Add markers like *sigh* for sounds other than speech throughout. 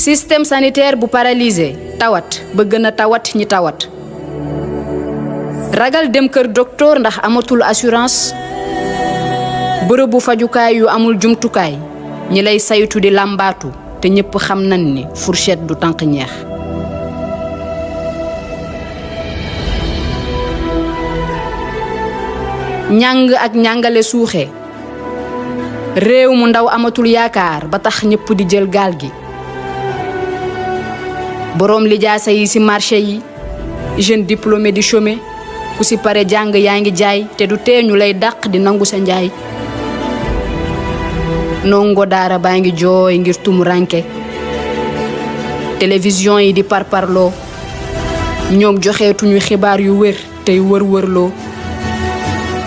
système sanitaire bu paralysé tawat bagaimana tawat ñi tawat ragal dem kër docteur ndax amatul assurance bërëbu fajukaay yu amul jumtukaay ñi lay saytu di lambatu te ñëpp xam nañ ni fourchette du tank ñeex ñang ak ñangalé suuxe réew mu ndaw amatul yaakar ba tax ñëpp di jël galgi boroom lijaasa yi ci marché yi jeune diplômé di chômé ku ci pare jàng yaa ngi jaay te du teeñu lay daq di nangu sa njaay ndongo daara baa ngi jooy ngir tumuranke télévision yi di parparloo ñoom joxeetuñu xibaar yu wér tey wër-wërloo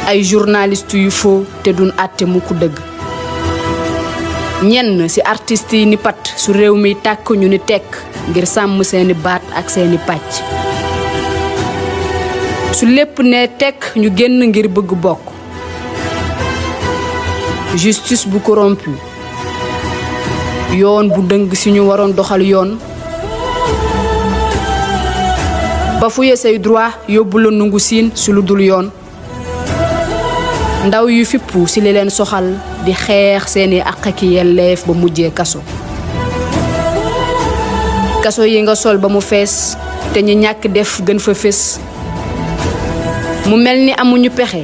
ay journaliste yu foo te du àtte mu ko dëgg ñenn ci artist yi ni pat su réew mi tàkk ñu ni tekk ngir sàmm seeni baat ak seeni pàcc su lépp ne tekk ñu génn ngir bëgg bokk justice bu corrompu yoon bu dëng ci ñu waroon doxal yoon ba fuye say droit yóbbu la nungu siin ci lu dul yoon ndaw yu fippu ci li leen soxal di xeex seeni àq ki yelleef ba mujjee kaso kaso yi nga sol ba mu fess te ñu ñak def gën fa fess mu melni ni amuñu pexé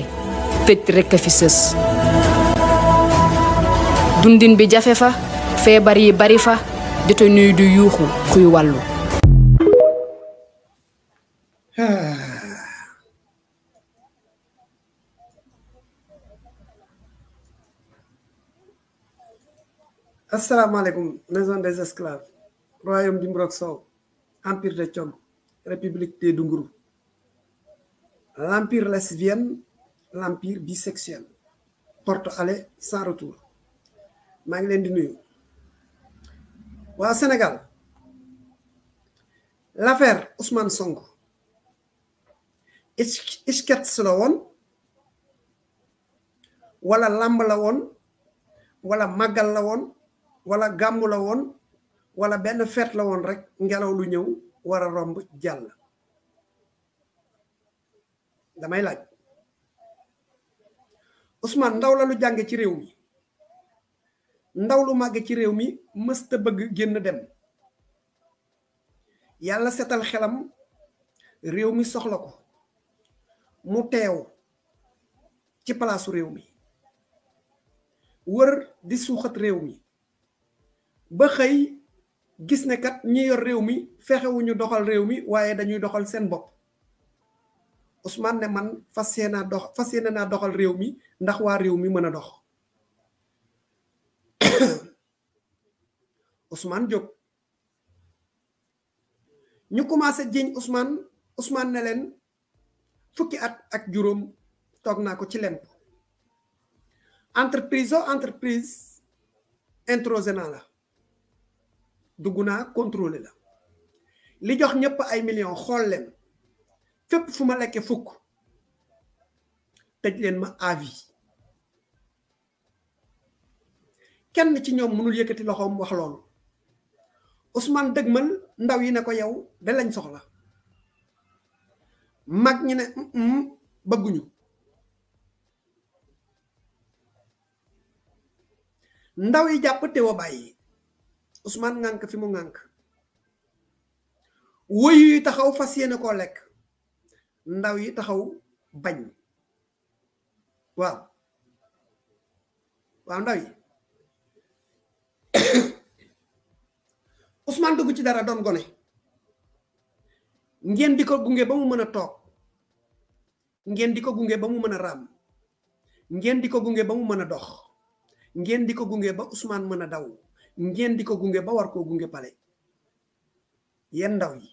tëj rek ka fi sës dundin bi jafé fa feebar yi bari fa détenu yi du yuxu kuy walu *sighs* Assalamu maison des esclaves. royaume du Mburok Sow empire de Thiog république des Dunguru l'empire lesbienne l'empire bisexuel porte aller sans retour maa ngi leen di nuyu waa Sénégal l'affaire Ousmane Sonko sketch la woon wala lamb la woon wala màggal la woon wala gàmmu la woon wala benn fet la woon rek ngelaw lu ñëw war a romb jàll damay laaj Ousmane ndaw la lu jàng ci réew mi ndaw lu màgg ci réew mi mësta bëgg génn dem yàlla setal xelam réew mi soxla ko mu teew ci palaasu réew mi wër di suuxat réew mi ba xëy gis ne kat ñi yor réew mi fexewuñu doxal réew mi waaye dañuy doxal seen bopp Ousmane ne man fas yéenaa dox fas yéene naa doxal réew mi ndax waa réew mi mën a dox *coughs* Ousmane jóg ñu commencé jiñ Ousmane Ousmane ne leen fukki at ak juróom toog naa ko ci lemp entreprise o entreprise introsé naa la dugg naa contrôler la li jox ñëpp ay millions xool leen fépp fu ma lekke fukk tëj leen ma avis kenn ci ñoom mënul yëkkati loxoom wax loolu Ousmane dëgmal ndaw yi ne ko yow da lañ soxla mag ñi ne bëgguñu ndaw yi jàpp te wa Ousmane ngank fi mu ngank wëyu yi taxaw fasiyene ko lek ndaw yi taxaw bañ waaw waaw ndaw yi Ousmane *coughs* dugg ci dara don goné ngeen diko gungé ba mu mën tok toog ngeen di ko ba mu mën ram ngeen ba mu dox ngeen diko gungé ba Ousmane daw ngeen di ko gunge ba war ko gunge pale yen ndaw yi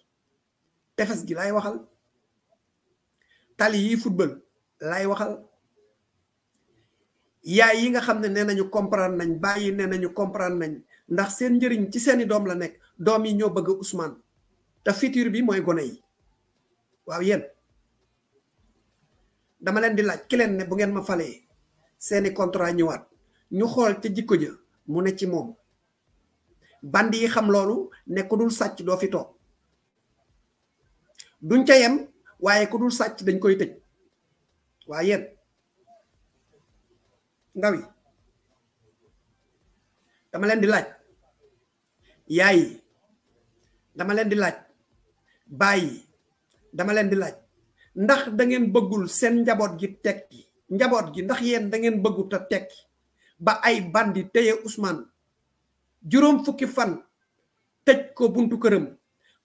tefes gi lay waxal tali yi football lay waxal yaay yi nga xam ne nañu comprendre nañ bàyyi nee nañu comprendre nañ ndax seen jëriñ ci seeni dom la nek dom yi ñoo bëgg Ousmane ta futur bi moy gone yi waaw yeen dama len di laaj ki len ne bu ngeen ma falé seeni contrat wat ñu xol ci jikko ja mu ne ci mom bandi yi xam lolu ne ko dul sàcc do fi tok duñ ca yem waye ko dul sàcc dañ koy tëj waye ndawi dama len di laaj yaay dama len di laaj bayyi dama len di laaj ndax da ngeen beggul sen njabot gi tekki njabot gi ndax yeen da ngeen beggu ta tekki ba ay bandi teye Ousmane Jurum fukki fan tej ko buntu kërëm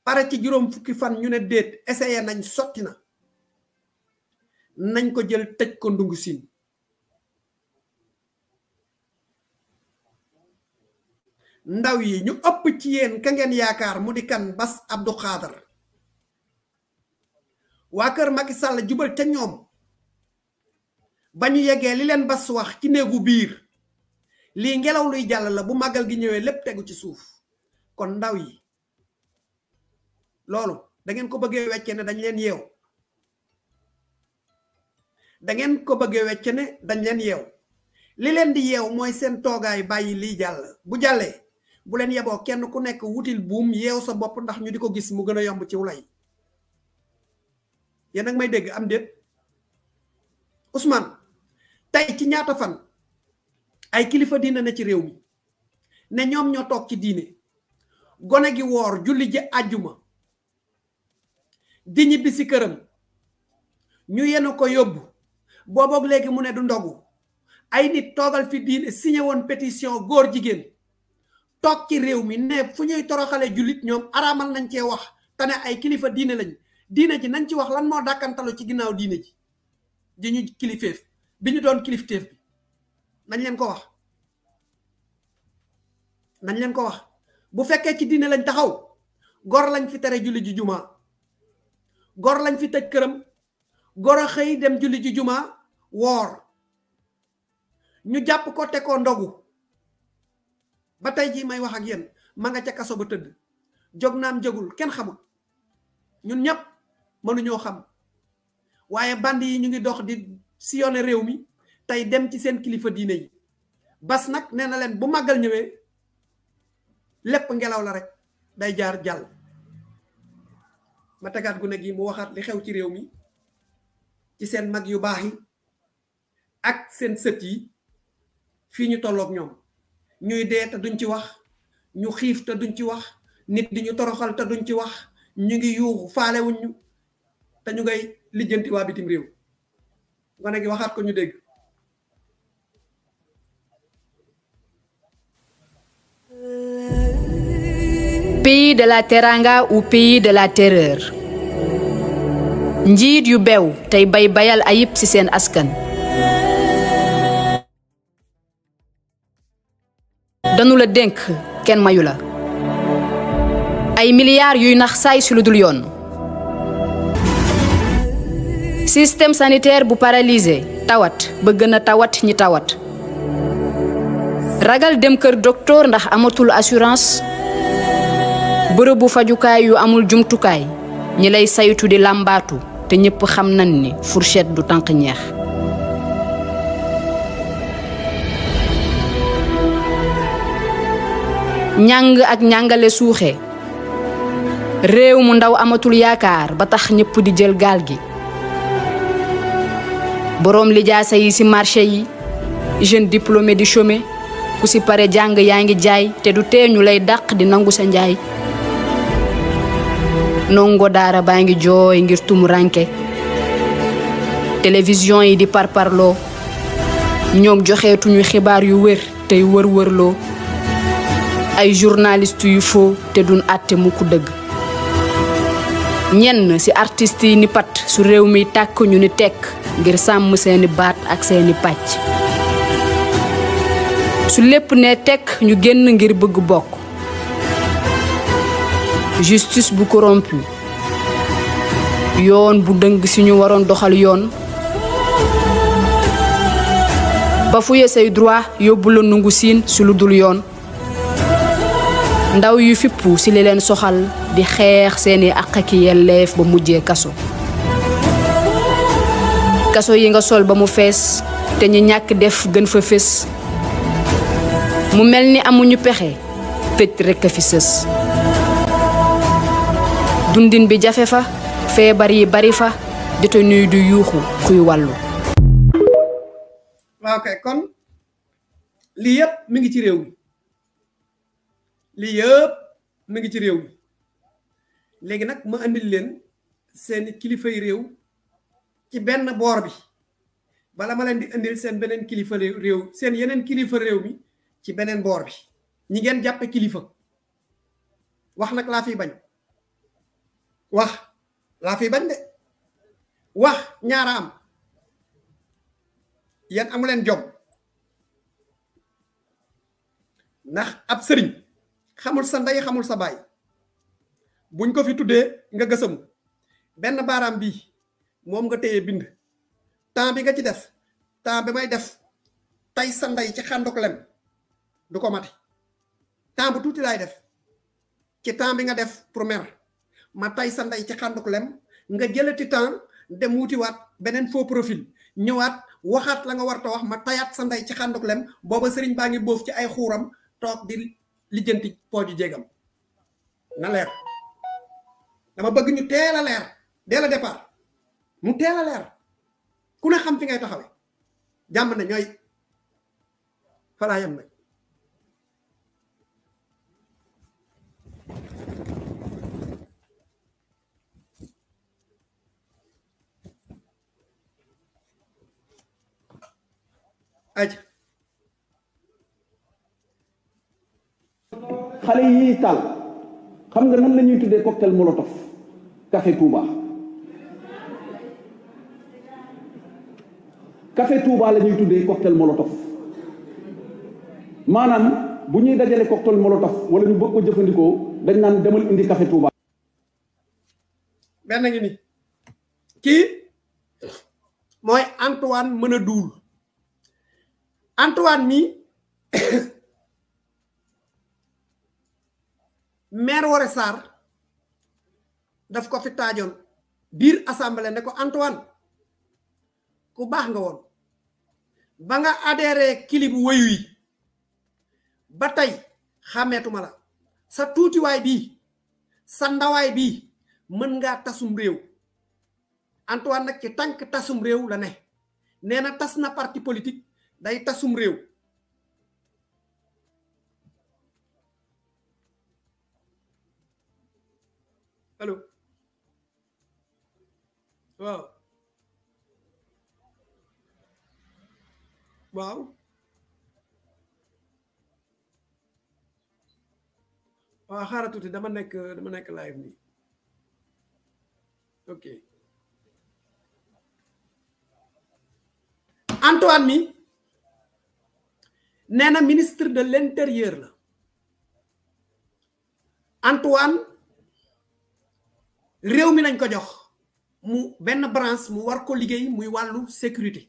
pare ci juróom fukki fan ñu ne déet essayé nañ sotti na nañ ko jël tej ko ndungu siin ndaw yi ñu ëpp ci yéen ka ngeen yaakaar mu di kan bas abdou xaadar waa kër Macky Sall jubal ca ñoom ba ñu yeggee li leen bas wax ci néegu biir li ngelaw luy jallal la bu magal gi ñewé lepp tegu ci suuf kon ndaw yi lolu da ngeen ko bëggee wéccé né dañ leen yew da ngeen ko bëggee wéccé né dañ leen yew li leen di yew moy seen togaay bayyi li jall bu jallé bu leen yabo kenn ku nekk wutil boom yew sa bop ndax ñu diko gis mu gëna yomb ci wulay ya nak may dégg am Ousmane tay ci ñaata fan ay kilifa diine ne ci réew mi ne ñoom ñoo toog ci diine gone gi woor julli ji àjjuma di ñibbi si këram ñu yenu ko yóbbu booboog léegi mu ne du ndogu ay nit toogal fi diine signé woon góor jigéen toog ci réew mi ne fu ñuy toroxale jullit ñoom araamal nañ cee wax te ne ay kilifa diine lañ diine ji nañ ci wax lan moo dàkkantalu ci ginnaaw diine ji ji ñu kiliféef bi ñu doon kilifteef bi nañ leen ko wax ah. nañ leen ko wax ah. bu fekkee ci diine lañ taxaw gor lañ fi tere julli ji juma gor lañ fi tëj këram gor a dem julli ji juma woor ñu jàpp ko te ko ndogu ba tey jii may wax ak yéen ma nga ca kaso ba tëdd jog naam jogul kenn xamul ñun ñëpp mënuñoo xam waaye bandi yi ñu ngi dox di sillonné réew tay dem ci sen kilifa diine yi bas nak neena len bu magal ñewé lepp ngelaw la rek day jaar jall ma ti gu ne gi mu waxat li xew ci rew mi ci sen mag yu baahi ak sen seut yi fi ñu tollok ñom ñuy dé ta duñ ci wax ñu xif ta duñ ci wax nit di ñu toroxal ta duñ ci wax ñu ngi yuuxu faalewuñ ñu ta ñu ngay lijeenti wa bitim rew ngone gi waxat ko ñu dégg pays de la teranga ou pays de la terreur Ndir yu bew tay bay bayal ayib ci askan danu la le ken mayu la ay milliards yu nax système sanitaire bu paralysé tawat ba tawat ñi ragal dem kër docteur ndax assurance Borobu fajukaay yu amul jumtukaay ñi lay saytu di lambatu te ñépp xam nañ ni fourchette du tànq ñeex ñàng ak ñàngale suuxe réew mu ndaw amatul yaakaar ba tax ñépp di jël gaal gi boroom lijaasa yi ci marché yi jeune diplômé di chômé ku ci pare jàng yaa jaay te du lay di nangu sa ndongo daara baa ngi jooy ngir tumuranke télévision yi di parparloo ñoom joxeetuñu xibaar yu wér tey wër-wërloo ay journaliste yu foo te duñ àtte mu dëgg ñenn ci artistes yi ni pat su réew mi tàkk ñu ni tekk ngir sàmm seeni baat ak seeni pàcc su lépp ne tekk ñu génn ngir bëgg bokk justice bu corrompu yoon bu dëng si ñu waroon doxal yoon ba fuye say droit yóbbu nungu siin si lu dul yoon ndaw yu fippu si li leen soxal di xeex seeni àq ak yelleef ba mujjee kaso kaso yi nga sol ba mu fees te ñu ñàkk def gën fa fés mu mel ni amuñu pexe tëj rekk a fi sës dundin bi jafe fa feebar yi bari fa détenu yi du yuuxu kuy wàllu. waaw kay kon lii yëpp mi ngi ci réew mi lii yëpp ngi ci réew mi léegi nag ma andil leen seeni kilifay réew ci benn boor bi bala ma leen di indil seen beneen kilifa réew seen yeneen kilifa réew mi ci beneen boor bi ñi ngeen jàppe kilifa wax nag laa fiy bañ. Wah, lafi bande wah nyaram, yan amulen jom ndax ab serign xamul sa nday xamul sa bay buñ ko fi tuddé nga gëssam ben baram bi mom nga téye bind temps bi nga ci def temps bi may def tay sa nday ci xànduk lem du ko mati temps bu tuti lay def ci temps bi nga def pour mer ma tay sa ndey ci xànduk lem nga jëlati temps dem wutiwaat beneen foo profil ñëwaat waxaat la nga war ta wax ma tayaat sa ndey ci xànduk lem booba sëriñ baa ngi boof ci ay xuuram toog di lijjanti pooju jéegam na leer dama bëgg ñu teel leer dès le départ mu teel a leer ku ne xam fi ngay taxawe jàmm ne ñooy falaa yam nag aj xale yi tal xam nga nan lañuy tuddé cocktail molotov café touba café touba lañuy tuddé cocktail molotov Manam bu ñuy dajalé cocktail molotov wala ñu bëgg ko jëfëndiko dañ nan demal indi café touba ben ngi ni ki moy antoine mën Antoine mi *coughs* maire wara sar daf ko fi taajoon bir assemblée ne ko Antoine ku bax nga won ba nga adhéré kilib wéyu yi ba tay xàmmeetuma la sa way bi sa ndaway bi mën nga tasum rew Antoine nak ci tank tasum rew la ne nee na tas na parti politique day tasum réew allo waaw waaw waaw xaaral tuuti dama nekk dama nekk live nii ok Antoine mi nena ministre de l'intérieur la Antoine rew mi lañ ko jox mu ben branche mu war ko muy walu sécurité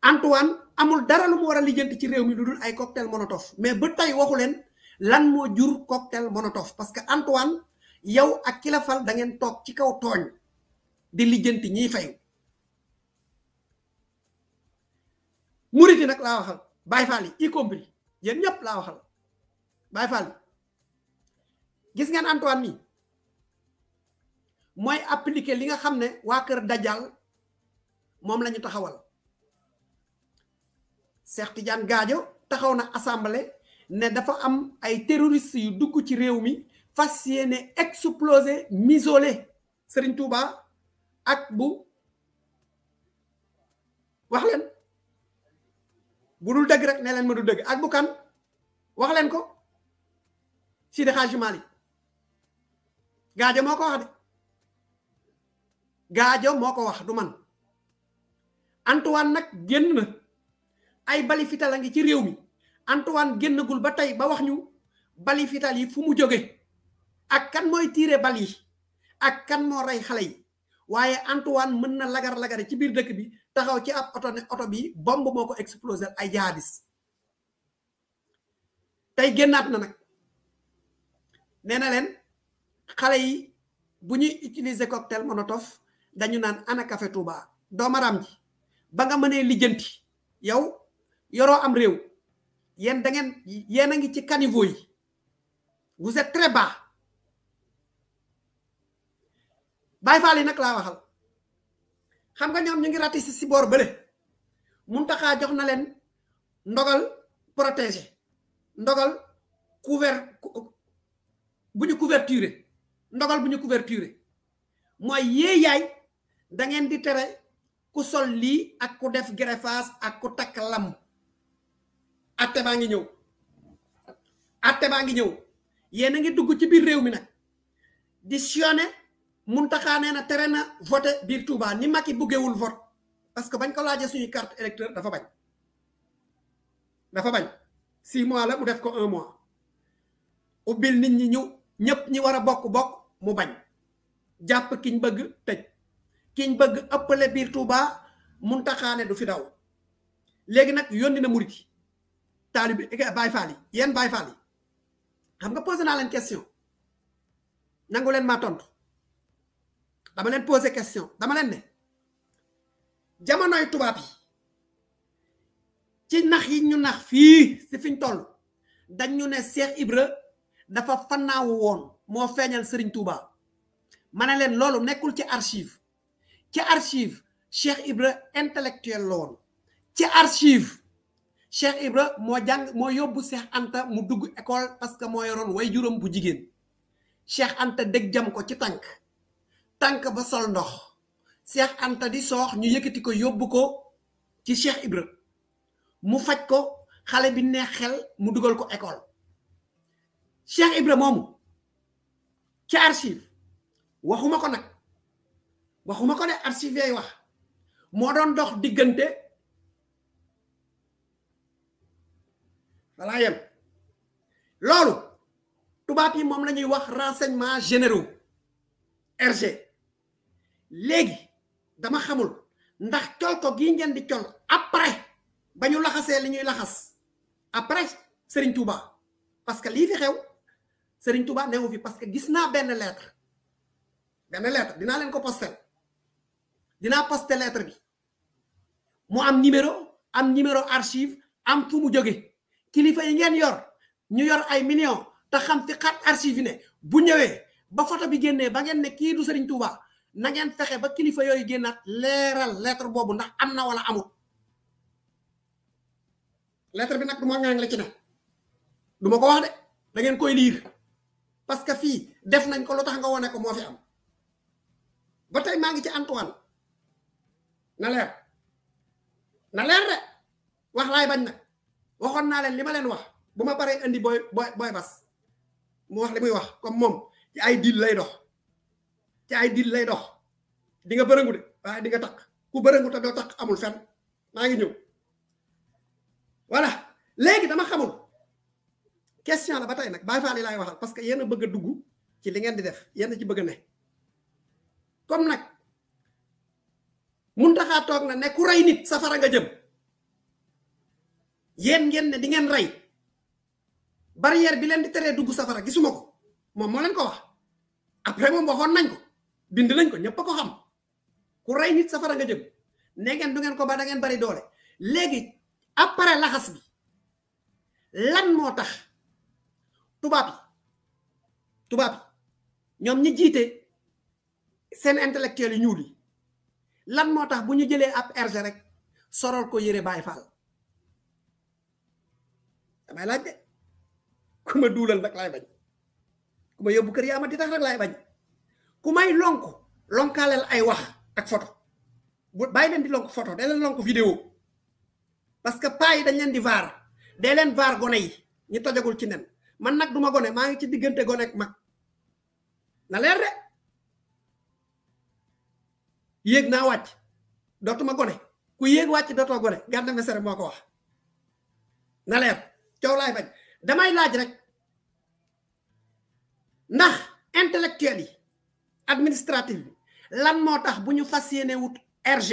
Antoine amul dara lu mu wara a ci rew mi luddul ay cocktail monotof mais ba tay waxu lan mo jur cocktail monotof parce que Antoine yow ak kilafal la da ngeen tok ci kaw togn di ñi fayu murit yi nag laa waxal Baye Fall yi y yéen ñëpp laa waxal Baye Fall yi gis ngeen Antoine nii mooy appliquer li nga xam ne waa kër Dajal moom lañu ñu taxawal Cheikh Tidiane Gadio taxaw na assemblée ne dafa am ay terroristes yu dugg ci réew mi fas yéene exploser misolé Serigne Touba ak bu wax leen bu deug rek ne len ma du deug ak bu kan wax len ko Sidi khadji malik gaajo moko wax de gaajo moko wax du man Antoine nak genn na ay bali fital a ngi ci réew mi Antoine gul ba tay ba wax ñu bali fital yi fu mu joge ak kan moy tire bali ak kan mo ray xalé yi Antoine mën na lagar-lagari ci bir dekk bi taxaw ci ab oto ne oto bi bomb moo ko explosé ay jaadis tey génnaat na nag nee na leen xale yi bu ñuy utiliser cocktail Molotov dañu naan ana café Touba doomaram ji ba nga mënee lijjanti yow yoroo am réew yéen da ngeen yéen a ngi ci caniveau yi vous êtes très bas Baay Faal nag laa waxal xam nga ñoom ñu ngi ratissé si boor bële muntaxaa jox na len ndogal protéger ndogal couvert buñu couverture ndogal buñu couverture moy ye yaay da ngeen di téré ku sol li ak ku def greffage ak ku tak lam atté ba ngi ñew atté ba ngi ñew yéen ngi dugg ci biir réew mi nak di sionné mun nee na tere na voté biir Touba ni Macky buggewul vote parce que bañ ko laajee suñuy carte électeur dafa bañ dafa bañ six mois la mu def ko un mois ubbil nit ñi ñu ñëpp ñi war a bokk-bokk mu bañ jàpp kiñ bëgg tëj kiñ bëgg ëppale biir Touba mun ne du fi daw léegi nag yónni na murit yi taalibi eh, Baay Faal yi yéen Baay xam nga posé naa leen question nangu leen maa tontu. Je vais poser question dama len ne bi ci nax yi ñu nax fi si fiñ toll dañ ñu ne Cheikh Ibra dafa fannaawu won mo feñal Serigne Touba ne ci archive ci archive Cheikh Ibra intellectuel la ci archive Cheikh Ibra mo poser mo yobbu Cheikh Anta mu dugg école parce que way Je bu poser Cheikh Anta Je jam ko ci tank ba sol ndox cheikh anta di sox ñu yëkëti ko yobbu ko ci cheikh ibra mu faj ko xalé bi neexel mu duggal ko école cheikh ibra momu ci archive waxuma ko nak waxuma ko ne archive yay wax mo doon dox digënté wala yam lolu tubaab yi mom lañuy wax renseignement généraux RG léegi dama xamul ndax col gi ngeen di col après ba ñu laxasee li ñuy laxas après Serigne Touba parce que lii fi xew Serigne Touba newu fi parce que gis naa benn lettre benn lettre dinaa leen ko postel dinaa post lettre bi mu am numéro am numéro archive am fu mu jóge kilifa yi ngeen yor ñu yor ay millions te xam fi xat archive yi ne bu ñëwee ba photo bi génnee ba ngeen ne kii du Serigne Touba. na ngeen fexé ba kilifa yoy gennat leral lettre bobu ndax amna wala amut lettre bi nak duma ma la ci ne duma ko wax de da ngeen koy lire parce que fi def nañ ko lutax nga woné ko mo fi am ba tay maa ngi ci Antoine na leer na leer de wax lay bañ nag waxon na len lima len wax buma bare indi boy bas mu wax limuy wax comme mom ci ay dil lay dox ci ay dil lay dox di nga bërëngu de waaye di nga tak ku bërëngu ta doo tak amul fen maa ngi ñëw voilà léegi dama xamul question la ba tey nag bàyyi faal yi laay waxal parce que yéen a bëgg a dugg ci li ngeen di def yéen ci bëgg ne comme nag mun taxaa toog na ne ku rey nit safara nga jëm yéen ngeen ne di ngeen rey barrière bi leen di teree dugg safara gisuma ko moom moo leen ko wax après moom waxoon nañ ko bind nañ ko ñëpp ko xam ku rey nit safara nga jëm ne ngeen du ngeen ko ba da ngeen bari doole léegi après laxas bi lan moo tax tubaab yi tubaab yi ñoom ñi jiite seen intellectuel yi ñuul yi lan moo tax bu ñu jëlee ab RG rek sorol ko yére Baye Fall damay laaj de ku ma duulal nag laay bañ ku ma yóbbu kër yaama di tax rek laay bañ ku may lonk lonkaaleel ay wax ak foto bu bàyyi leen di lonk photo day leen lonk vidéo parce que paa yi dañ leen di vaar de leen vaar gone yi ñu tojagul ci nen man nag du ma gone maa ngi ci diggante gone ak mag na leer de yéeg naa wàcc dootuma gone ku yéeg wàcc dootoo gone gànna mesere moo ko wax na leer coow laay bañ damay laaj rek ndax intellectuel yi Administratif, bi lan motax buñu bu dan wut RG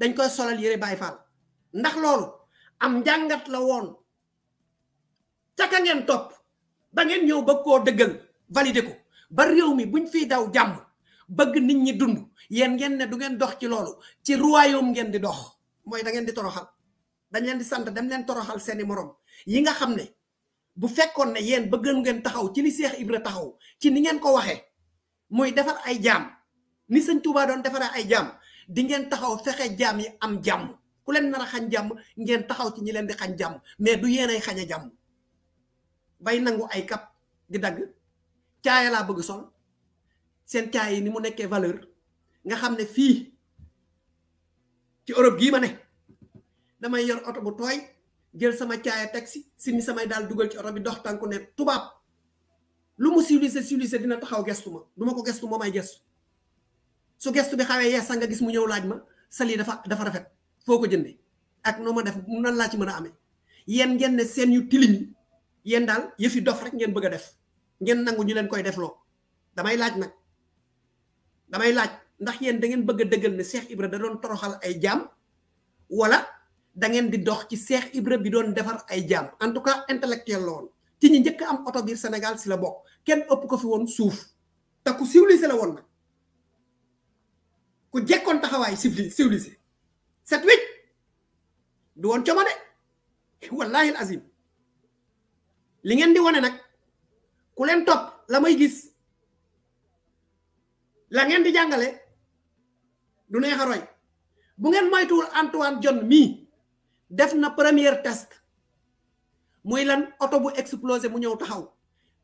dañ koy solal yere Baay ndax lolu am jangat la woon caka ngeen top ba ngeen ñew ba ko dëggal valider ko ba rew mi buñ fi daw jàmm bëgg nit ñi dund yeen ngeen ne du ngeen dox ci lolu ci royaume ngeen di dox moy da ngeen di toroxal dañ leen di sant dem leen toroxal seeni morom yi nga xamne bu fekkone ne yéen bëgg ngeen taxaw ci li cheikh Ibra taxaw ci ni ngeen ko waxe mooy defar ay jaam ni sëñ Touba doon defaree ay jaam di ngeen taxaw fexe jaam yi am jàmm ku leen nar a xañ jàmm ngeen taxaw ci ñi leen di xañ jàmm mais du yéenay xañ a jàmm bay nangu ay kap di dagg caaya laa bëgg sol seen caay yi ni mu nekkee valeur nga xam ne fii ci Europe gii ma ne damay yor oto bu tooy jël sama caaya taxi si ni samay daal dugal ci oto bi dox tànku ne tubaab. lu mu civiliser civiliser dina taxaw gestu ma duma ko gestu momay gestu su gestu bi xawé yessa nga gis mu ñew laaj ma sali dafa dafa rafet foko jëndé ak noma def nan la ci mëna amé yeen ngeen ne seen yu tilini yeen dal yëfi dof rek ngeen bëgg def ngeen nangu ñu leen koy def lo damay laaj nak damay laaj ndax yeen da ngeen bëgg dëggal ne cheikh ibra da doon toroxal ay jam wala da ngeen di dox ci cheikh ibra bi doon defar ay jam en tout cas intellectuel lool ci ñi njëkk am auto biir Sénégal si la bokk kenn ëpp ko fi woon suuf te ku civilisé la woon nag ku jekkoon taxawaay civilisé set wecc du woon coma de wallahi azim li ngeen di wone nag ku leen topp la may gis la ngeen di jàngale du neex a roy bu ngeen moytuwul Antoine John mii def na première test moy lan auto bu tahu. mu ñew taxaw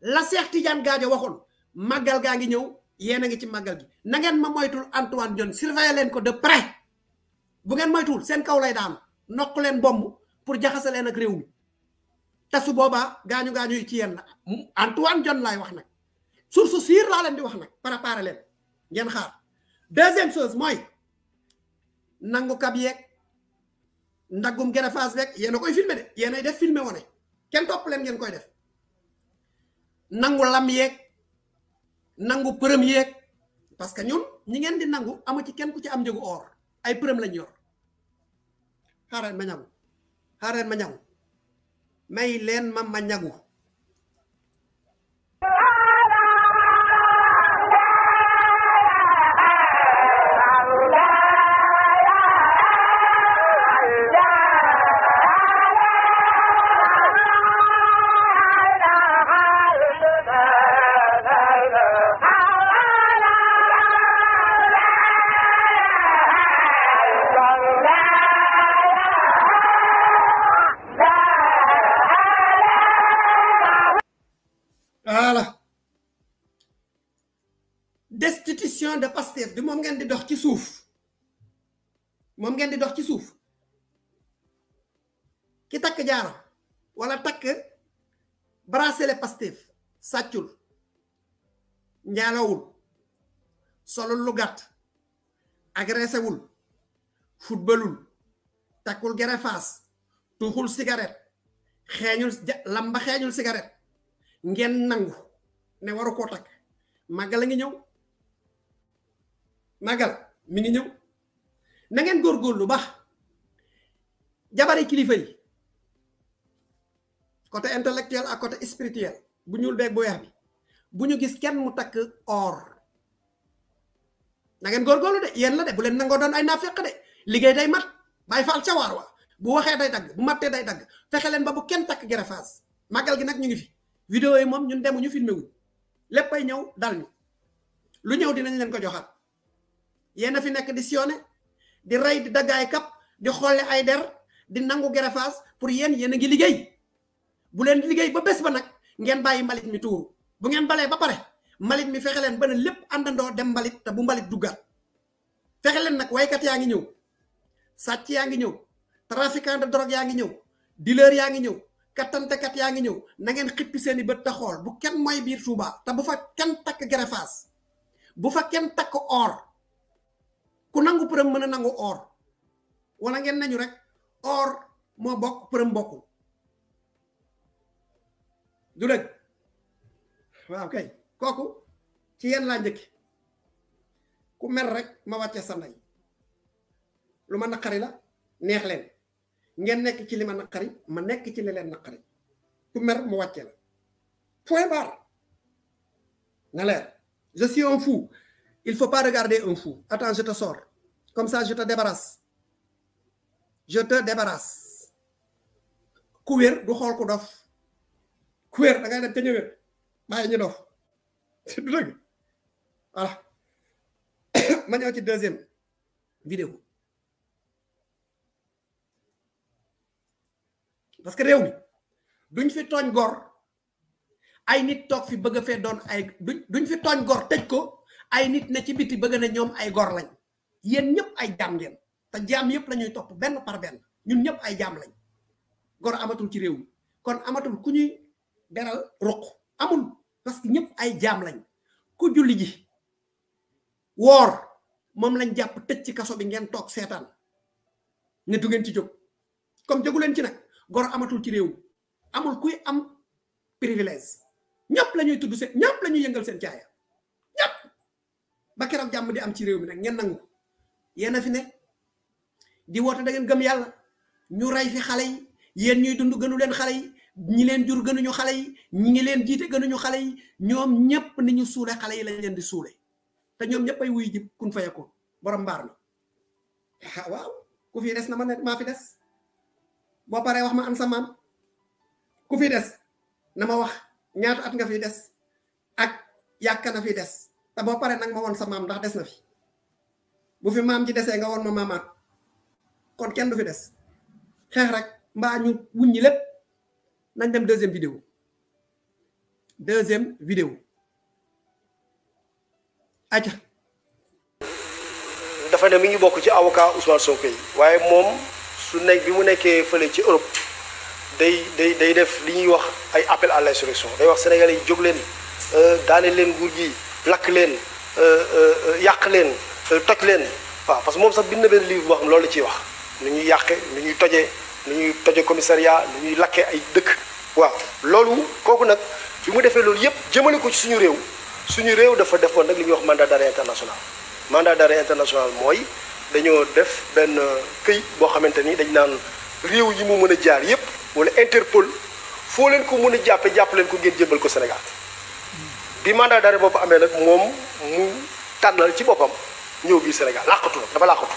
la Cheikh Tidiane Gadio waxon magal gaa ngi ñëw yéen ngi ci magal gi na ngeen ma moytul Antoine dion surveiller len ko de près bu ngeen moytul sen kaw lay daan nokku len bomb pour jaxase len ak réew mi te su boba gañu gañu ci yenn Antoine dion lay wax nag source sir la len di wax nag préparer len ngeen xaar deuxième chose moy nangu kab koy filmer de yéen def filmer wane kenn topp leen ngeen koy def nangu lam yeeg nangu përëm yeeg parce que ñun ñi ngeen di nangu amu ci kenn ku ci am njëgu or ay përëm lañu yor xaaral ma ñagu xaaral ma ñagu may leen ma ma ñagu pastef di mom ngeen di dox ci souf mom ngeen di dox ci souf ki tak jaaro wala brasser bracelet pastef satchul njaalawul solo lu gàtt agressewul futbalul takkul gerefaas tuuxul cigarette xéñul lamba xéñul cigarette ngeen nangu ne waru ko tak magal nga ñew magal mi ngi ñew na ngeen lu bax jabari kilifa yi côté intellectuel ak côté spirituel bu ñuul bék bu weex bi bu ñu gis kenn mu tak or na ngeen lu de yeen la de bu leen nango don ay naafeq de liggéey day mat bay faal ca war wa bu waxé day dag bu mattee day dag fexé leen ba bu kenn tak gerefaas magal gi nak ñu ngi fi vidéo yi mom ñun demu ñu filmé lepp ay ñew dal ñu lu ñew dinañ leen ko joxat yéen a fi nekk di sillonné di rey di daggaay kap di xolle ay der di nangu gerefaas pour yéen yéen a ngi liggéey bu leen liggéey ba bés ba nag ngeen bàyyi malit mi tuuru bu ngeen balee ba pare malit mi fexe leen ba ne lépp àndandoo dem malit te bu malit duggaat fexe leen nag waykat yaa ngi ñëw sàcc yaa ngi ñëw trafiquant de drogue yaa ngi ñëw dealer yaa ngi ñëw kattantekat yaa ngi ñëw na ngeen xippi seen i bët te bu kenn mooy biir Touba te bu fa kenn takk gerefaas bu fa kenn takk or ku nangu përëm mën a nangu or walla ngeen nañu rek or moo bokk përëm bokkul du dëgg waaw kay kooku ci yenn laa njëkki ku mer rek ma wàcce sa ndey lu ma naqari la neex leen ngeen nekk ci li ma naqari ma nekk ci li leen naqari ku mer mu wàcce la point barre na leer je suis un Il ne faut pas regarder un fou. Attends, je te sors. Comme ça, je te débarrasse. Je te débarrasse. ku du xool ku dof ku wér da ngay te ñu voilà *coughs* Maintenant, deuxième vidéo parce que Réumi, d'une duñ fi pas gor ay nit talk, fi bëgg a fee doon ay duñ duñ fi quoi? gor ay nit na ci biti bëgg na ñoom ay gor lañ yeen ñep ay jam ngeen te jam yep lañuy top ben par ben ñun ñep ay jam lañ gor amatul ci rew kon amatul ku ñuy beral ruq amul parce que ñep ay jam lañ ku julli ji wor mom lañ japp tecc ci kasso bi ngeen tok setan ne du ngeen ci jog comme jogu len ci nak gor amatul ci rew amul kuy am privilège ñëpp lañuy tuddu tudd seen ñëpp yëngal seen caaya ba jam jàmm di am ci réew mi nak ñen nang yéen fi ne di wota da ngeen gëm yalla ñu ray fi xalé yi yéen ñuy dund gënu leen xalé yi ñi leen jur gënuñu xale yi ñi ngi leen jiite gënuñu xale yi ñom ñepp ni ñu suulé xalé yi lañ di suulé te ñom ñepp ay wuy kun fayakoon borom mbaar mi waaw ku fi dess na ma ne ma fi dess bo paré wax ma an sa maam ku fi dess na ma wax ñaat at nga fi dess ak yakana fi dess te boo paree nag ma woon sa maam ndax des na fi bu fi maam ji desee nga woon ma maamaat kon kenn du fi des xeex rek mbaa ñu wuññi lépp nañ dem deuxième vidéo deuxième vidéo aca dafa ne mi ngi bokk ci avocat Ousmane Sonko yi waaye moom su nekk bi mu nekkee fële ci Europe day day day def li ñuy wax ay appel à l'insurrection day wax sénégalais yi jóg leen euh, daane leen nguur gi lakk leen euh, euh, yàq leen euh, toj leen waaw parce que moom sax bind na benn lii boo xam loolu la ciy wax nu ñuy yàqe nu ñuy tojee nu ñuy toje commissariat nu ñuy lakkee ay dëkk waaw loolu kooku nag bi mu defee loolu yépp jëmale ko ci suñu réew suñu réew dafa defoon nag li ñuy wax mandat d'arrêt international mandat d'arrêt international mooy dañoo def benn këyit boo xamante ni dañ naan réew yi mu mën a jaar yépp wala Interpol foo leen ko mën a jàppe jàpp leen ko ngeen jébal ko Sénégal bi mandat d'arrêt boobu amee nag moom mu tànnal ci boppam ñëw biir Sénégal làqatu nag dafa làqatu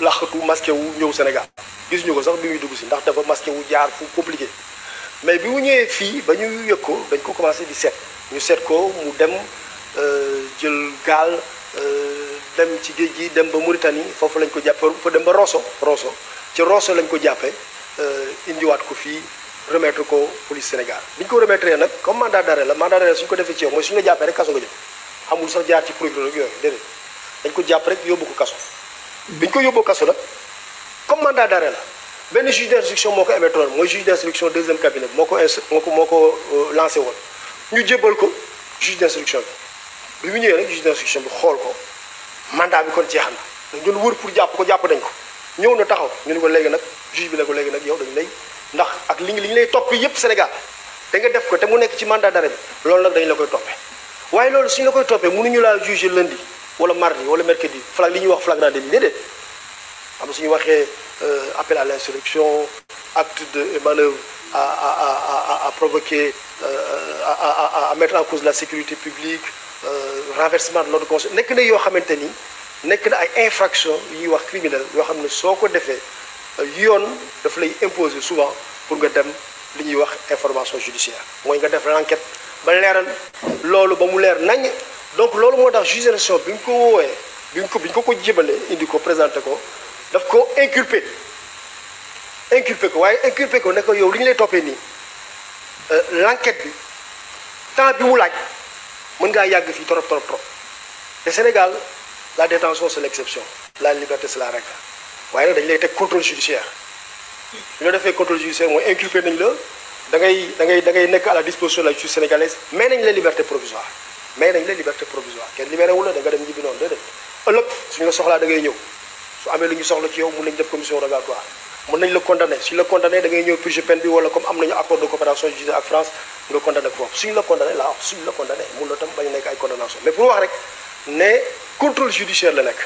làqatu masqué wu ñëw Sénégal gisuñu ko sax bi muy dugg si ndax dafa masqué wu jaar fu compliqué mais bi mu ñëwee fii ba ñu yëg ko dañ ko commencé di seet ñu seet ko mu dem euh, jël gaal euh, dem ci géej gi dem ba Mauritanie foofu lañ ko jàppee fa dem ba Rosso Rosso ci Rosso lañ ko jàppee euh, indiwaat ko fii remettre ko police Sénégal bi ñu ko remettre nag comme mandat d'arrêt la mandat d'arrêt suñu ko defee ci yow mooy suñu la jàppee rek kaso nga jëm amul sax jaar ci procureur yooyu déedéet dañ ko jàpp rek yóbbu ko kaso bi ñu ko yóbbu kaso nag comme mandat d'arrêt la benn juge d'instruction moo ko émettre mooy juge d'instruction deuxième cabinet moo ko instru moo ko euh, lancé woon ñu jébbal ko juge d'instruction bi bi mu ñëwee rek juge d'instruction bi xool ko mandat bi kon jeex na dañ doon wër pour jàpp ko jàpp nañ ko ñëw na taxaw ñu ne ko léegi nag juge bi ne ko léegi nag yow dañ lay ndax ak li li lay Sénégal nga def ko mu nekk ci mandat d'arrêt la koy juger lundi mardi mercredi flagrant am suñu euh, appel à l'insurrection acte de manœuvre à provoquer euh, à mettre en cause la sécurité publique euh, renversement de l'ordre constitutionnel na na ay wax yoon daf lay imposer souvent pour nga dem li ñuy wax information judiciaire mooy nga def l'enquête ba leeral loolu ba mu leer nañ donc loolu moo tax juge d'instruction bi ñu ko woowee bi ko bi ko ko jébalee indi ko présenté ko daf ko inculpé inculpé ko waaye inculpé ko ne ko yow li ñu lay toppee nii euh, l'enquête bi temps bi mu laaj mën ngaa yàgg fii trop trop trop le Sénégal la détention c'est l'exception la liberté c'est la règle waaye nag dañu lay teg contrôle judiciaire bu hmm. ñu defee contrôle judiciaire mooy inculpé nañ la da ngay da ngay da ngay nekk à la disposition de la justice sénégalaise mais nañ la liberté provisoire mais nañ la liberté provisoire kenn libéré wu la da nga dem ñibbi noonu déedéet ëllëg suñu la soxlaa da ngay ñëw su amee lu ñu soxla ci yow mun nañ def commission rogatoire mën nañ la condamné su la condamné da ngay ñëw purge peine bi wala comme am nañu accord de coopération judiciaire ak France nga condamné foofu suñu la condamné laa wax suñu la condamné mun la tam bañ nekk ay condamnation mais pour wax rek ne contrôle judiciaire la nekk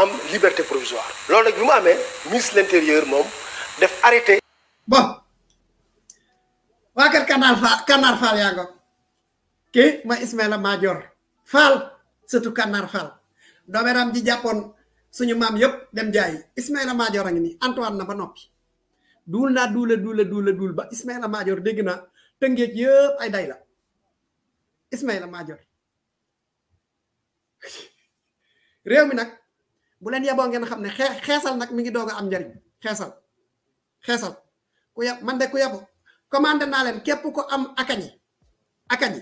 am liberté provisoire lolu nak bima amé mom, ministre l'intérieur mom def arrêté. ba wa kat kanal Fall Kanaar fa ya ngok ke ma major fal Fall surtout fal Fall doomeram di japon suñu mam yop dem jaay ismaila major ngi ni Antoine na ba noppi duul naa duula duula duula dul ba Ismaïla Madior dégg naa tëngeej yëpp ay day la ismaila major *laughs* rew mi nak bu len yabo ngeen xamne xéssal nak mi ngi doga am njariñ xéssal xéssal ku yab man de ku yab commandé na len képp ko am akani, akani.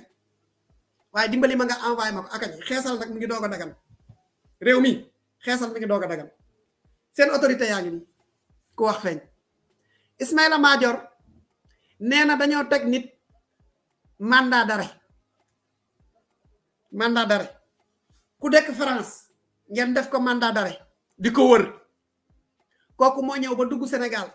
way dimbali ma nga envoyé mako akani xéssal nak mi ngi doga a dagan réew mi xéssal mi ngi doga a dagan seen autorité ya ngi ku wax feñ Ismaïla major neena tek nit mandat d'arrêt mandat d'arrêt ku dekk France ngeen def ko mandat d'arrêt di ko wër kooku moo ñëw ba dugg Sénégal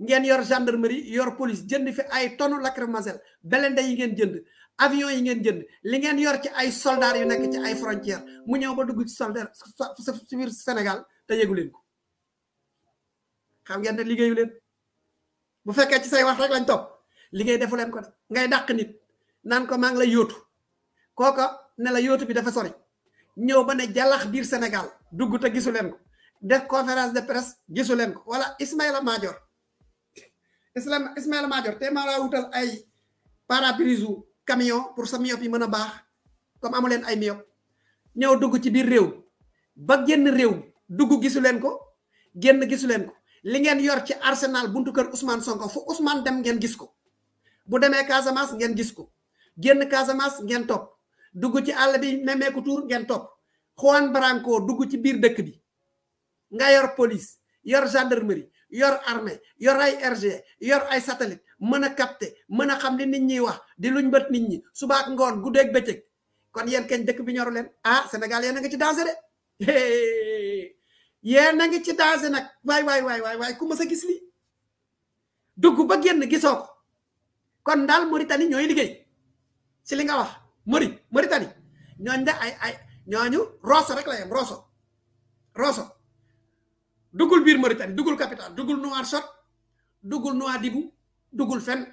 ngeen yor gendarmerie yor police jënd fi ay tonu lacrymogène belende yi ngeen jënd avion yi ngeen jënd li ngeen yor ci ay soldats yu nekk ci ay frontières mu ñëw ba dugg ci soldat ci biir Sénégal te yëgu leen ko xam ngeen ne liggéeyu leen bu fekkee ci say wax rek lañ topp liggéey defu leen ko ngay dàq nit naan ko maa ngi lay yóotu kooka ne la yóotu bi dafa sori ñëw ba ne jalax biir Sénégal dugg te gisu ko def conférence de presse gisu ko wala Ismaïla major islam Ismaïla major te ma la wutal ay paraprise camion pour sa miyop yi mën a baax comme amu ay miyop ñëw dugg ci biir réew ba génn réew dugg ko génn ko li ngeen yor ci arsenal buntu kër Ousmane Sonko fu Ousmane dem ngeen gis ko bu demee Casamance ngeen gis ko génn Casamance ngeen topp dugg ci àll bi nemmeeku tour ngeen topp Juan Branco dugg ci biir dëkk bi nga yor police yor gendarmerie yor armée yor ay RG yor ay satellite mën a capter mën a xam li nit ñiy wax di luñ bët nit ñi subaak ngoon guddeeg bëccëg kon yeen keñ dëkk bi ñoru leen ah Sénégal yeen a nga ci danger de *laughs* yeen a ngi ci danger nag waay waay waay waay waay ku mës a gis li dugg ba génn gisoo ko kon daal Mauritanie ñooy liggéey ci li nga wax mari Mauritanie ñooñu de ay ay ñoñu Rosso rek la yam Rosso Rosso duggul dugul capital dugul noir shot dugul noir Nouadhibou dugul fen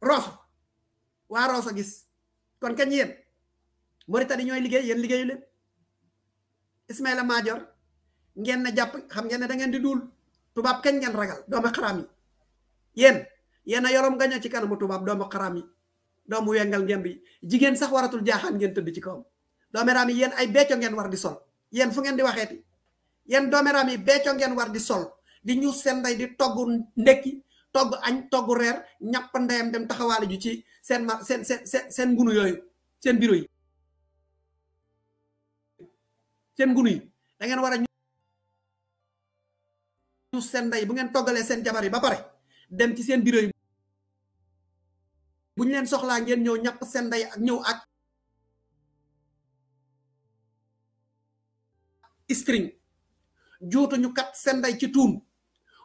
Rosso wa Rosso gis kon kañ yéen Mauritanie ñoy liggey yeen liggeyu leen ismaila Major, ngeen na japp xam ngeen ne da ngeen di dul tubab kañ ngeen ragal doomu xaraam yi yeen na a yolom gañoo ci kanamu tubaab doomu mu wengal ngeen bi jigen sax waratul jahan ngeen tëdd ci kawam do merami yéen ay beccio ngeen war di sol yen fu ngeen di waxeti yéen do merami beccio ngeen war di sol di ñu sen di togun ndekki togu añ togu reer ñap ndayam dem taxawale ju ci sen sen sen sen seen seen ngunu yooyu sen bureau yi sen ngunu yi da ngeen wara ñu sen bu ngeen togalé sen jabar yi ba pare dem ci sen biro yi buñ leen soxlaa ngeen ñëw ñàpp seen day ak ñëw ak string jootu ñu kat seen day ci tuun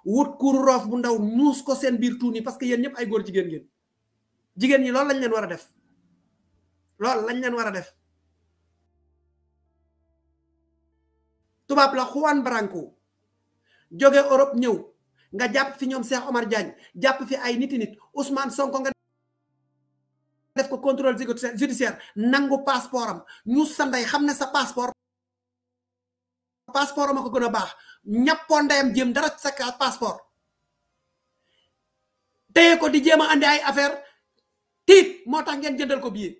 wut kuuru roof bu ndaw ñuus ko seen biir tuun yi parce que yéen ñëpp ay góor jigéen ngeen jigéen ñi loolu lañ leen war a def loolu lañ leen war a def tubaab la Juan Branco joge Europe ñëw nga jàpp fi ñoom Cheikh Omar Diagne jàpp fi ay niti nit Ousmane Sonko nga def ko contrôle judiciaire nangu passeportam ñu sanday xam ne sa passeport passeport ma ko gën a baax ñàppoo ndeyam jéem dara sa passeport téye ko di jema andi ay affaire tit motax ngeen jëndal ko billet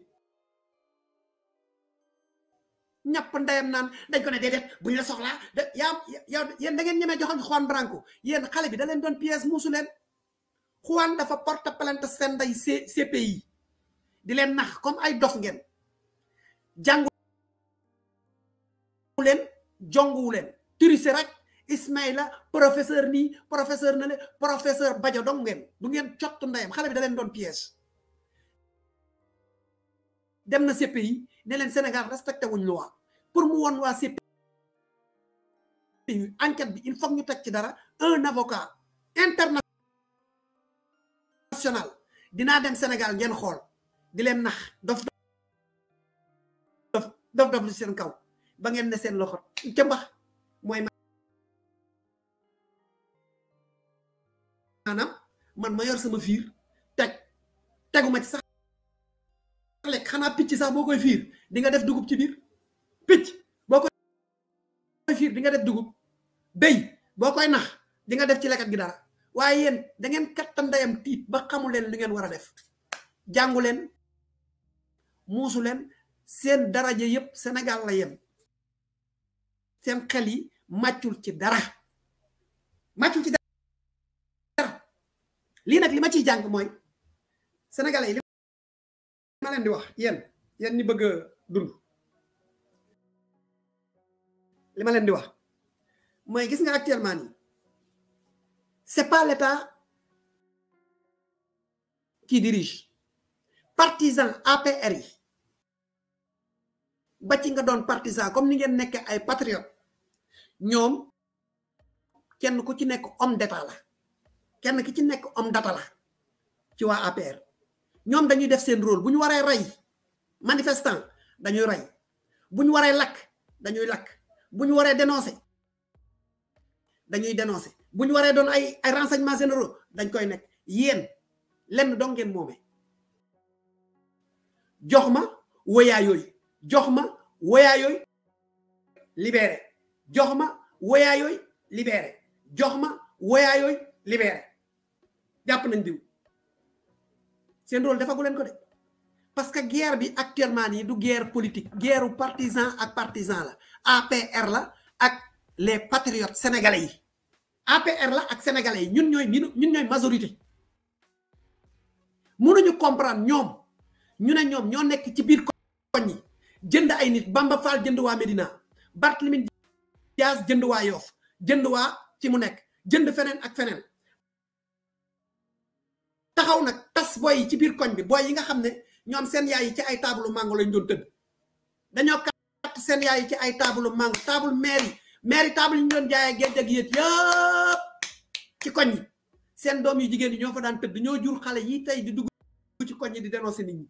ñapp ndayam naan dañ ko ne dedet buñ la soxla ya ya yeen da ngeen ñemee joxoñ Juan Branco yeen xalé bi da leen doon pièce muusu Juan dafa porte plainte seen nday CPI di len nax comme ay dox ngeen jangou len jongou len turisé rek Ismaïla professeur ni professeur le professeur badja dong ngeen du ngeen cott ndayam xalé bi da len don piège dem na CPI ne len Sénégal respecté wuñ loi pour mu won waa CPI enquête bi il faut ñu tek ci dara un avocat international dina dem Sénégal ngeen xol di len nax dof dof dof dof sen kaw ba ngeen ne sen loxo ci mbax moy maanaam man ma yor sama fiir teg teguma ci sax lekk xana picc sax bokoy fiir di nga def dugub ci bir picc bokoy fiir di nga def dugub bey bokoy nax di nga def ci lekat gi dara waye yeen da ngeen katandayam dayam ba xamulen li ngeen wara def jangulen. Muslim sen seen daraja yep senegal la yem sen xali yi ci dara màccul ci dara li nak li ma ciy jàng mooy yi li ma len di wax yen yen ni bëgg dund li ma di wax moy gis nga actuellement ni c'est pas l'état qui dirige partisan apri ba ci nga doon partisan comme ni ngeen nekkee ay patriote ñoom kenn ku ci nekk om d'état la kenn ki ci nekk om d'état la ci waa APR ñoom dañuy def seen rôle bu ñu waree rey manifestant dañuy rey bu ñu waree lakk dañuy lakk bu ñu waree dénoncer dañuy dénoncer bu ñu waree doon ay ay renseignements généraux dañ koy nekk yéen lenn dong ngeen moome jox ma woyaa yooyu jox ma woyaa yooyu libéré jox ma woyaa yooyu libéré jox ma woyaa yooyu libéré jàpp nañ diw seen rôle dafa leen ko de parce que guerre bi actuellement nii du guerre politique guerre partisan ak partisan la APR la ak les patriotes sénégalais yi APR la ak sénégalais yi ñun ñooy ñun ñooy majorité mënuñu comprendre ñoom ñu ne ñoom ñoo nekk ci biir koñ yi jënd ay nit Bamba Fall jënd waa Medina Barthélémy Dias jënd waa Yoff jënd waa ci mu nekk jënd feneen ak feneen taxaw nag tas booy yi ci biir koñ bi booy yi nga xam ne ñoom seen yaay yi ci ay taabalu mango lañ doon tëdd dañoo kat seen yaay yi ci ay taabalu mango taabal maire yi maire yi taabal yi ñu doon jaayee géej ak yéet yëpp ci koñ yi seen doom yu jigéen yi ñoo fa daan tëdd ñoo jur xale yi tey di dugg ci koñ yi di dénoncer nit ñi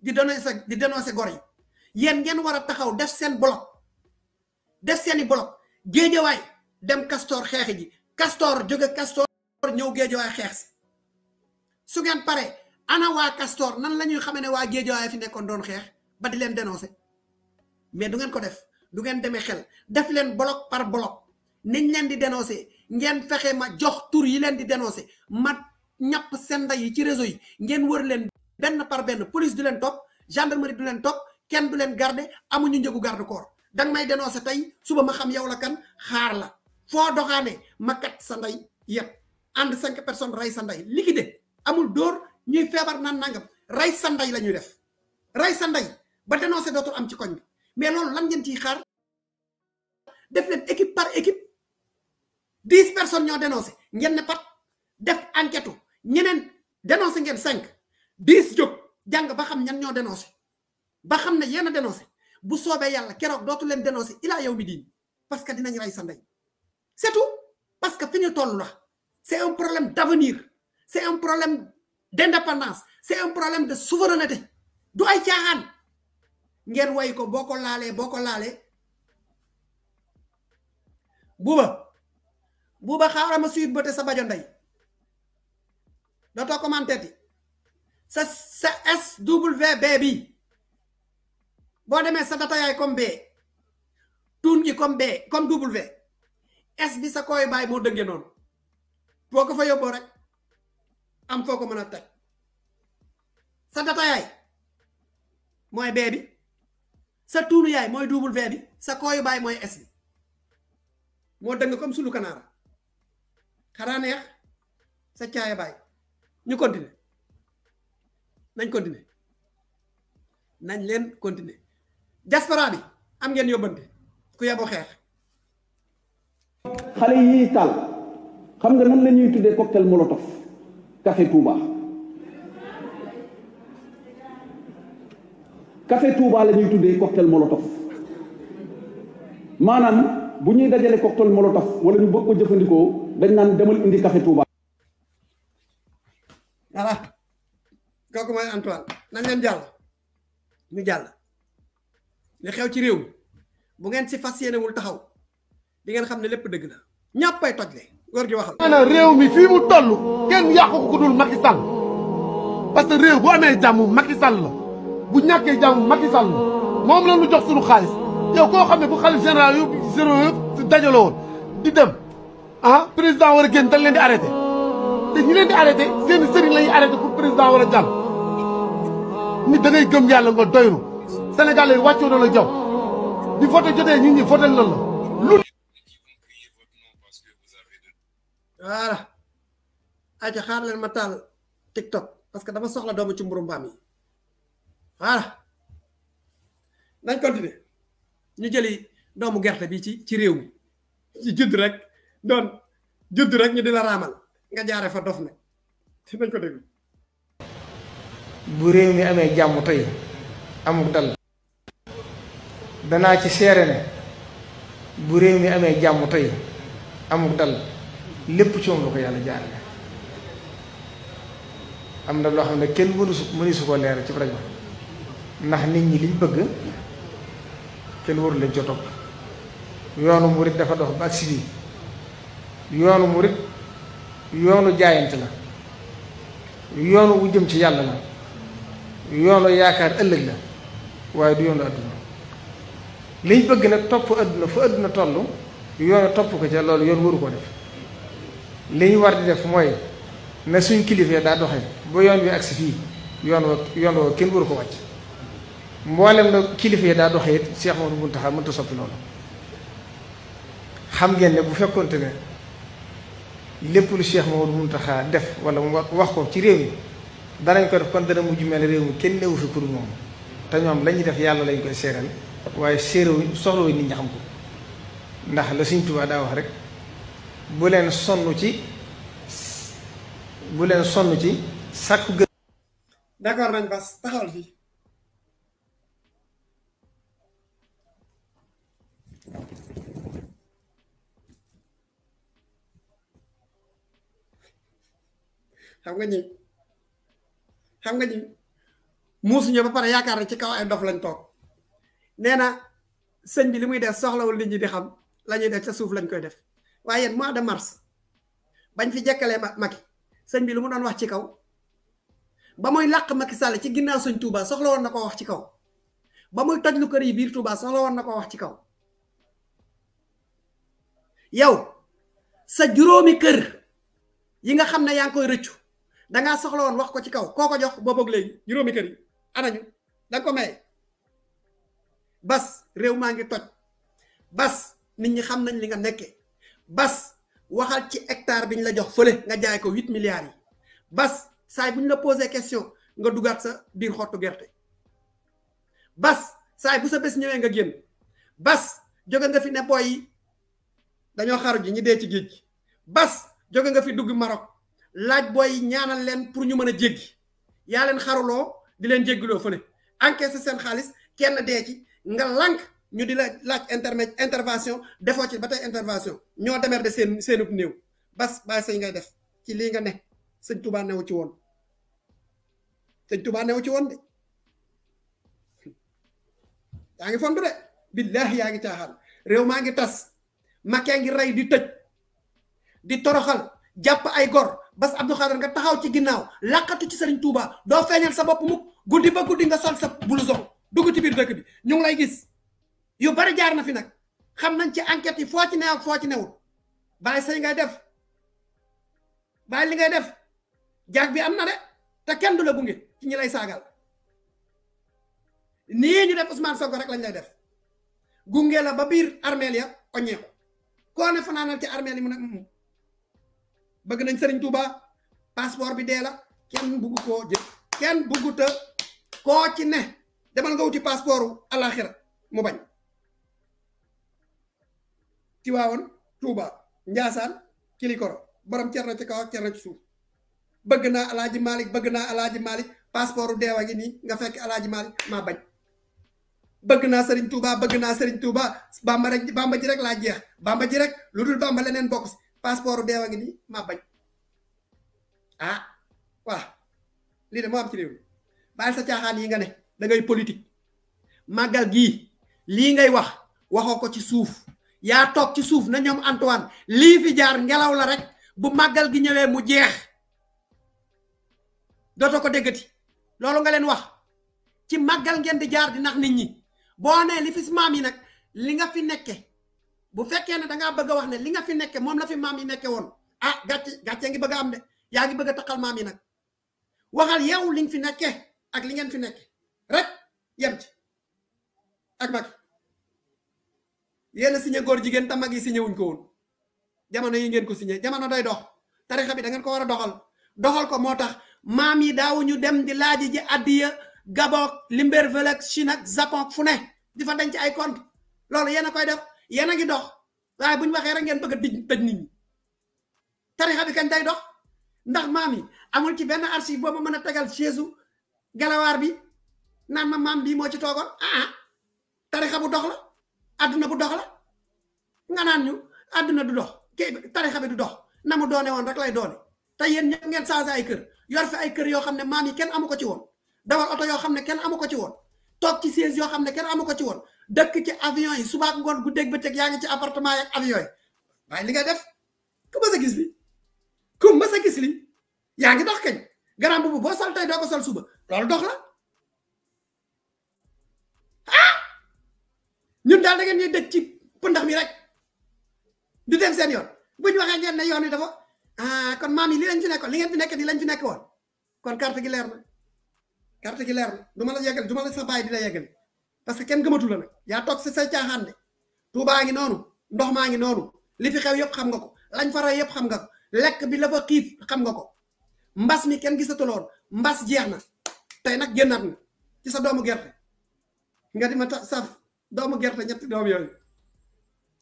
di dénoncer di dénoncer gor yi yéen ngeen war a taxaw def seen bloc def seeni bloc géejawaay dem Castor xeex ji Castor jóge Castor ñëw géejawaay xeex si su ngeen pare ana waa Castor nan la ñuy xamee ne waa géejawaay fi nekkoon doon xeex ba di leen dénoncer mais du ngeen ko def du ngeen demee xel def leen bloc par bloc niñ leen di dénoncer ngeen fexe ma jox tur yi leen di dénoncer ma ñàpp seen ndey yi ci réseau yi ngeen wër leen. ben par ben police du len top gendarmerie du len top ken du leen garde amuñu njëgu garde corps dang may dénoncer tay suba ma xam yow la kan xaar la fo doxane ma kat sa nday yépp and 5 personnes ray sa nday liquidé amul dor ñuy feebar nan nangam ray sa nday lañuy def ray sa nday ba dénoncer dotul am ci koñ bi mais loolu lan ngeen ci xaar def len équipe par équipe 10 personnes ñoo dénoncer ngeen ne pat def enquête ñeneen dénoncer ngeen 5 bis jog jang ba xam ñan ñoo dénoncé ba xam né yéna dénoncé bu soobee yalla kérok dootu leen dénoncé ila yow mi diin parce que dinañ ray sa ndey c'est tout parce que fini tollu la c'est un problème d'avenir c'est un problème d'indépendance c'est un problème de souveraineté du ay tiaxan ngeen way ko boko laalé boko laalé buba buba xawra ma suyut beuté sa bajo ndey to commenté sa sa SWB bi boo demee sa data yaay comme B tuun gi comme B comme W S bi sa kooy baay moo dëggee noonu boo ko fa yóbboo rek am foo ko mën a teg sa data yaay mooy B bi sa tuunu yaay mooy W bi sa kooyu baay mooy es bi moo dëng comme sulu kanaara xanaa neex sa caaya bàyyi ñu continuer nañ continuer nañ leen continuer diaspora bi am ngeen yóbbante ku yeboo xeex xale yii taal xam nga nan la ñuy tuddee cocktail molotov café Touba café Touba la ñuy tuddee cocktail molotov maanaam bu ñuy dajale cocktail molotov wala ñu bëgg ko jëfandikoo dañ naan demal indi café Touba kooku mooy Antoine nañ len jàll ñu jàll li xew ci rew bu ngeen si fasiyene wul taxaw di ngeen xamne ne deug la ñàppay tojle le góor gi waxal nee na réew mi fi mu tollu kenn yàqu ko dul Macky Sall parce que rew bo amé jamm Macky Sall la bu ñaké jamm Macky Sall la la ñu jox suñu xaliss yow ko xamne bu xaliss général yu généraux yëpp dajalo won di dem ah président war a dañ leen di arrêté te ñi leen di arrêté seen sëriñ lañu arrêté pour président wara jamm nit da ngay gëm yàlla nga doylu Sénégalais yi wàccoo na la jaw di voté jotee nit ñi voté lan la lu voilà aja xaar leen ma taal TikTok parce que dama soxla doomu ci mburu mbaam yi voilà nañ continuer ñu jëli doomu gerte bi ci ci réew mi ci judd rek doon judd rek ñu dina raamal nga jaare fa dof ne nañ ko déglu bu réew mi amee jàmm tey amuk dal ci seere ne bu réew amee jàmm tey dal lépp ci moom ko yàlla jaarale am na loo xam ne kenn mënu su mënu su ko leer ci rajo ndax nit ñi liñ bëgg kenn waru lañ ca topp yoonu murit dafa dox ba ak si bii yoonu murit yoonu jaayante la yoonu wu jëm ci yàlla la yoonu yaakaar ëllëg la waaye du yoon àdduna liñ bëgg nag topp àdduna fa àdduna toll yoonu topp ko ca loolu yoon waru ko def li ñu war di def mooy na suñ kilifee daa doxe ba yoon wi agsi fii yoon wa yoon wa kenn waru ko wàcc mboolem na kilifee daa doxe it Cheikh Mouhamadou Mountakha mënta soppi loolu xam ngeen ne bu fekkoonte ne lépp lu Cheikh Mouhamadou Mountakha def wala mu wax ko ci réew yi danañ ko def kon dana mujj mel réew mi kenn newu fi pour moom te ñoom la ñuy def yàlla lañu koy seeral waaye séeréwuñ soxlawuñ nit ñi xam ko ndax la Sëriñ Tuubaa daa wax rek bu leen sonn ci bu leen ci sàkku gën d'accord nañ bas taxawal fii xam xam nga ni muusuñu ba pare yaakaar ne ci kaw ay dof lañ toog nee na sëñ bi li muy def soxlawul nit ñi di xam lañuy def sa suuf lañ koy def waaye yéen mois de mars bañ fi jekkalee mag sëñ bi lu mu doon wax ci kaw ba muy làq Macky sàll ci ginnaaw sëñ tuubaa soxla woon na koo wax ci kaw ba muy toj lu kër yi biir tuubaa soxla woon na koo wax ci kaw yow sa juróomi kër yi nga xam ne yaa ngi koy rëccu da nga soxla won wax ko ci kaw koko ko jox bo bok léegi juromi kër anañu da ko may bas rew ma ngi toj bas nit ñi xam nañ li nga bas waxal ci hectare biñ la jox fele nga jaay ko 8 milliards bas say buñ la poser question nga dugat sa bir xortu gerté bas say bu sa bes ñëwee nga bas joge nga fi ne boy yi dañoo xaru ji ñi dé ci bas joge nga fi dugg Maroc laaj boy ñaanal leen pour ñu mën a jéggi yaa leen xaruloo di leen jéggiloo ne encaissé seen xaalis kenn dee ci nga lànk ñu di la laaj internet intervention defoo ci ba tey intervention ñoo de seen seenub néew bas basa inga ngay def ci lii nga ne sëñ Touba newu ci woon sëñ Touba newu ci woon de yaa ngi fondu de billahi yaa ngi caaxaan réew maa ngi tas makkee ngi rey di tëj di toroxal japp ay gor bas abdou xadar nga taxaw ci ginnaw lakatu ci serigne touba do feñal sa bop mukk guddi ba guddi nga sol sa blouson dugg ci bir dëkk bi ñu ngi lay gis yu bari jaar na fi nak xam nañ ci enquête yi ci neew fo ci newut bay say ngay def bay li ngay def jaag bi amna de te kenn du la ci ñi lay sagal nii ñu def Ousmane sokko rek lañ lay def gungé la ba bir armélia ya oññeeku ko ne fanaanal ci armélia mu nak bëgg nañ tuba Touba passeport bi dee la kenn kian koo jël kenn ta koo ci ne demal nga wuti passeportu alaxira mu bañ Tiwaawoon Touba Njaasaan Kilikoro borom cer na ci kaw ak cer na ci suuf bëgg naa alaaji malik bëgg naa alaaji Malick passeport deewa ngi nii nga fekk alaaji malik maa bañ bëgg naa sëriñ Touba bëgg naa sëriñ Touba Bamba rek Bamba ji rek laa jeex Bamba ji rek lu Bamba leneen bokk passeport beewa ngi ni ma bañ ah wa li de mo am ci rew mi sa tiaxan yi nga ne da ngay politique magal gi li ngay wax waxoo ko ci souf ya tok ci souf na ñom Antoine li fi jaar ngelaw la rek bu magal gi ñewé mu jeex dootoo ko deggati lolu nga len wax ci magal ngeen di jaar di nax nit ñi bo ne li fi mam yi nak li nga fi nekké bu fekke ne da nga bëgg wax ne li nga fi mom la fi mam yi won ah gatti gatti nga bëgg a am de ya nga bëgg takal mam yi nak waxal yow li nga fi nekke ak li ngeen fi nekke rek yem ci ak mak yéen signé gor jigen ta mag yi signé wuñ ko won jamono yi ngeen ko signé jamono doy dox tarixa bi da ngeen ko wara doxal doxal ko motax mam yi daawu ñu dem di laaji ji adiya gabok Libreville ak Chine ak fu ne difa dañ ci ay compte lolu koy def Iya na ngi dox waaye bu ñu waxee rek ngeen bëgg a dij tëj nit ñi tarixa bi kañ tay dox ndax maam yi amul ci benn archive boobu mën a tegal chaise galawaar bi naan ma maam bii moo ci toogoon ah tarixa bu dox la àdduna bu dox la nga naan ñu àdduna du dox kii tarixa bi du dox na mu doone woon rek lay doone te yéen ñëpp ngeen changé ay kër yor fi ay kër yoo xam ne maam yi kenn amu ko ci woon dawal oto yoo xam ne kenn amu ko ci woon toog ci chaise yoo xam ne kenn amu ko ci woon dekk ci avion yi suba ak ngon guddeeg bëccëg yaa ngi ci appartement ak avion yi waaye li nga def ku mës a gis bi ku mës a gis li yaa ngi dox kañ garam bu bo sal tay do ko sal suba loolu dox la ah! ñun daal da ngeen ñuy dëj ci pëndax mi rek di dem seen yoon bu ñu waxee ngeen ne yoon yi dafa ah kon maam yi li lañ fi nekkoon li ngeen fi nekk di lañ fi nekk woon kon carte gi leer na carte gi leer na du ma la yeggal du ma la sa bàyyi di la yeggal parce que kenn gëmatu la nag yaa toog si say caaxaan de tuubaa ngi noonu ndox maa ngi noonu li fi xew yëpp xam nga ko lañ fa rey yëpp xam nga ko lekk bi la fa xiif xam nga ko mbas mi kenn gisatu lool mbas jeex na tey nag génnaat na ci sa doomu gerte nga di ma saf doomu gerte ñetti doom yooyu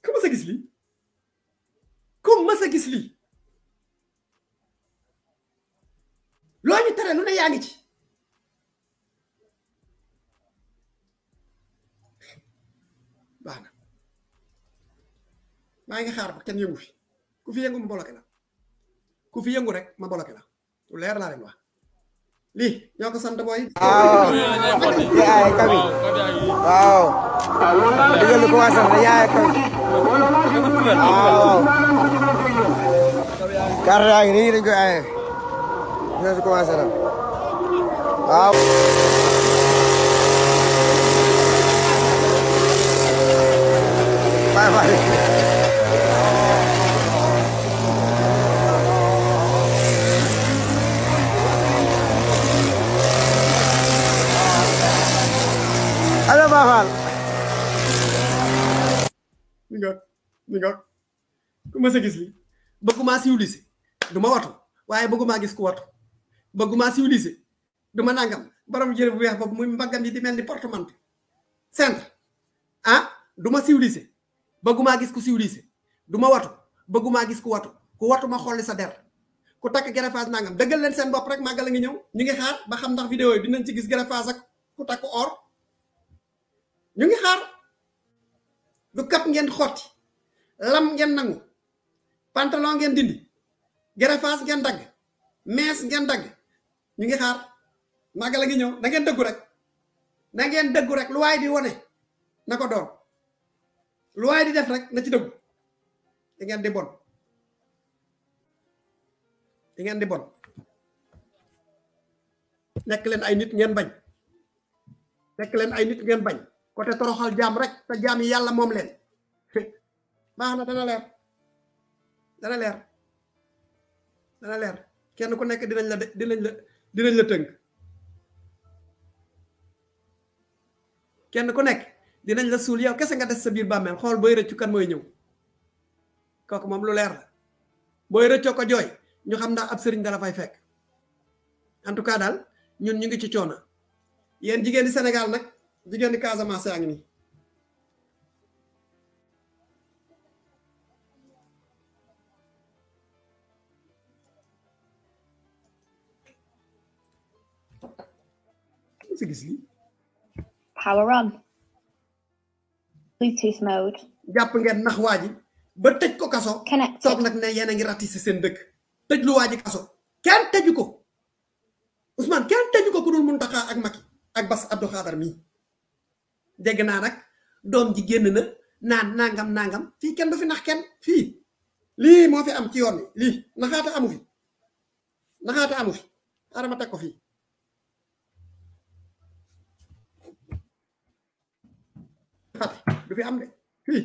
ku mas gis lii ku mas gis lii loo ñu tere lu ne yaa ngi ci ma ngi xaar ba kenn yëngu fi ku fi yëngu ma bloqué la ku fi yëngu rek ma bloqué la lu leer la leen wax li ñoo ko sant boy waaw yaay kabi waaw. digal ko wa sant yaay kabi waaw. carte ngi ni ko ay aaye. ko wa commencé waaw. bye bye. mahal. mi ngoog mi ngoog ku ma sa gis li bëgguma siiw lise duma watu waaye bëgguma gis ku watu bëgguma siiw lise duma nangam borom jëre bu muy yi di mel ni portemante ah duma udise. lise magis gis ku si lise duma watu bëgguma gis ku watu ku watu ma xolli sa der ku takk greffage nangam dëggal len sen bopp rek màggal a ngi ñëw ñu ngi xaar ba xam ndax video yi dinañ ci gis ak ku or ñu ngi xaar du kap ngeen xotti lam ngeen nangu pantalon ngeen dindi gerefaas ngeen dagg mees ngeen dagg ñu ngi xaar màggal la ngi ñëw da ngeen dëggu rek da ngeen dëggu rek lu waay di wone na ko doon lu waay di def rek na ci dëggu da ngeen di bon da ngeen di bon nekk leen ay nit ngeen bañ nekk leen ay nit ngeen bañ côté toroxal jam rek ta jam yalla mom len leen *laughs* dana leer dana leer dana leer kenn ku nek dinañ la dinañ la dinañ la teunk kenn ku nek dinañ la sul yow kessa nga def sa bir bàmmeel xol boy reccu kan moy ñew kooku mom lu leer la booy ko joy ñu xam ndax ab serign dala fay fek en tout cas dal ñun ñu ngi ci ciona yeen jigen di senegal nak jigéen di Casamance yaa ngi si power on bluetooth mode Japp ngeen nax waa ba tëj ko kaso toog nag ne yéen a ngi ratissé seen dëkk tëj lu waa kaso kenn tëju ko Ousmane kenn tëju ko ku dul Mountakha ak Maki ak Bass Abdou Khadre mii dégg naa nag doom ji génn na naan nangam nangam fii kenn du fi nax kenn fii lii moo fi am ci yoon bi lii naxaata amu fi naxaata amu fi arama teg ko fii du fi am de fii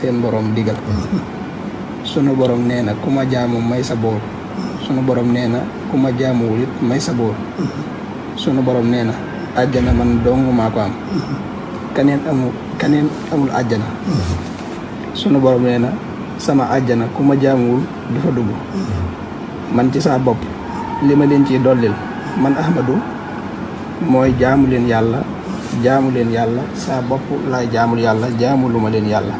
seen borom sunu boroom nee na ku ma jaamu may sa boor sunu borom nee na ku ma jaamuwul it may sa boor sunu boroom nee na àjjana man dong maa am keneen amul keneen sunu borom nee na sama àjjana ku ma jaamuwul du fa dugg man ci saa bopp li ma leen ciy dollil man Ahmadu mooy jaamu leen yàlla jaamu len yalla sa bop lay jaamu yalla jaamu luma len yalla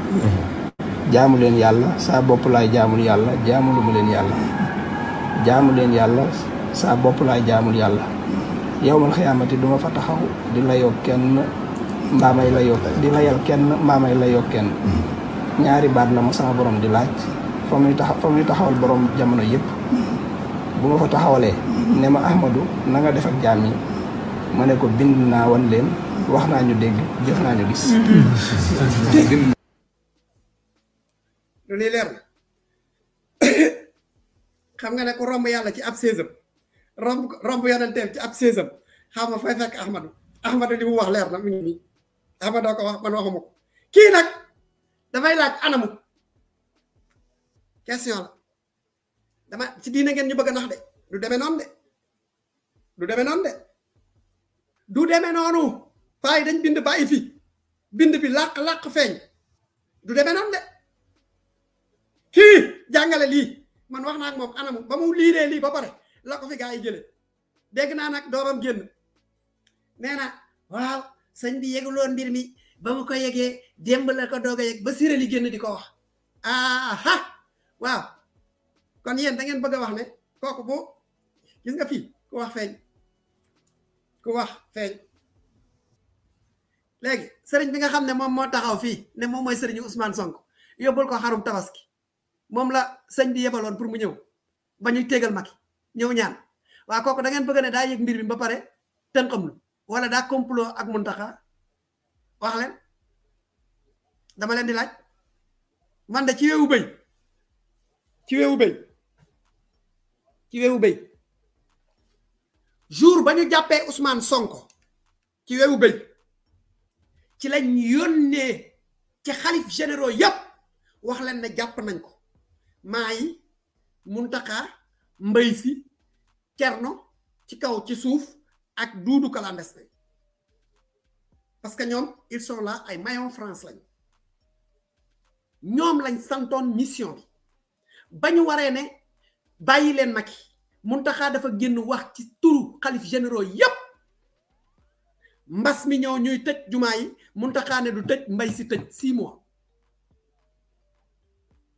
jaamu len yalla sa bop lay jaamu yalla jaamu luma len yalla jaamu len yalla sa bop lay jaamu yalla yawmal khiyamati duma fa taxaw di layoo kenn mbaamay layoo di yal kenn mbaamay layoo kenn ñaari baat na ma sama borom di laaj famuy tax famuy taxawal borom jamono yep buma fa taxawale nema ahmadu na nga def ak jami mané ko bind wax naa ñu dégg jëf naa mm-hmm. lii leer *coughs* xam nga ne ko romb yàlla ci ab séesam romb romb yonenteem ci ab séesam xam nga fay fekk Ahmadou Ahmadou li mu wax leer na mu ngi nii Ahmadou ko wax man waxuma kii nag dafay laaj anamu question la dama ci diine ngeen ñu bëgg a nax de du demee noonu de du demee de noonu. paa dañ bind bàyyi fi bind bi làq-làq feeñ du demee de kii jàngale lii man wax naa ak moom anam ba mu liiree lii ba pare la ko fi gaa yi jëlee dégg naa nag doomam génn nee na waaw sëñ bi yeguloon mbir mi ba mu ko yegee démb la ko doog yeg ba sirali génn di ko wax aha waaw kon yéen da ngeen bëgg a wax ne kooku bu gis nga fi ku wax feeñ ku wax feeñ léegi sëriñ bi nga xam ne moom moo taxaw fii ne moom mooy sëriñu Ousmane Sonko yóbbul ko xarum tabaski moom la sëñ bi yebaloon pour mu ñëw ba ñuy tégal Macky ñëw ñaan waa kooku dangeen bëgg ne daa yëg mbir mi ba pare tënkam lu wala daa complot ak Mountakha wax leen dama leen di laaj man de ci weewu béy ci weewu béy ci weewu béy jour ba ñu jàppee Ousmane Sonko ci weewu béy ci lañ yónnee ci xalif généraux yépp wax leen ne jàpp nañ ko maa yi Muntaxa Mbay Si Cerno ci kaw ci suuf ak duudu clandestin parce que ñoom ils sont ay maillon France lañ ñoom lañ santoon mission bi ba ñu waree ne bàyyi leen nag Macky Muntaxa dafa génn wax ci turu xalif généraux yépp mbas mi ñëw ñuy tëj jumaa yi Mountakha ne du tëj mbay si tëj six mois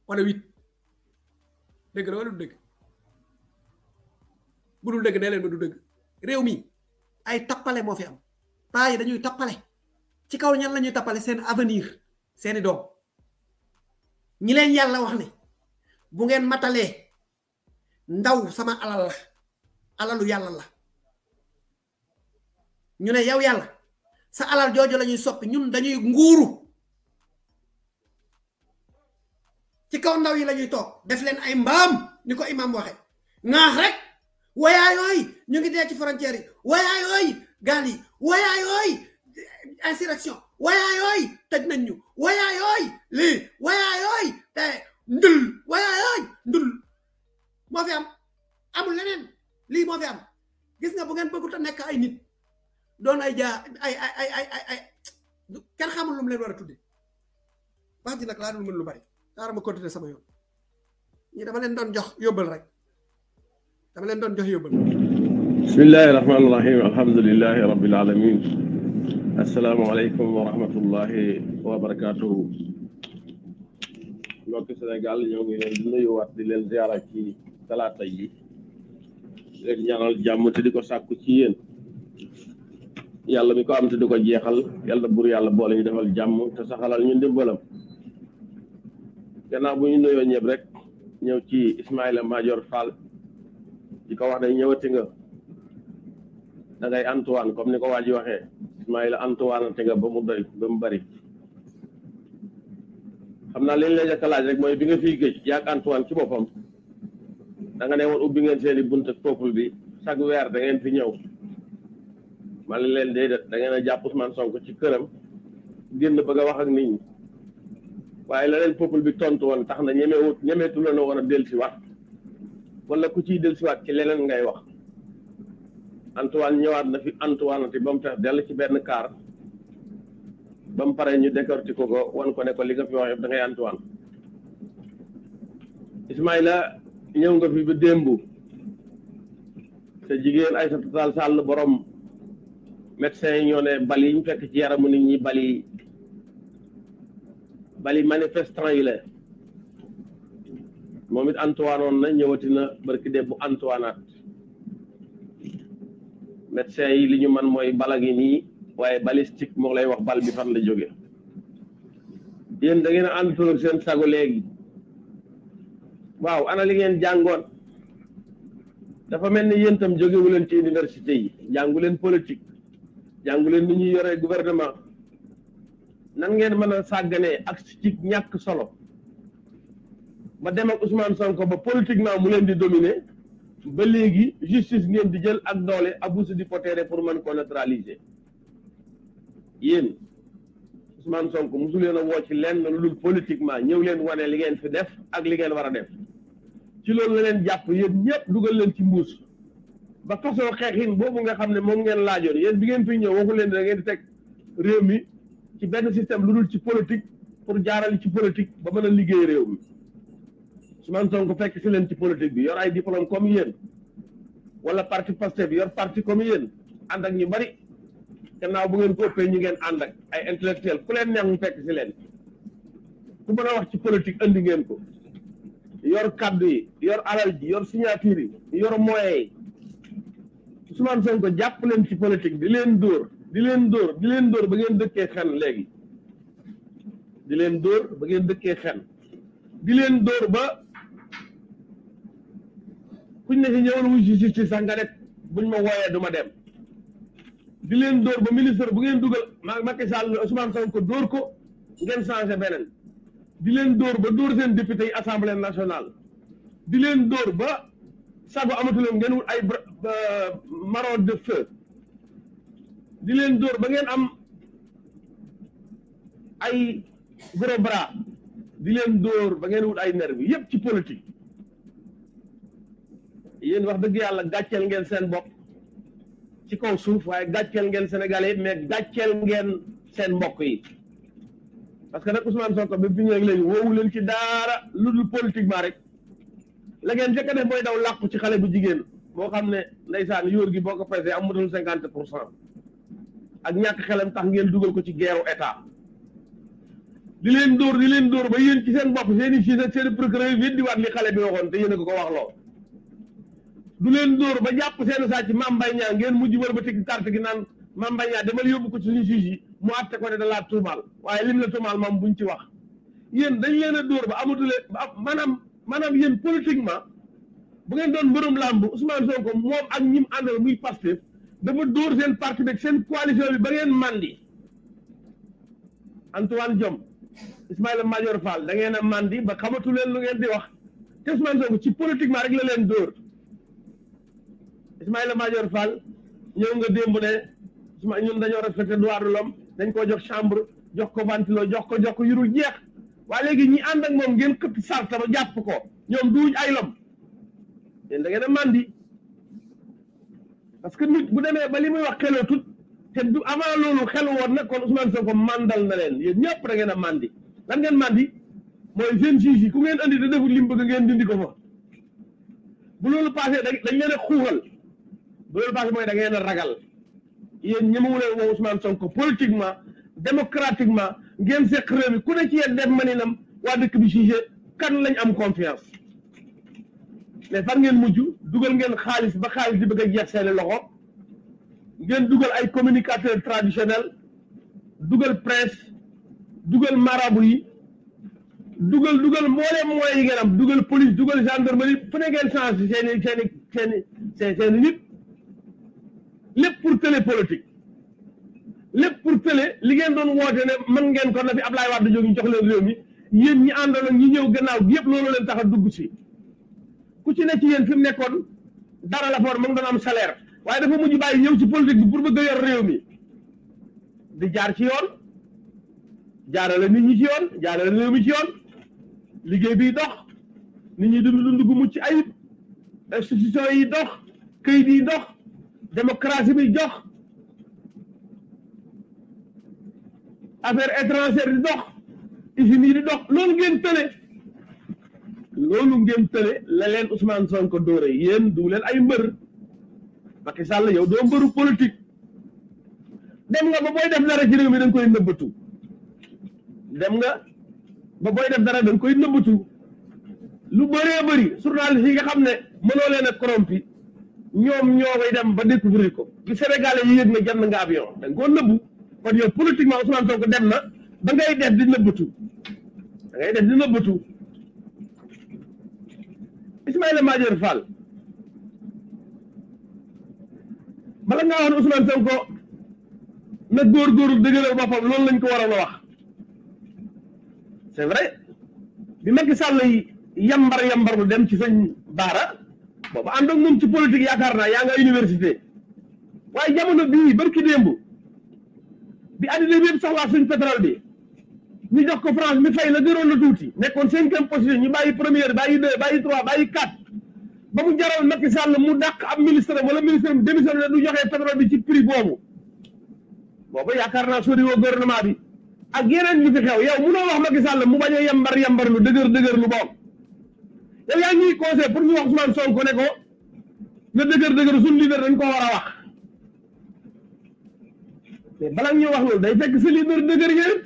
wala huit dëgg la wala du dëgg bu dul dëgg nee leen ma du dëgg réew mi ay tappale moo fi am paa yi dañuy tappale ci kaw ñan lañuy tappale seen avenir seeni doom ñi leen yàlla wax ne bu ngeen matalee ndaw sama alal la alalu yàlla la ñu ne yow yàlla sa alal jooju lañuy soppi ñun dañuy nguuru ci kaw ndaw yi lañuy toog def leen ay mbaam ni ko imaam waxe ŋaax rek wayaa yooyu ñu ngi dee ci frontières yi wayaa yooy gaal yi yooy yooyu insurrection wayaa ñu wayaa yooyu lii wayaa yooyu te ndul wayaa yooyu ndul moo fi am amul leneen lii moo fi am gis nga bu ngeen bëggut a nekk ay nit Don ay jaa ay ay ay ay ay ay xamul lu mu leen war wax dul lu bari xaaral ma continuer sama yoon ñii dama leen doon jox yóbbal rek dama leen doon jox yóbbal bismillahi Assalamualaikum rahim wabarakatuh. rabbil alamin assalaamu aleykum wa rahmatullahi wa barakatuhu mbokki sénégal ñoo ngi di yi ñaanal te ci yalla mi ko am tuddu ko jeexal yalla bur yalla boole ñu defal jamm te saxalal ñu ndimbalam gannaaw bu ñu nuyoo ñeb rek ñew ci ismaïl major Fall di ko wax day ñewati nga da ngay Antoine comme ni ko waa ji waxee Antoine te nga ba mu doy ba mu bari xamna naa leen lay jëkk laaj rek moy bi nga fi geej yaag Antoine ci bopam da nga neewon ubbi ngeen seeni buntu peuple bi chaque weer da ngeen fi ñew ma ne leen déedéet da ngeen a jàpp Ousmane Sonko ci këram génn bëgg a wax ak nit ñi waaye la leen peuple bi tontu woon tax na ñemewut ñemeetu la na war a dellusiwaat wala ku ciy dellusiwaat ci leneen ngay wax Antoine ñëwaat na fi Antoine te ba mu tax dell ci benn kaar ba mu paree ñu décorti ko ko wan ko ne ko li nga fi wax yëpp da ngay Antoine Ismaïla ñëw nga fi ba démb sa jigéen Aïssata Tall Sall borom médecin yi ñoo ne bal ñu fekk ci yaramu nit ñi bali bali manifestant yi la momit Antoine on na ñewati na barki de bu Antoine médecin yi li ñu man moy balagi ni waye balistique mo lay wax bal bi fan la jóge yeen da ngeen antoine sen ak seen sago léegi waaw ana li ngeen jàngoon dafa melni yentam joge tam ci université yi jangulen politique jàngu ni ñuy yoree gouvernement nan ngeen mën a sàgganee ak ci ñàkk solo ba dem ak Ousmane Sonko ba politiquement mu leen di dominer ba léegi justice ngeen di jël ak doole abus di potere pour mën ko neutraliser yéen Ousmane Sonko musu leen a woo ci lenn lu dul politiquement ñëw leen wane li ngeen fi def ak li ngeen war a def ci loolu la leen jàpp yéen ñëpp dugal leen ci mbuus ba xex xeexin boobu nga xam ne moom ngeen laajoon yéen bi ngeen fi ñëw waxu leen da ngeen di teg réew mi ci benn système lu dul ci politique pour jaarali ci politique ba mën a liggéey réew mi Ousmane Sonko fekk si leen ci politique bi yor ay diplôme comme yéen wala parti Pastef bi yor parti comme yéen ànd ak ñu bari gannaaw bu ngeen ko ñu ngeen ànd ak ay intellectuel ku leen neex ñu fekk si leen ku mën a wax ci politique andi ngeen ko yor kaddu yi yor alal ji yor signature yi yor moyens yi Ousmane Sonko jàpp leen ci politique di leen dóor di leen dóor di leen dóor ba ngeen dëkkee xen léegi di leen dóor ba ngeen dëkkee xen di leen dóor ba kuñ ne si ñëwal wuj si si sax nga rek ma wooyee du ma dem di leen dóor ba ministre bu ngeen dugal ma Macky Sall Ousmane ko dóor ko ngeen changé beneen di leen dóor ba dóor seen député yi assemblée nationale dileen leen dóor ba sago amatuloon ngeen wut ay marron de feu di leen dóor ba ngeen am ay gros bras di leen dóor ba ngeen wut ay nervi yépp ci politique yéen wax dëgg yàlla gàcceel ngeen seen bopp ci kaw suuf waaye gàcceel ngeen Sénégalais yëpp mais gàcceel ngeen seen mbokk yi parce que nag Ousmane Sonko bi fi ñëwee léegi woowu leen ci daara lu dul politiquement rek la ngeen njëkk def mooy daw làqu ci xale bu jigéen boo xam ne ndeysaan yóor gi boo ko pesee amatul cinquante pour cent ak ñàkk xelam tax ngeen dugal ko ci geeru état di leen dóor di leen dóor ba yéen ci seen bopp seen i fils ak seen procureur yi di waat li xale bi waxoon te yéen a ko ko wax loo du leen dóor ba jàpp seen sàcc ci Mbaye Niang ngeen mujj wër ba tëgg carte gi naan Mame Mbaye demal yóbbu ko ci suñu juge yi mu àtte ko ne da laa tuumaal waaye lim la tuumaal moom buñ ci wax yéen dañ leen a dóor ba amatule ba maanaam maanaam yéen politiquement bu ngeen doon mbërum làmb Ousmane Sonko moom ak ñim àndal muy Pastef dafa dóor seen parti bi seen coalition bi ba ngeen mandi Antoine Diome Ismaïla Madior Fall da ngeen a mandi ba xamatu leen lu ngeen di wax te Ousmane Sonko ci politiquement rek la leen dóor Ismaïla Madior Fall ñëw nga démb ne ñun dañoo respecté droit de dañ ko jox chambre jox ko ventilo jox ko jox ko yurul jeex wa legi ñi and ak mom ngeen këpp sarta ba japp ko ñom duñ ay lom ñen da ngeen a mandi parce que nit bu démé ba limuy wax wax tut té du avant lolu xel woon nag kon Ousmane Sonko mandal na len yeen ñepp da ngeen a mandi lan ngeen mandi moy jeune juge ku ngeen andi da defu lim bëgg ngeen dindi ko fa bu lolu passé dañ leen a xuuxal bu lolu passé moy da ngeen a ragal ñëmu ñemewuleen wo Ousmane Sonko politiquement démocratiquement ngeen seq réew mi ku ne ci yéen def maninam waa dëkk bi jugé kan lañ am confiance mais fan ngeen mujj dugal ngeen xaalis ba xaalis di bëgg a jeex seeni loxo ngeen dugal ay communicateur traditionnel dugal presse dugal marabu yi dugal dugal mbooleem moyens yi ngeen am dugal police dugal gendarmerie fu ne ngeen changé seeni seeni seeni seeni nit lépp pour télé politique lépp pour tële li ngeen doon woote ne mën ngeen ko na fi Ablaye Wade jóg ñu jox leen réew mi yéen ñi àndaloon ñi ñëw gannaaw gi yëpp loolu leen tax a dugg si ku ci ne ci yéen fi nekkoon dara la foor mu doon am salaire waaye dafa mujj bàyyi ñëw ci politique bi pour ba a yor réew mi di jaar ci yoon jaarale nit ñi ci yoon jaarale mi ci yoon liggéey bi dox nit ñi dund dund gu mucc ayib institution yi dox këyit yi dox démocratie bi jox affaire étrangère di dox usines yi di dox loolu ngeen tële loolu ngeen tële la leen Ousmane Sonko dóore yéen du leen ay mbër Macky Sall yow doo mbëru politique dem nga ba booy def dara ci réew dañ koy nëbbatu dem nga ba booy def dara dañ koy nëbbatu lu bëree bëri journaliste yi nga xam ne mënoo leen a corrompi ñoom ñoo koy dem ba découvrir ko bi Sénégalais yi yëg na jënd nga avion dañ koo nëbbu kon yow politiquement Ousmane Sonko dem na ba ngay def di nëbbatu da ngay def di nëbbatu Ismaïla Madior Fall bala ngaa wax ne Ousmane Sonko na góorgóorlu dëgëral boppam loolu lañ ko wara a wax c'est vrai bi Macky Sall yambar yambar lu dem ci sëñ Baara boobu ànd ak moom ci politique yaakaar naa yaa nga université waaye jamono bii barki démb bi addina bi yëpp soxlaa suñ pétrole bi ñu jox ko France mi fay la gënoon la tuuti nekkoon cinquième position ñi bàyyi première bàyyi deux bàyyi trois bàyyi quatre ba mu jaral Macky sàll mu dàq ab ministre wala ministre am démissionné du joxe pétrole bi ci prix boobu boobu yaakaar naa soriwoo gouvernement bi ak yeneen ñu fi xew yow munoo wax Macky sàll mu bañ a yembar yembar lu dëgër dëgër lu boom yow yaa ñuy conseil pour ñu wax Ousmane Sonko ne ko na dëgër dëgër suñu leader ko war a wax. mais balaa ñuy wax loolu day fekk sa leader dëgër ngeen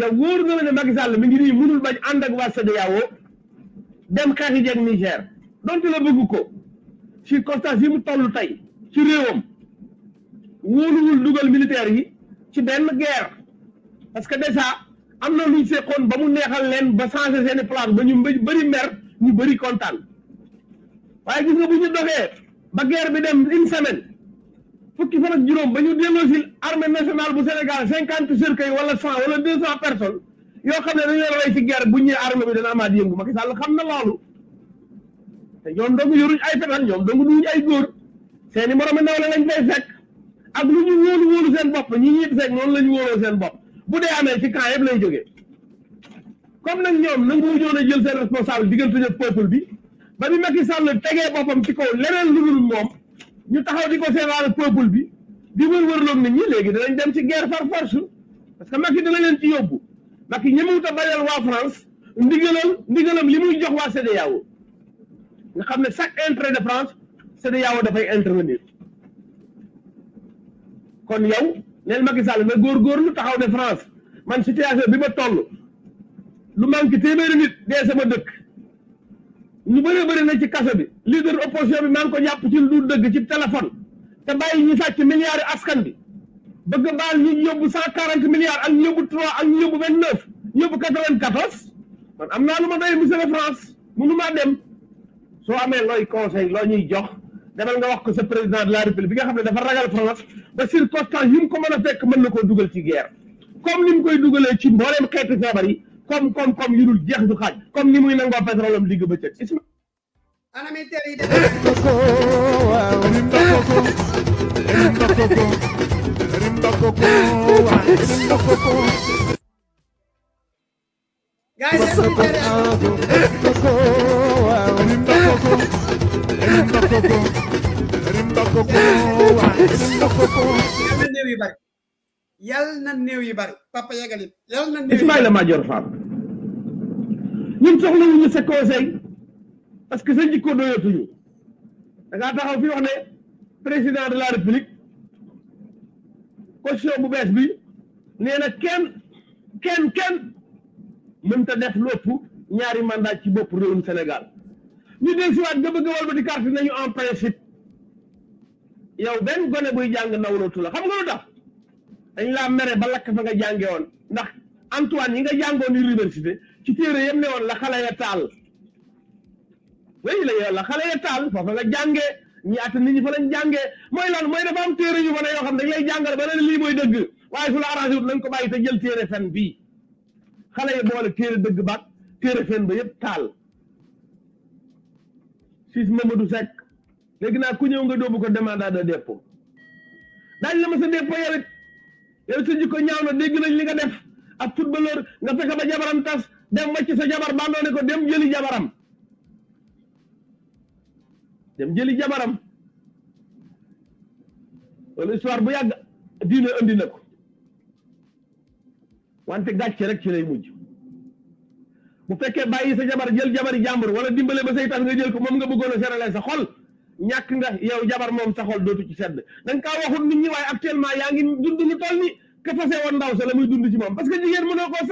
yow wóor na la ne Macky Sall mi ngi nii mënul bañ ànd ak waa CEDEAO dem xeexi jeeg Niger donte la bëgg ko ci constat yi mu toll tey ci réewam wóoluwul dugal militaire yi ci benn guerre parce que des déjà am na luñ seqoon ba mu neexal leen ba changé seeni place ba ñu bëri mer ñu bëri kontaan waaye gis nga bu ñu doxee ba guerre bi dem une semaine fukki fan ak juróom ba ñu delloo si nationale bu Sénégal cinquante cercueil wala cent wala deux cent personnes yoo xam ne dañu leen rey bu ñëwee armée bi dana amaat yëngu Macky Sall xam na loolu te ñoom dong yoruñ ay fetal ñoom dong duñu ay góor seeni moromi ndaw lañ fay fekk lu ñu wóolu wóolu seen bopp ñi ñuy fekk la ñu wóoloo seen bopp bu dee amee ci camp yëpp lay jógee comme nag ñoom nangu ñoo a jël seen responsable diggante ñëpp peuple bi ba bi Macky Sall tegee boppam ci kaw leneen lu dul moom ñu taxaw di ko seetaan peuple bi di wër-wërloog nit ñi léegi danañ dem ci guerre far force parce que Macky dana leen ci yóbbu Macky ñemewut a bañal waa France ndigalal ndigalam li muy jox waa CEDEAO nga xam ne chaque intérêt de France CEDEAO dafay intervenir kon yow neel Macky Sall na góorgóorlu taxaw de France man situation bi ma toll lu manque téeméeri nit dee sama dëkk. ñu bëree bëri nañ ci kaso bi leader opposition bi maa ngi ko ñàpp ci lu dëgg ci téléphone te bàyyi ñu sàcc milliards askan bi bëgg baal ñu yóbbu cent quarante milliards ak ñu yóbbu ak ñu yóbbu vingt neuf yóbbu quatre vingt quatorze am naa lu ma doy monsieur le France mënu ma dem soo amee looy conseil loo ñuy jox demal nga wax ko sa président de la république bi nga xam ne dafa ragal France ba circonstance yi mu ko mën a fekk mën na koo dugal ci guerre comme ni mu koy dugalee ci mbooleem xeetu feebar yi comme comme comme yu dul jeex du xaaj comme ni muy nangoo pétrole am digg bëccëg isma animateur waaw guys waaw yal na néew yi bari papa yegal yi yal na néew Ismaïla Madior Fall ñun soxlawuñu sa conseil parce que sa jikko doyatuñu da ngaa taxaw fi wax ne président de la république constitution bu bees bi nee na kenn kenn kenn mën ta def lu ñaari mandat ci boppu réewum Sénégal ñu del siwaat nga bëgg a wal carte nañu en principe yow benn gone buy jàng nawlootu la xam nga lu dañ la méré ba lak fa nga jangé won ndax antoine yi nga jàngoon université ci téré yam ne woon la xalé ya tal wéy la la xalé ya fa fa nga jangé ñi at nit ñi fa lañ jangé moy lan moy dafa am téré ñu fa yo xam dañ lay jangal ba lan li moy dëgg waye su la arrangé wut lañ ko bàyyi te jël téré fen bi xalé yi boole téré dëgg ba téré fen ba yépp tal sis mamadou sek léegi naa ku ñëw nga doobu ko demanda de dépôt dañ la mësa dépôt yow yow sa jikko ñaaw na dégg nañ li nga def ab footballeur nga fexe ba jabaram tas dem wàcc sa jabar bandoone ko dem jëli jabaram dem jëli jabaram loolu histoire bu yàgg diine andi na ko wante gàcce rek ci lay mujj bu fekkee bàyyi sa jabar jël jabari jàmbur wala dimbale ba say tas nga jël ko moom nga bëggoon a serale sa xol ñàkk nga yow jabar moom sa xol dootu ci sedd da nga kaa waxul nit ñi waaye actuellement yaa ngi dund lu toll ni que fase woon ndaw sa la muy dund ci moom parce que jigéen mënoo koo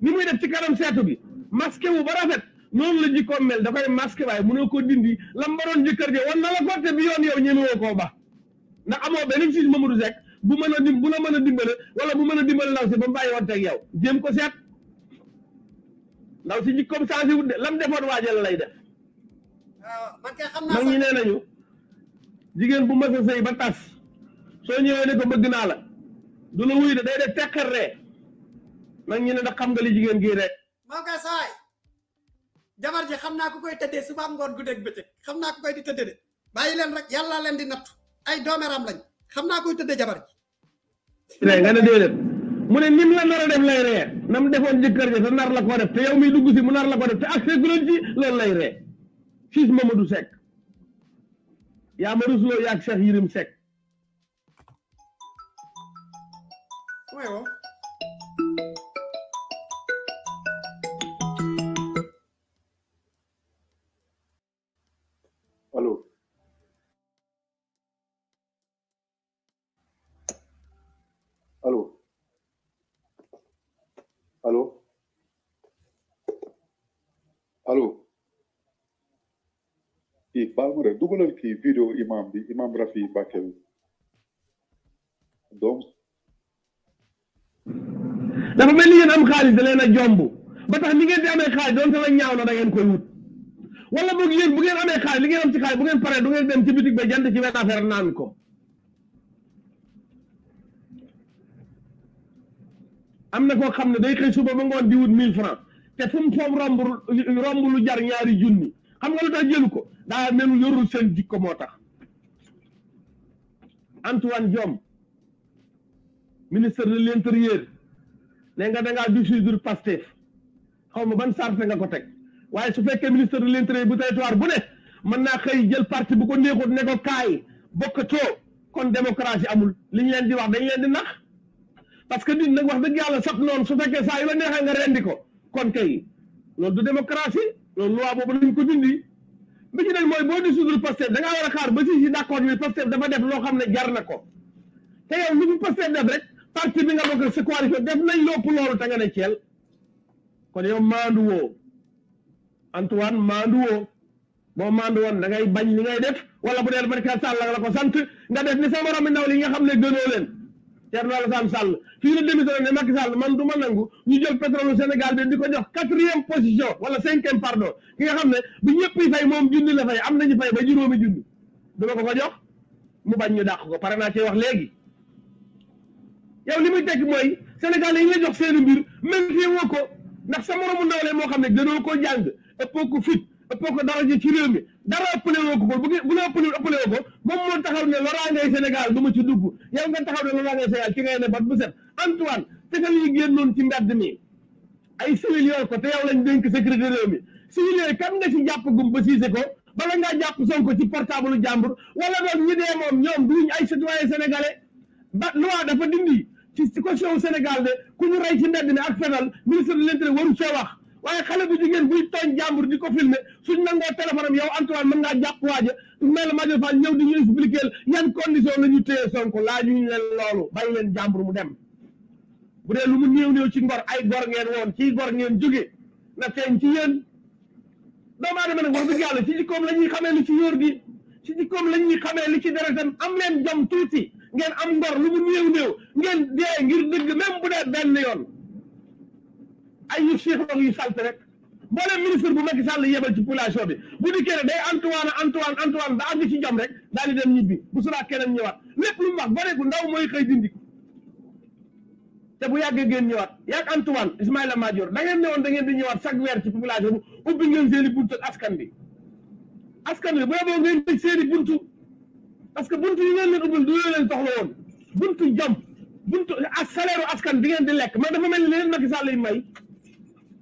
ni muy def ci kanam seetu bi masqué wu ba rafet noonu la jikkoom mel da koy masqué waaye mënoo ko dindi lam baroon jëkkër ji wan na la ko te bi yoon yow ñemewoo koo ba ndax amoo benn siis Mamadou Seck bu mën a dim bu la mën a dimbale wala bu mën a dimbale ndaw si ba mu bàyyi yow jéem ko seet ndaw si jikkoom changé wu de lam defoon waajal lay def mag ñi nee nañu jigéen bu mas a sëy ba tas soo ñëwee ne ko bëgg naa la du la wuy de day def teqar ree mag ñi ne ndax xam nga li jigéen gii rek moo koy saay jabar ji xam naa ku koy tëddee suba am ngoon guddeeg bëccëg xam naa ku koy di tëddee de bàyyi leen rek yàlla leen di nattu ay doomeram lañ xam naa koy tëddee jabar ji ree nga ne déedéet mu ne nim la nar a def lay ree nam defoon jëkkër ja te nar la ko def te yow miy dugg si mu nar la ko def te accès guloon ci loolu lay ree Ciss Mamadou Seck yaa ma rusloo yaag Cheikh Yirim Seck. Oh. baal ma rek dugalal kii vidéo imam bi imam Rafi Bakel donc dafa mel ni ngeen am xaalis da leen a jomb ba tax ni ngeen di amee xaalis doon la ñaaw na da ngeen koy wut wala boog yéen bu ngeen amee xaalis li ngeen am ci xaalis bu ngeen paree du ngeen dem ci bitig ba jënd ci benn affaire naan ko am na koo xam ne day xëy suba ba ngoon di wut mille francs te fu mu romb romb lu jar ñaari junni xam nga lu tax jëlu ko daa mel yorul seen jikko moo tax Antoine Diome ministre de l'intérieur ne nga dangaa du dissoudre Pastef xaw ma ban sarte nga ko teg waaye su fekkee ministre de l'intérieur bu territoire bu ne mën naa xëy jël parti bu ko néexut ne ko kaay bokkatoo kon démocratie amul li ñu leen di wax dañ leen di nax parce que nit nag wax dëgg yàlla sab noonu su fekkee saa yu la neexee nga rendi ko kon kay loolu du démocratie loolu loi boobu lañ ko dindi bi ci nag mooy boo di sudul Pastef da ngaa war a xaar ba si si d'accord ni Pastef dafa def loo xam ne jar na ko te yow lu mu Pastef def rek parti bi nga bokk sa coalition def nañ lépp loolu te nga ne ceel kon yow maandu woo Antoine maandu woo boo maandu woon da ngay bañ li ngay def wala bu dee a Sall la la ko sant nga def ni sama moromi ndaw li nga xam ne gënoo leen Thierno Alassane Sall fii la démissionné ne Macky Sall man du ma nangu ñu jël pétrole Sénégal bi di ko jox quatrième position wala cinquième pardon ki nga xam ne bu ñëpp fay moom junni la fay am nañu fay ba juróomi junni du ma ko ko jox mu bañ ñu dàq ko pare naa cee wax léegi yow li muy tekki mooy Sénégal yi la jox seeni mbir même fii ko ndax sa moromu ndaw lee moo xam ne gënoo ko jàng ëppoo ko fit ëppoo ko dara ji ci réew mi dara ëppale woo ko ko bu bu la ëppale ëppale woo moom moo taxaw ne loraangay Sénégal du ma ci dugg yow nga taxaw ne loraangay Sénégal ci ngay ne bat bu set Antoine tegal yi génnoon ci mbedd mi ay civil yor ko te yow lañ dénk sécurité réew mi civil yooyu kan nga ci jàpp gum ba siise ko bala ngaa jàpp Sonko ci portable jàmbur wala doon ñi dee moom ñoom duñ ay citoyen sénégalais ba loi dafa dindi ci caution Sénégal de ku ñu rey ci mbedd mi ak fenal ministre de l'intérieur waru cee wax waaye xale bu jigéen buy tooñ jàmbur di ko filmer suñ nangoo téléphone am yow man mën ngaa jàpp waaja mel Madior Fall ñëw di ñu expliquer yan condition la ñu téye Sonko laaju ñu leen loolu bàyyi leen jàmbur mu dem bu dee lu mu néew néew ci ngor ay gor ngeen woon ci gor ngeen jóge na feeñ ci yéen doomu aadama nag wax dëgg yàlla ci jikkoom la ñuy xamee lu ci yóor gi ci jikkoom la ñuy xamee li ci deretam am leen jom tuuti ngeen am ngor lu mu néew néew ngeen dee ngir dëgg même bu dee benn yoon ay Cheikh la ñuy salte rek mboolem ministre bu Macky Sall yebal ci population bi bu dikkee ne day Antoine Antoine Antoine ba àgg ci jom rek daal di dem ñibbi bu suraa keneen ñëwaat lépp lu mu wax bareeku ndaw mooy xëy dindi te bu yàggee ngeen ñëwaat yàgg Antoine Ismaïla Madior da ngeen ne woon da ngeen di ñëwaat chaque weer ci population bi ubbi ngeen seeni buntu askan bi askan bi bu yeboo ngeen tëj seeni buntu parce que buntu yi ngeen leen ubbil du leen leen soxla woon buntu jom buntu ak salaire askan bi ngeen di lekk man dafa mel ni leen Macky Sall lay may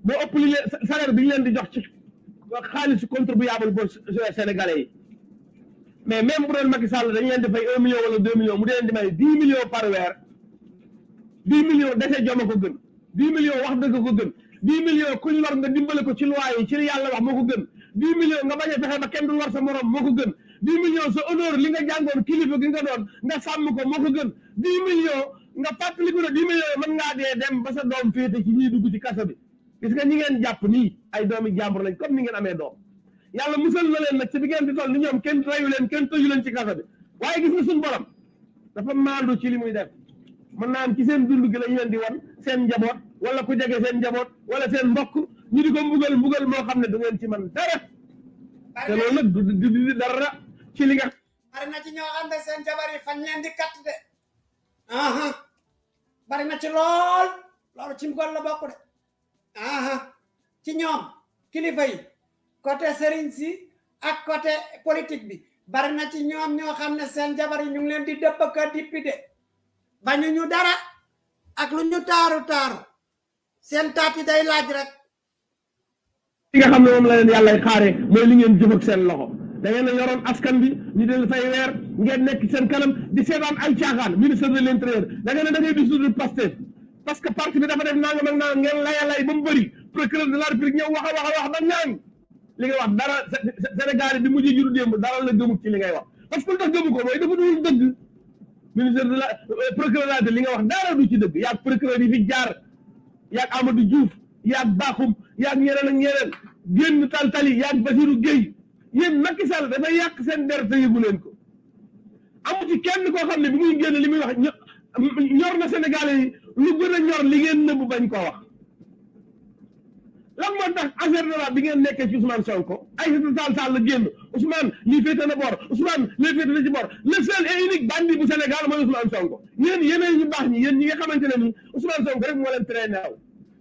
moo ëpp li leen salaire bi ñu leen di jox ci xaalisu contribuable bon sénégalais yi mais même bu doon Macky Sall dañu leen di fay un million wala deux millions mu di leen di may dix millions par weer dix millions dese jom ko gën dix millions wax dëgg ko gën dix millions kuñ lor nga dimbale ko ci loi yi ci wax moo ko gën dix millions nga bañ a fexe kenn du lor sa moo ko gën dix millions sa honneur li nga jàngoon kilifa gi nga doon nga sàmm ko moo ko gën dix millions nga fàttaliku ne dix millions mën ngaa dee dem ba sa doom féete ci dugg ci kaso bi gis nga ñi ngeen japp ni ay doomi jàmbur lañ comme ni ngeen amee doom yàlla musal na leen nag ci bi ngeen di toll ni ñoom kenn rayu leen kenn tëju leen ci kaso bi waaye gis nga suñ borom dafa maandu ci li muy def mën ci seen dund gi lañ leen di wan seen njaboot wala ku jege seen njaboot wala seen mbokk ñu di ko mbugal mbugal moo xam ne du ngeen ci man dara te loolu nag du di dara ci li nga bari na ci ñoo xam seen jabar yi fañ leen di de bari na ci lool loolu ci mbugal la bokk de aha ci ñoom kilifa yi côté sëriñ si ak côté politique bi bari na ci ñoom ñoo xam ne seen jabar yi ñu ngi leen di dëpp ka dippi de bañu dara ak lu ñu taaru taaru seen taat yi day laaj rek li nga xam ne moom la leen yàllay xaare mooy li ngeen jëf ak seen loxo da ngeen a yoroon askan bi ñu del fay weer ngeen nekk seen kanam di seetaan ay caaxaan ministre de l'intérieur da ngeen ne da ngay di sudul parce que parti bi dafa def nangam ak nangam ngeen layalay ba mu bëri procureur de la république wax a wax a wax ba naan li ngay wax dara Sénégal bi mujj juru démb dara la gëmut ci li ngay wax parce que lu tax de la euh, procureur de li nga wax dara du ci dëgg yaag procureur yi fi jaar yaag Amadou Diouf yaag Bakhoum yaag ñeneen ak ñeneen génn tal tali yaag Basirou Gueye yéen Macky Sall dafa yàq seen der te leen ko amu ci kenn koo xam ne bi muy génn li muy wax ñor na Sénégalais yi lu gën a ñor li ngeen nëbb bañ ko wax lan moo tax affaire de la bi ngeen nekkee ci Ousmane Sonko Aïssata Tall Sall la génn Ousmane lii féete na bor Ousmane lee féete na ci bor le seul et unique bandit bu Sénégal mooy Ousmane Sonko ñeen yeneen ñu baax ñi yéen ñi nga xamante ne ni Ousmane Sonko rek moo leen traîné naaw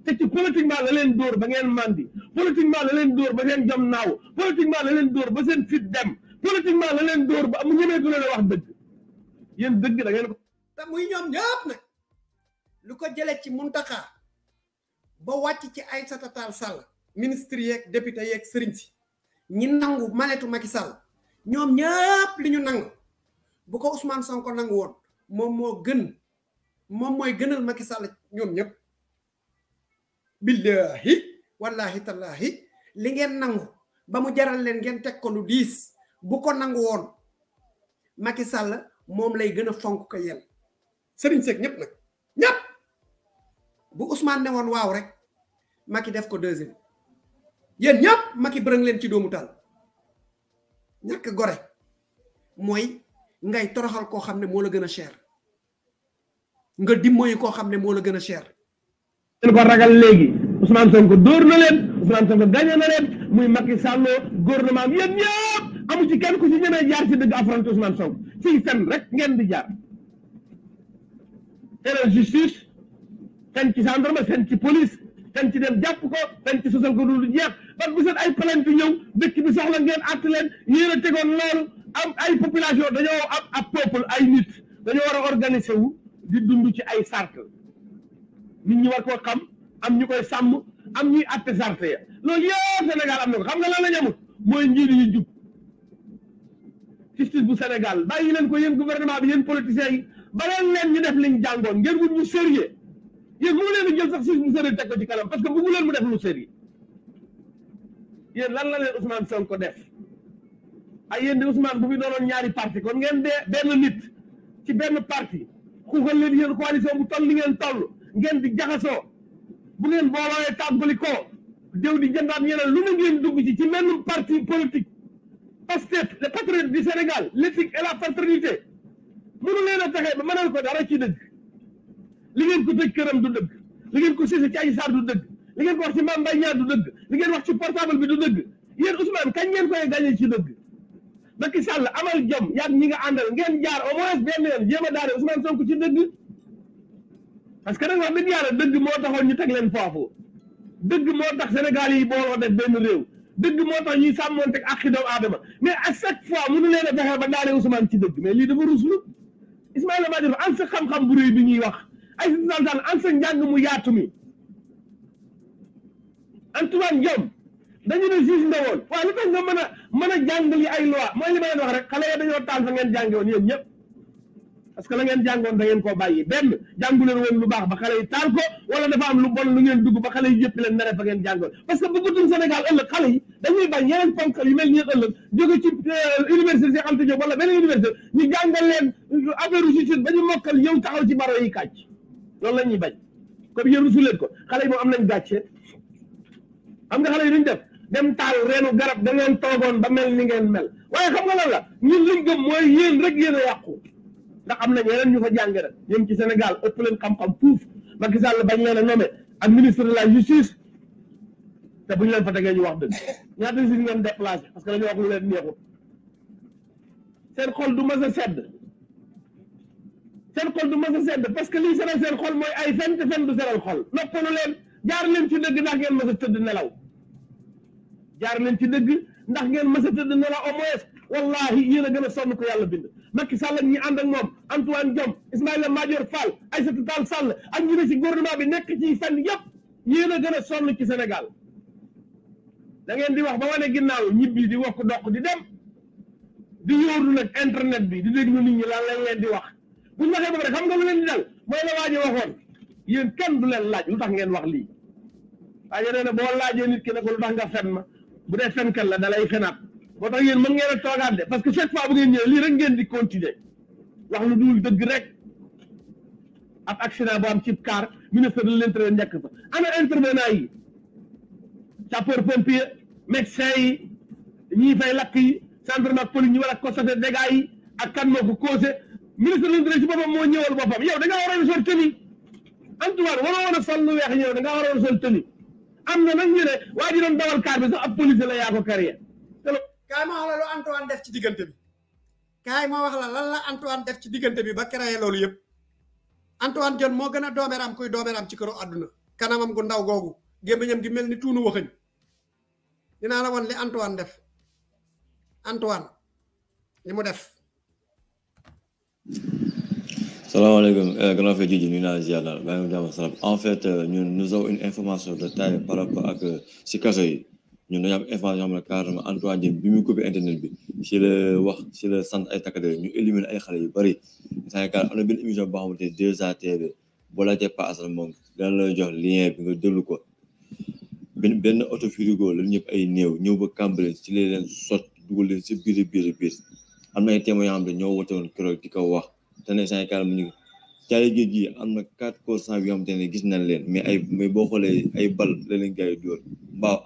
te ci politiquement la leen dóor ba ngeen mandi politiquement la leen dóor ba seen jom naaw politiquement la leen dóor ba seen fit dem politiquement la leen dóor ba mu ñemeetu leen wax dëgg yéen dëgg da ngeen ko te lu ko jëlee ci Muntaka ba wacc ci sa Tall sal ministre yek député yek sëriñ ci ñi nangu maletu Macky Sall ñom ñepp li ñu nangu bu ko Ousmane Sonko nang won mom mo gën mom moy gënal Macky Sall ñom ñepp billahi wallahi tallahi li ngeen nang ba mu jaral leen ngeen tek ko lu 10 bu ko nang won Macky Sall mom lay gëna fonk ko yel ñepp nak ñepp bu Ousmane ne waaw rek yi def ko deuxième yéen ñëpp Macky bërëng leen ci doomu taal ñàkk gore mooy ngay toroxal koo xam ne moo la gën a cher nga dimbali koo xam ne moo la gën a cher. leen ko ragal léegi Ousmane Sonko dóor na leen Ousmane Sonko gagné na leen muy Macky Sall gouvernement am yéen ñëpp amu ci kenn ku ci ñemee jaar ci dëgg affronté Ousmane Sonko ci fen rek ngeen di jaar. tan ci gendarme tan ci police tan ci dem jàpp ko tan ci sosal ko dul jeex bat bu set ay plainte ñëw dëkk bi soxla ngeen àtt leen yéen a tegoon loolu am ay population dañoo a ab ay nit dañoo war a organiser wu di dund ci ay cercle nit ñi war koo xam am ñu koy sàmm am ñuy àtte charte ya loolu yëpp Sénégal am na ko xam nga lan la ñu amul mooy njiit yu jub justice bu Sénégal ñi leen ko yéen gouvernement bi yéen politiciens yi ba leen leen ñu def liñ jàngoon ngeen wut ñu sérieux yéen mënu leen a jël sax suuf mu sérieux teg ci kanam parce que bëggu leen mu def lu sérieux yéen lan la leen Ousmane Sonko def ay ah, yéen di Ousmane bu fi doonoon ñaari parti kon ngeen dee benn nit ci benn parti ku xuuxal leen yéen coalition bu toll li ngeen toll ngeen di jaxasoo bu ngeen boolooyee tàmbali ko déw di jëndaat ñeneen lu ne ngeen dugg ci ci menn parti politique Pastef les patriotes du Sénégal l'éthique e la fraternité mënu leen a taxee ba mënal ko dara ci dëgg li ngeen ko tëj këram du dëgg li ngeen ko sise ci Adji Sarr du dëgg li ngeen ko wax ci Mame Mbaye du dëgg li wax ci portable bi du dëgg yéen Ousmane kañ ngeen koy gagné ci dëgg Macky Sall amal jom yaag ñi nga àndal ngeen jaar au moins benn yoon jéem a daane Ousmane Sonko ci dëgg parce que nag wax dëgg yàlla dëgg moo taxoon ñu teg leen foofu dëgg moo tax Sénégal yi booloo def benn réew dëgg moo tax ñuy sàmmoonte ak àqi doomu aadama mais à chaque fois mënu leen a fexe ba daane Ousmane ci dëgg mais lii dafa ruslu Ismaïla Madior Fall am sa xam-xam bu réy bi ñuy wax Aziz Ndanzane an sa njàng mu yaatu mi Antoine Diome dañu ne juge nga woon waaye a mën a jàngali ay loi mooy wax rek xale ya dañoo taal fa ngeen jànge woon yéen ñëpp parce que la ngeen jàngoon da ngeen koo bàyyi benn jàngu leen woon lu baax ba xale yi taal ko wala dafa am lu bon lu ngeen dugg ba xale yi yëpp leen fa ngeen jàngoon parce que bëggatuñ Sénégal ëllëg xale yi dañuy bañ yeneen ponkal yu mel nii ëllëg jóge ci euh, université Cheikh Anta Diop wala beneen université ñu jàngal leen euh, affaire justice ba ñu mokkal ñëw taxaw ci baro yi kàcc loolu la ñuy bañ comme yéen rusu leen ko xale yi moom am nañ gàcce xam nga xale yi duñ def dem taal reenu garab da ngeen toogoon ba mel ni ngeen mel waaye xam nga lan la ñun liñ gëm mooy yéen rek yéen a yàqu ndax am na ñeneen ñu fa jànge rek ñoom ci Sénégal ëpp leen xam-xam fuuf Macky Sall bañ leen a nommé ak ministre de la justice te bu ñu leen fa tegee ñu wax dëgg ñaata justice ngeen déplacé parce que dañu wax lu leen neexut seen xol du mas a sedd seen xol du mës a sedd parce que liy seral seen xol mooy ay fen te fen du seral xol noppalu leen jaar leen ci dëgg ndax ngeen mës tëdd nelaw jaar leen ci dëgg ndax ngeen mës a tëdd nelaw au moins wallahi yéen a gën a sonn ko yàlla bind Macky Sall ak ñi ànd ak moom Antoine Diome Ismaïla Madior Fall Aïssata Tall Sall ak ñi ne ci gouvernement bi nekk ci fenn yëpp yéen gën a sonn ci senegal da ngeen di wax ba wane ginnaaw ñibbi di wokk doq di dem di yóoru nag internet bi di déglu nit ñi lan lañ leen di wax buñu waxee ba pare xam nga lu leen di dal mooy la waa ji waxoon yéen kenn du leen laaj lu tax ngeen wax lii a nee boo laaj nit ki ne ko lu tax nga fen ma bu dee fenkat la dalay fenaat moo tax ngeen mën ngeen a toogaat de parce que chaque fois bu ngeen ñëwee lii rek ngeen di continuer wax lu dul dëgg rek ab accident bu am cib car ministre de l'intérieur njëkk fa ana intervenant yi sapeur pompier médecin yi ñii fay lakk yi gendarme ak police ñu war a constater yi ak kan moo ko ministre de l'Intérieur ci boppam moo ñëwal boppam yow da ngaa waroon sol tenue Antoine waroo woon a sol lu weex yow da ngaa waroon sol tenue am na nag ñu ne waa ji doon dawal kaar bi sax ab police la yaa ko carrière kaay ma wax la lu Antoine def ci diggante bi kaay ma wax lan la Antoine def ci diggante bi ba créé loolu yëpp Antoine Diome moo gën a doomeeraam kuy doomeeraam ci këru àdduna kanamam gu ndaw googu gémmiñam gi mel ni tuunu waxañ dinaa la woon li Antoine def Antoine li mu def salaamaaleykum eh, grand frère Djidji nuyu naa ziar naa bàyyi ma jàmm salaam en fait euh, ñun nous avons une information de taille par rapport ak euh, si kaso yi ñun dañu am information xam ne carrément Antoine Diome bi muy bi si la wax si la sant ay takkadee ñu éliminer ay xale yu bëri sànq car am na benn émission boo xamante ne 2A TV boo laajtee Pa Assane jox lien bi nga déglu ko benn benn auto frigo la ñëpp ay néew ñëw ba Cambérène si la leen sot dugal leen si biir biir am na ay témoins yoo xam ne ñoo woote woon keroog di wax. te ne Sénégal mu géej gi am na quatre pour cent bi yoo gis nañ leen mais ay mais boo xoolee ay bal la leen gars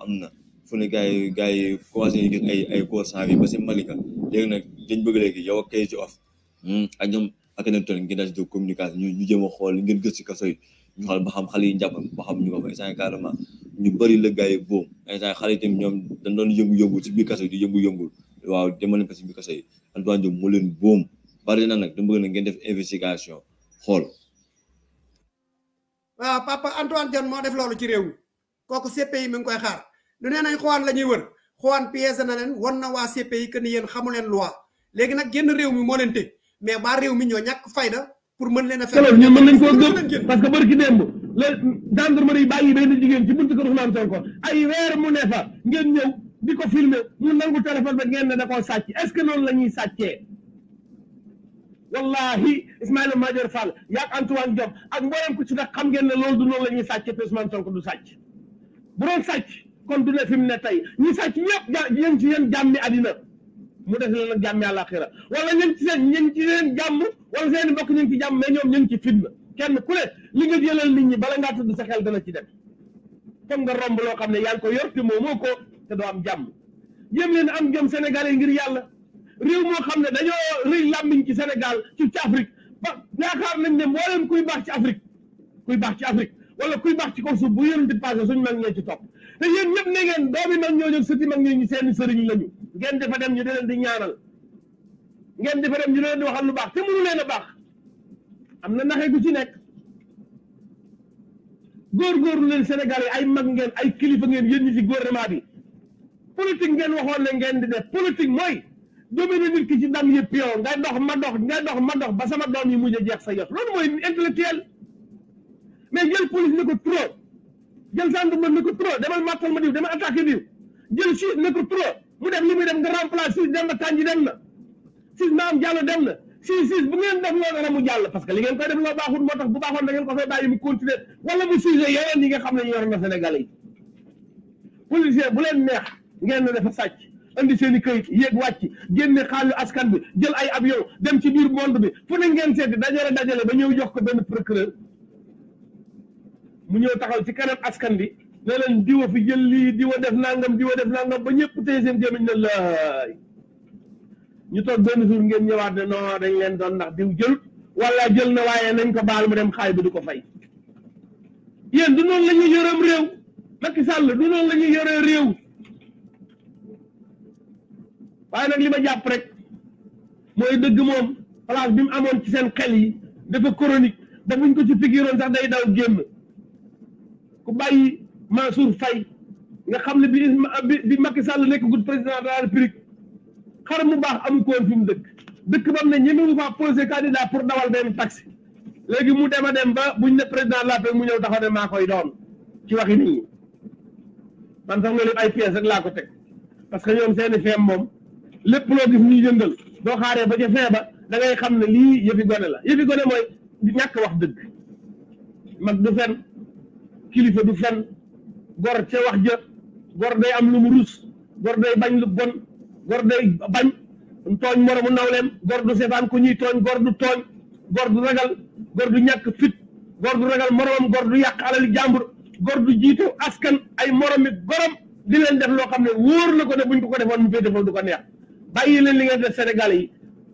am na fu gars yi gars yi commencé ñu gis ay ay pour cent léegi nag dañ bëgg léegi yow ak kay ci of hmm? ak ñoom ak na toll ngeen ñu ñu jéem xool ngeen gëstu kaso yi ñu xam xale yi njàppam ba xam ñu ko fa instant ñu bëri la gars yi boom instant xale ñoom dañ doon yëngu-yëngu si biir kaso yi di yëngu-yëngul waaw demal nañ ko si biir kaso yi Antoine Diome boom bari na nag dama bëgg na ngeen def investigation xool. waaw papa Antoine Diome moo def loolu ci réew mi kooku CPI mi ngi koy xaar du nee nañ xawaan la ñuy wër xawaan piège na leen wan na waa CPI que ni yéen xamu leen loi léegi nag génn réew mi moo leen tëj mais ba réew mi ñoo ñàkk fayda pour mën leen a. fexe ñun mën nañ koo gëm parce que barki démb la gendarmerie bàyyi benn jigéen ci buntu kër Ousmane Sonko ay weer mu ne fa ngeen ñëw di ko filmer ce wallahi Ismaïla Madior Fall yaag Antoine Diome ak mboolem ku ci nag xam ngeen ne loolu du noonu la ñuy sàcc te Ousmane Sonko du sàcc bu doon sàcc kon du ne fi mu ne tey ñi sàcc ñëpp ja yéen ci yéen jàmmi àddina mu def leen ak jàmmi àllaaxira wala ñeen ci seen ñeen ci seen jàmm wala seen mbokk ñu ngi ci jàmm mais ñoom ñu ngi ci fitna kenn ku ne li nga jëlal nit ñi bala ngaa tudd sa xel dana ci dem foog nga romb loo xam ne yaa ngi ko yor ti moomoo moo ko te doo am jàmm yéen leen am jom Sénégalais ngir yàlla réew moo xam ne dañoo rëy làmmiñ ci Sénégal ci ci Afrique ba yaakaar nañ ne mboolem kuy baax ci Afrique kuy baax ci Afrique wala kuy baax ci ko suuf bu yonent bi passé suñ mag ñoo ci topp te yéen ñëpp ne ngeen doomi mag ñoo ñëw sëti mag ñu seeni sëriñ lañu ngeen dafa dem ñu di leen di ñaanal ngeen dafa dem ñu di leen di waxal lu baax te mënu leen a baax am na naxee gu ci nekk góor leen Sénégal yi ay mag ngeen ay kilifa ngeen yéen ñi ci gouvernement bi politique ngeen waxoon ne ngeen di def politique mooy doomu nit ki ci ndam yëpp yow ngay dox ma dox ngay dox ma dox ba sama doom yi mujj a jeex sa yoon loolu mooy intellectuel mais jël police ne ko trop jël gendarmerie ne ko trop demal màttal ma diw demal attaqué diw jël si ne ko trop mu def li muy dem nga remplace si dem na tànji dem na si maam jàll dem na si si bu ngeen def na dara mu jàll parce que li ngeen koy def loo baaxul moo tax bu baaxoon da ngeen ko fay bàyyi mu continuer wala mu sujet nga xam ne ñor na Sénégalais yi bu leen neex ngeen ne dafa sàcc. indi seen kayit këyit yéeg wàcc génne xaalu askan bi jël ay avion dem ci biir monde bi fu ne ngeen seeti dajale dajale ba ñëw jox ko benn procureur mu ñëw taxaw ci kanam askan bi ne leen diwa fi jël lii diwa def nangam diwa def nangam ba ñëpp tey seen gémmiñ ne laay ñu toog benn jour ngeen ñëwaat ne non dañ leen doon ndax diw jël wala jël na waaye nañ ko baal mu dem xaay bi du ko fay yéen du noonu la ñuy yërëm réew Macky Sall du noonu la ñuy yëree réew waaye nag li ma jàpp rek mooy dëgg moom place bi mu amoon ci seen xel yi dafa chronique dafuñ ko ci fikiroon sax day daw génn ku bàyyi Mansour Faye nga xam ne bi bi Macky Sall nekkagul président de République xar mu baax amu ko woon fi mu dëkk dëkk ba mu ne ñemewu faa posé candidat pour dawal benn taxi léegi mu dem a dem ba buñ ne président de la République mu ñëw taxaw ne maa koy doon ci waxi nit ñi man sax nga lépp ay pièces rek laa ko teg parce que ñoom seeni feem moom lepp lo gis ñuy yëngal do xaaree ba ci fin ba da ngay xam ne lii yëfi gone la yëfi gone mooy ñàkk wax dëgg mag du fen kilifa du fen gor ca wax ja gor day am lu mu rus gor day bañ lu bon gor day bañ tooñ moromu nawleem gor du seetaan ku ñuy tooñ gor du tooñ gor du ragal gor du ñàkk fit gor du ragal moromam gor du yàq alali jàmbur gor du jiite askan ay moromi gorom di leen def loo xam ne wóor na ko ne buñ ko ko defoon mu fee defal du ko neex bàyyi leen li ngeen def Sénégal yi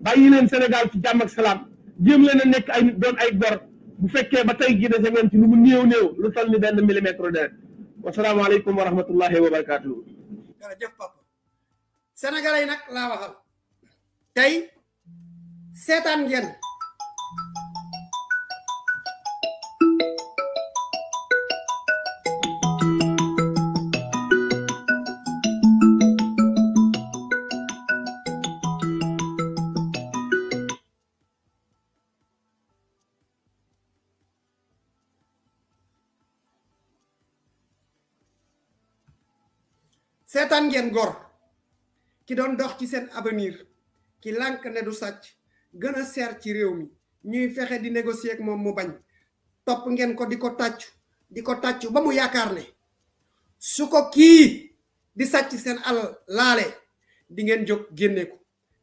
bàyyi leen Sénégal ci jàmm ak salaam jéem leen a nekk ay nit doon ay gor bu fekkee ba tey jii dese ngeen ci lu mu néew néew lu toll ni benn millimètre deret wasalaamaaleykum wa rahmatullahi wa barakaatuhu jërëjëf papa sénégalais yi nag laa waxal tey seetaan ngeen Setan ngeen gor ki doon dox ci seen avenir ki lank ne du sàcc gën a seer ci réew mi ñuy fexe di négocier ak moom mu bañ topp ngeen ko di ko tàccu di ko tàccu ba mu yaakaar ne su ko di sàcc seen al laale di ngeen jóg génne ko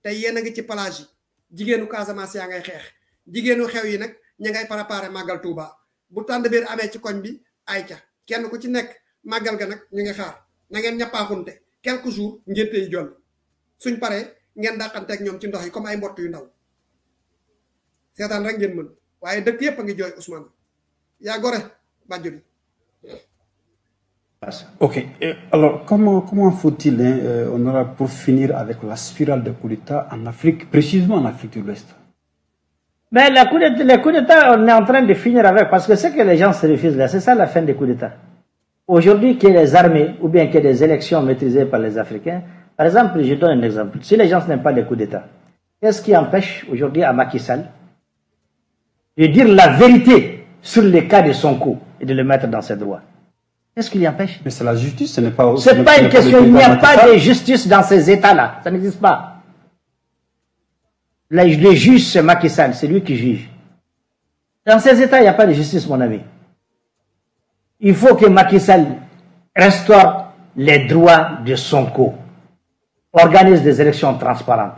te yéen a ngi ci plage yi jigéenu Casamance yaa ngay xeex jigéenu xew yi nag ña ngay préparé màggal Touba bu tànd biir amee ci koñ bi ay ca kenn ku ci nekk màggal ga nag ñu ngi xaar na ngeen ñappaaxunte quelques jours ngénte on jolli suñ paree ngeen ak ñom ci ndox yi comme ay mbott yu ndaw seetaan rek ngeen mën waaye dëkk yépp a joy Ousmane ya gore bàjjo bi Ok. alors, comment, comment faut-il, hein, euh, on aura pour finir avec la spirale de coup d'État en Afrique, précisément en Afrique de l'Ouest Mais ben, le coup d'État, on est en train de finir avec, parce que ce que les gens se refusent là, c'est ça la fin des coups d'État. Aujourd'hui, qu'il y ait des armées ou bien qu'il y ait des élections maîtrisées par les Africains, par exemple, je donne un exemple. Si les gens n'aiment pas les coups d'État, qu'est-ce qui empêche aujourd'hui à Macky Sall de dire la vérité sur les cas de son coup et de le mettre dans ses droits Qu'est-ce qui l'empêche Mais c'est la justice, ce n'est pas... Ce n'est pas une question, il n'y a pas de justice dans ces États-là, ça n'existe pas. Le juge, c'est Macky Sall, c'est lui qui juge. Dans ces États, il n'y a pas de justice, mon ami il faut que Macky Sall restaure les droits de son co organise des élections transparentes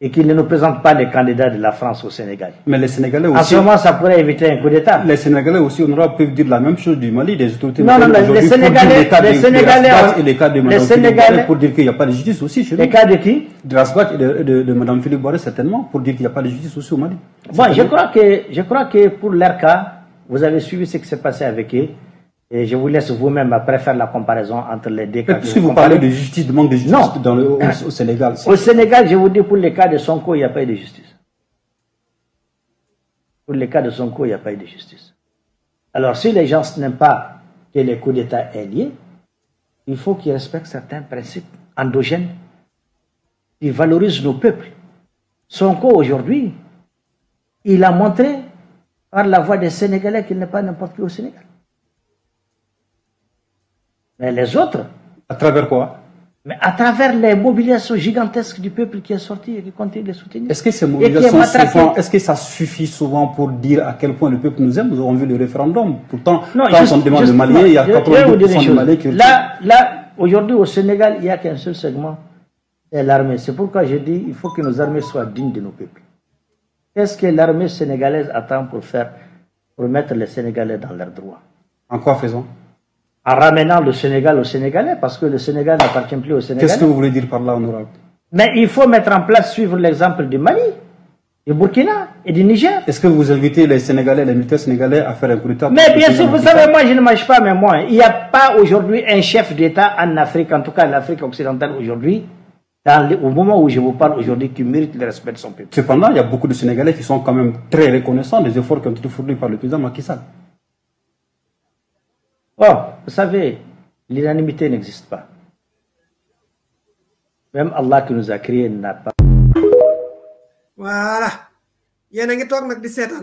et qu'il ne nous présente pas les candidats de la France au Sénégal. Mais les Sénégalais aussi. En ça pourrait éviter un coup d'État. Les Sénégalais aussi, on pu dire la même chose du Mali, des autorités non, non, non, les Sénégalais, les Sénégalais, et les cas de Sénégalais, pour dire qu'il n'y a pas de justice aussi chez nous. Les cas de qui De Rasbach et de, de, de Mme Philippe Boré, certainement, pour dire qu'il n'y a pas de justice aussi au Mali. Bon, je crois, que, je crois que pour leur cas, vous avez suivi ce qui s'est passé avec eux. Et je vous laisse vous-même après faire la comparaison entre les deux cas. Puisque vous, parlez de justice, de manque de justice au, Sénégal. Au Sénégal, je vous dis, pour le cas de Sonko, il n'y a pas eu de justice. Pour le cas de Sonko, il n'y a pas eu de justice. Alors, si les gens n'aiment pas que les coups d'État aient lieu, il faut qu'ils respectent certains principes endogènes qui valorisent nos peuples. Sonko, aujourd'hui, il a montré par la voix des Sénégalais qu'il n'est pas n'importe qui au Sénégal. Mais les autres. À travers quoi mais à travers les mobilisations gigantesques du peuple qui est sorti et qui continue de soutenir. Est-ce que ces mobilisations est est-ce que ça suffit souvent pour dire à quel point le peuple nous aime Nous avons vu le référendum. Pourtant, quand on demande le malier, il y a 82% de Maliens qui... Là, là aujourd'hui, au Sénégal, il n'y a qu'un seul segment, c'est l'armée. C'est pourquoi je dis il faut que nos armées soient dignes de nos peuples. Qu'est-ce que l'armée sénégalaise attend pour faire, pour mettre les Sénégalais dans leurs droits En quoi faisons en ramenant le Sénégal aux Sénégalais, parce que le Sénégal n'appartient plus au Sénégal. Qu'est-ce que vous voulez dire par là, honorable Mais il faut mettre en place, suivre l'exemple du Mali, du Burkina et du Niger. Est-ce que vous invitez les Sénégalais, les militaires sénégalais à faire un coup d'État Mais bien sûr, vous savez, moi je ne mange pas mais moi, Il n'y a pas aujourd'hui un chef d'État en Afrique, en tout cas en Afrique occidentale aujourd'hui, au moment où je vous parle aujourd'hui, qui mérite le respect de son peuple. Cependant, il y a beaucoup de Sénégalais qui sont quand même très reconnaissants des efforts qui ont été fournis par le président Macky Sall. Oh, vous savez, l'unanimité n'existe pas. Même Allah qui nous a créés n'a pas. Voilà. y a ngi toog de di ans.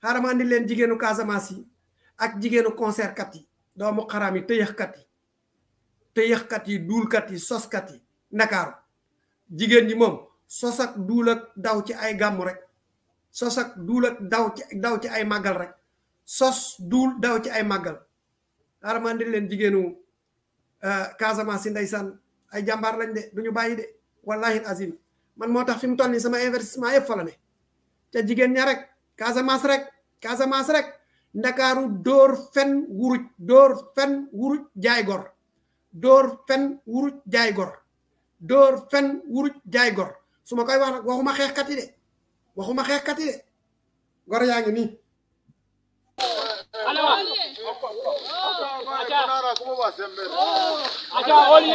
xaaral ma andi leen jigéenu Casamance ak jigéenu concert yi doomu xaraam yi tëyëxkat yi tëyëxkat yi duulkat Kati. soskat sos kati, duul ak daw ci ay gàmmu rek sosak ak ak daw ci daw sos Doul daw ci ay xaaral ma andil leen jigéenu eh, Casamance si ndeysaan ay jàmbaar lañ de du ñu bàyyi de wallahi azim man moo tax fi mu toll nii sama investissement yëpp fa te jigéen ña rek Casamance rek Casamance rek ndakaaru dóor fen wuruj dóor fen wuruj jaay gor dóor fen wuruj jaay gor dóor fen wuruj jaay gor su ma koy wax nag waxuma xeexkat yi de waxuma xeexkat yi de gor yaa ngi nii Ajá olè olè olè olè. Jọba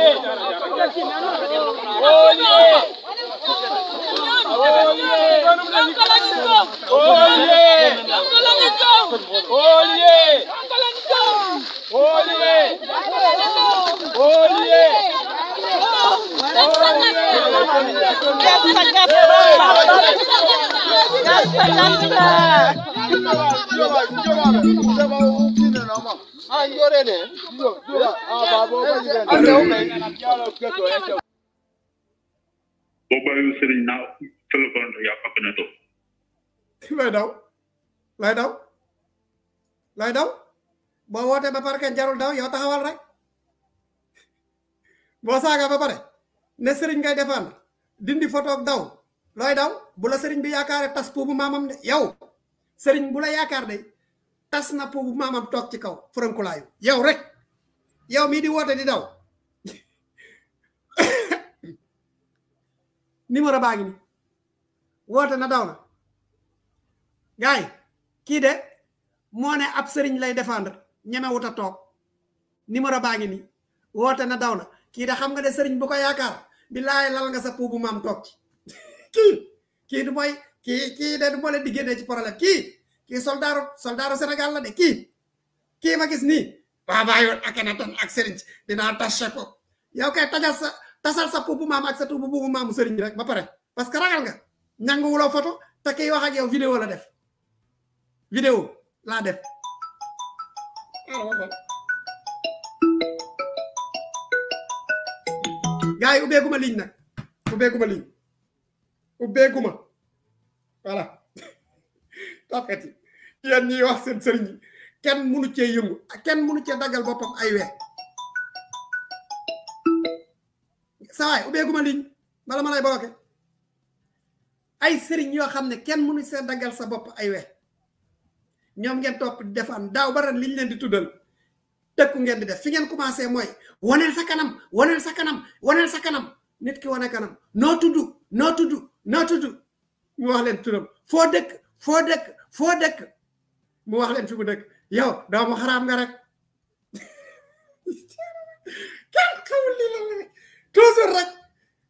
jọba jọba jọba jọba o kí ni ọmọ. Ah, Yorene. Boba yu seri daw. Lay daw. Lay daw. Boo wootee ba pare kenn jarul daw yow taxawal rek. Boo saaga ba pare ne sëriñ ngay défendre dindi photo daw looy daw bu la sëriñ bi yaakaare tas po bu maamam de yow sëriñ bu la yaakaar de tas na pour mamam tok ci kaw farankulaayu yow rek yow mi di wote di daw numéro *coughs* baa ngi ni wote na daw na gay ki de mo ne ab sëriñ lay défendre ñemewut a toog numéro baa ngi ni wote na daw na ki de xam nga de sëriñ bu ko yaakaar billaay lal nga sa puubu maam toog *laughs* ci ki du mooy ki ki de du mo leen digene ci problème ki kii soldaaru soldaaru Sénégal la de kii kii ma gis nii baabaayoon Akhenaton ak Serigne dinaa tase ko yow kay tajal sa tasal sa puupu maam ak sa tuupu buubu maamu Serigne rek ba pare parce que ragal nga ñanguwuloo photo te kiy wax ak yow vidéo la def vidéo laa def gars yi ubbeeguma ligne nag ubbeeguma ligne ubbeeguma voilà toppati yen ñi wax seen sëriñ yi kenn mënu cee yëngu kenn mënu cee dagal boppam ay we sawaay ubbeeguma liñ bala ma lay bloqué ay sëriñ yo xamné ne kenn mënu see dagal sa bopp ay wé ñom ngeen top defan defaan daaw ba liñ leen di tuddal tekku ngeen di def fi ngeen commencé moy wonel sa kanam wonel sa kanam wonel sa kanam nit ki woné kanam no tuddu no tuddu no tuddu ñu wax leen turam fo dekk fo dekk fo dekk mu wax leen fi mu dekk yow doomu xaraam nga rek *laughs* kenn xamul li la rek toujours rek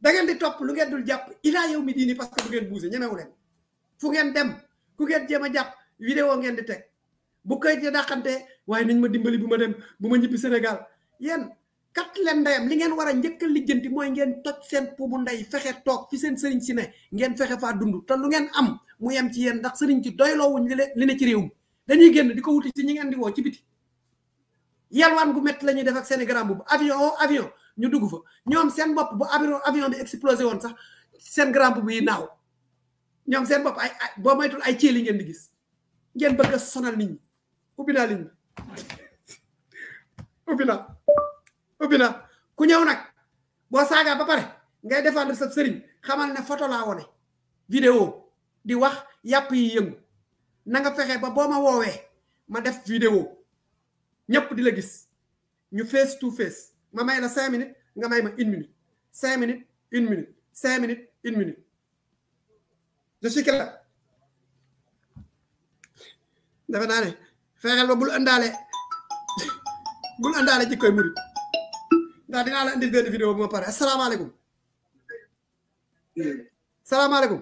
da ngeen di topp lu ngeen dul jàpp ila yow ya, mi dini parce que bu ngeen buuse ñemewu leen fu ngeen dem ku ngeen jéem a jàpp vidéo ngeen di teg bu koy ci daxante waaye nañ ma dimbali bu ma dem bu ma ñibbi Sénégal yéen kat leen ndayam li ngeen war a njëkk a lijjanti mooy ngeen toj seen puubu ndey fexe toog fi seen sëriñ si ne ngeen fexe faa dund te lu ngeen am mu yem ci yéen ndax sëriñ ci doyloowuñ li li ne ci réew dañuy génn di ko wuti ci ñi ngeen di woo ci biti yalwaan gu métti la ñuy def ak seeni grand boobu avion oh, avion ñu dugg fa ñoom seen bopp bu avion bi explosé woon sax seen grand boobu naaw ñoom seen bopp ay boo maytul ay li ngeen di gis ngeen bëgg a sonal nit ñi ubbi naa nit ñi *laughs* ubbi ku ñëw nag boo saagaa ba pare ngay défendre sa sëriñ xamal ne photo laa wone di wax yàpp yi yëngu na nga fexe ba boo ma woowee ma def vidéo ñëpp di la gis ñu face to face ma may la cinq minutes nga may ma une minute cinq minutes une minute cinq minutes une minute naa ne fexeel ba bul andaale bul ci koy murit ndax dinaa la indil benn vidéo bu ma pare asalaamaaleykum salaamaaleykum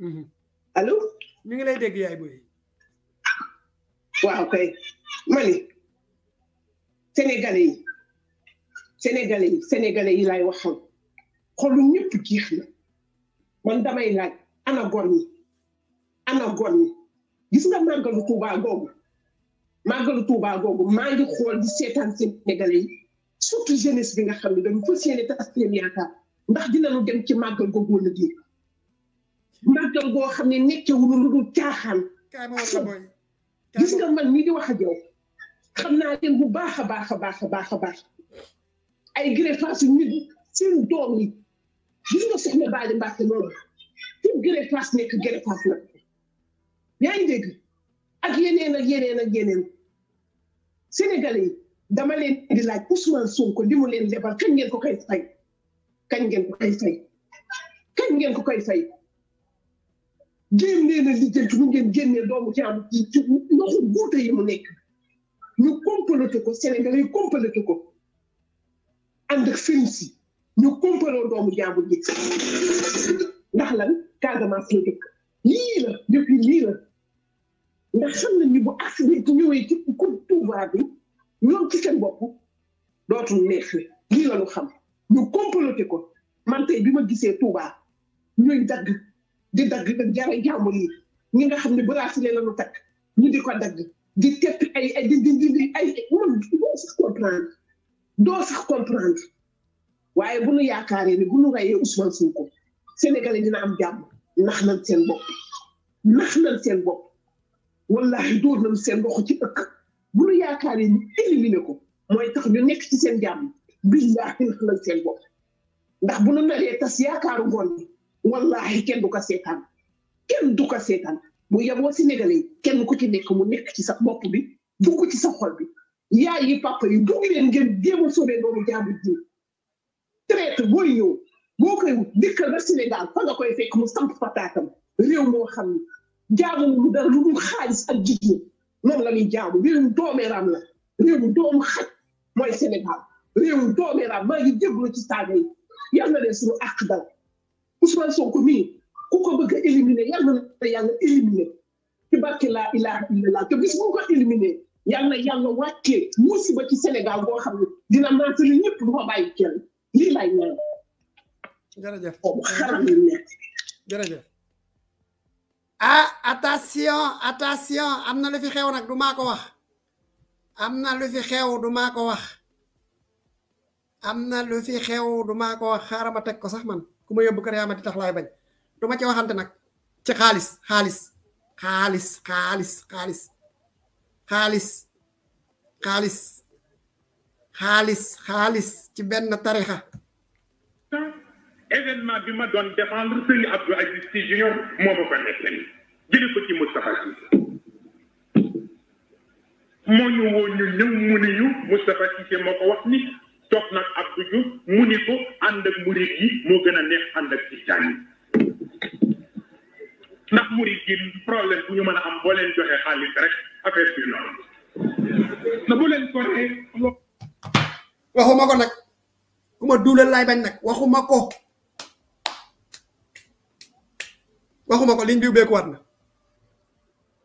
Mm-hmm. allo. ñu ngi lay dégg yaay booy. waaw kay mani sénégalais yi sénégalais yi sénégalais yi laay waxal xolu ñëpp jiix na man damay laaj ana gor ñi ana gor ñi gis nga màggalu Tuubaa googu màggalu Tuubaa googu maa ngi xool di seetaan sénégalais yi surtout jeunesse bi nga xam ne dama fas yéene tas seen yaakaar ndax dinañu dem ci màggal googu wala màggal goo xam ne nekkewul lu dul caaxaan. gis nga man mii di wax a yow xam naa teen bu baax a baax a baax a baax a baax ay greffage yu nit seen doom yi gis nga soxna Bally Mbacke loolu pour greffage nekk greffage la yaa ngi ak yeneen ak yeneen ak yeneen sénégalais yi dama leen di laaj Ousmane Sonko ko mu leen lebal kañ ngeen ko koy fay kañ ngeen ko koy fay kañ ngeen ko koy fay. jéem leen a lijjanti ngeen génnee doomu jaamu ci ci loxo yi mu nekk ñu compalote ko Sénégalais yi compalote ko ànd ak ñu compaloo doomu jaamu ji ndax lan Casamance la depuis lii ndax xam nañ ni bu accident ñëwee ci coupe Touba bi ñoom ci seen bopp dootu neex li lii la xam ñu compalote ko man bi ma gisee Touba ñooy dagg. di dagg dëgg jaray jàmbur yi ñi nga xam ne bracelet la ñu takk ñu di ko dagg di teppi ay ay di di di ay man doo sax comprendre doo sax comprendre waaye bu nu yaakaaree ne bu nu rayee ko Sonko Sénégalais dina am jàmm nax nañ seen bopp nax nañ seen bopp wallahi dóor nañ seen loxo ci ëkk bu nu yaakaaree ñu éliminé ko mooy tax ñu nekk ci seen jàmm billahi nax nañ seen bopp ndax bu nu naree tas yaakaaru ngoon wallahi kenn du ko seetaan kenn du ko seetaan bu yaboo Sénégalais kenn ku ci nekk mu nekk ci sa bopp bi ko ci sa xol bi yaay yi papa yi dugg leen ngeen jéem a soobee doomu ñëw boo koy dikkal ba Sénégal fa koy fekk mu samp pataatam réew moo xam ne jaamu mu dara lu dul xaalis ak jigéen noonu la ñuy jaamu réewum doomeeraam la réewum doomu xaj mooy Sénégal réewum doomeeraam maa ngi jéglu ci saaga yi yal na leen suñu àq dal Ousmane Sonko mii ku ko bëgg a éliminer yàlla na yàlla éliminer ci barke laa ilaaha illallah te bis bu ko éliminer yàlla na yàlla wàccee musiba ci Sénégal boo xam ne dina maasali ñëpp du ma bàyyi kenn lii laay ñaan. jërëjëf ah, attention attention am na lu fi xew nag du maa ko wax am na lu fi xew du maa ko wax am na lu fi xew du maa ko wax xaaral ma teg ko sax man. ku ma yóbbu kër yaa ma di tax laay bañ du ma ci waxante nag ci xaalis xaalis xaalis xaalis xaalis xaalis xaalis xaalis xaalis ci benn tarixa événement bi ma doon défendre sëñ Abdou Aziz Junior moo ma ko ñu ñëw mu ñu Moustapha moo ko wax ni toog nag Abdou mu ni ko gën a neex ànd ak tijaan yi ndax murit yi problème bu ñu mën a am boo leen joxe xaalis rek affaire bi noonu ko waxuma ko nag ku ma duulal laay bañ nag waxuma ko waxuma ko liñ bi ubbeekuwaat na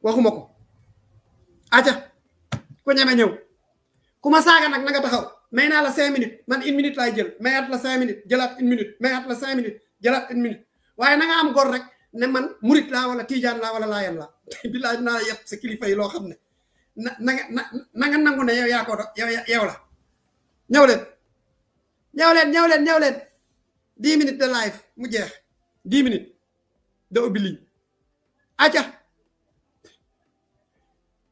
waxuma ko aca ku ñeme ñëw ku ma saaga nag na nga taxaw mayna la 5 minutes man 1 minute lay jël mayat la 5 minutes jëlat 1 minute mayat la 5 minutes jëlat 1 minute waye na nga am gor rek ne man mourid la wala tidiane la wala layel la *laughs* billahi na yepp ce kilifa yi lo xamne na nga nangou ne yow ya ko yow yow la ñew leen ñew leen ñew leen ñew leen 10 minutes de live mu jeex 10 minutes de ubi liñ acca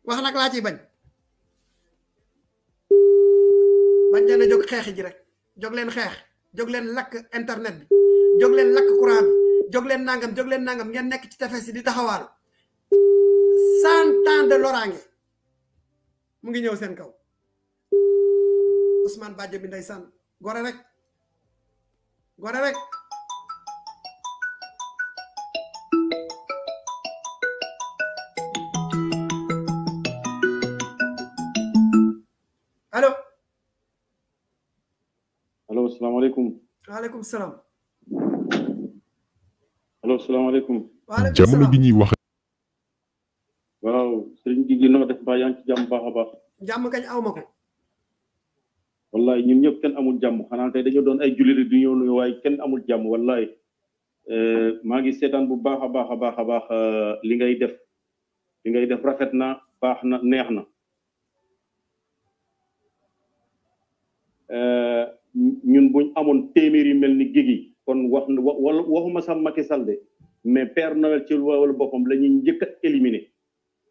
wax nak la ci bañ bañ leen jog jóg ji rek jog len xex jog len lak internet bi jog len lak courant bi jog len nangam jog len nangam ngeen nek ci tefes di taxawal 100 ans de lorange mu ngi ñew seen kaw Ousmane Badji bi ndaysan gore rek gore rek allo Assalamualaikum. عليكم وعليكم السلام allo salaamaaleykum. waaleykum salaam jamono bi ñuy wax. waaw sëriñ Gigi noo kan eh, kan eh, eh, def mbaa yaa ngi ci jàmm baax a baax. jàmm kañ aw ma ko. wallaay ñun ñëpp kenn amul jàmm xanaa def li def rafet na baax ñun buñ amoon téeméer yu mel ni Guigui kon wax wala waxuma sax Macky Sall de mais Père Noël ci wàllu boppam la ñuy njëkk a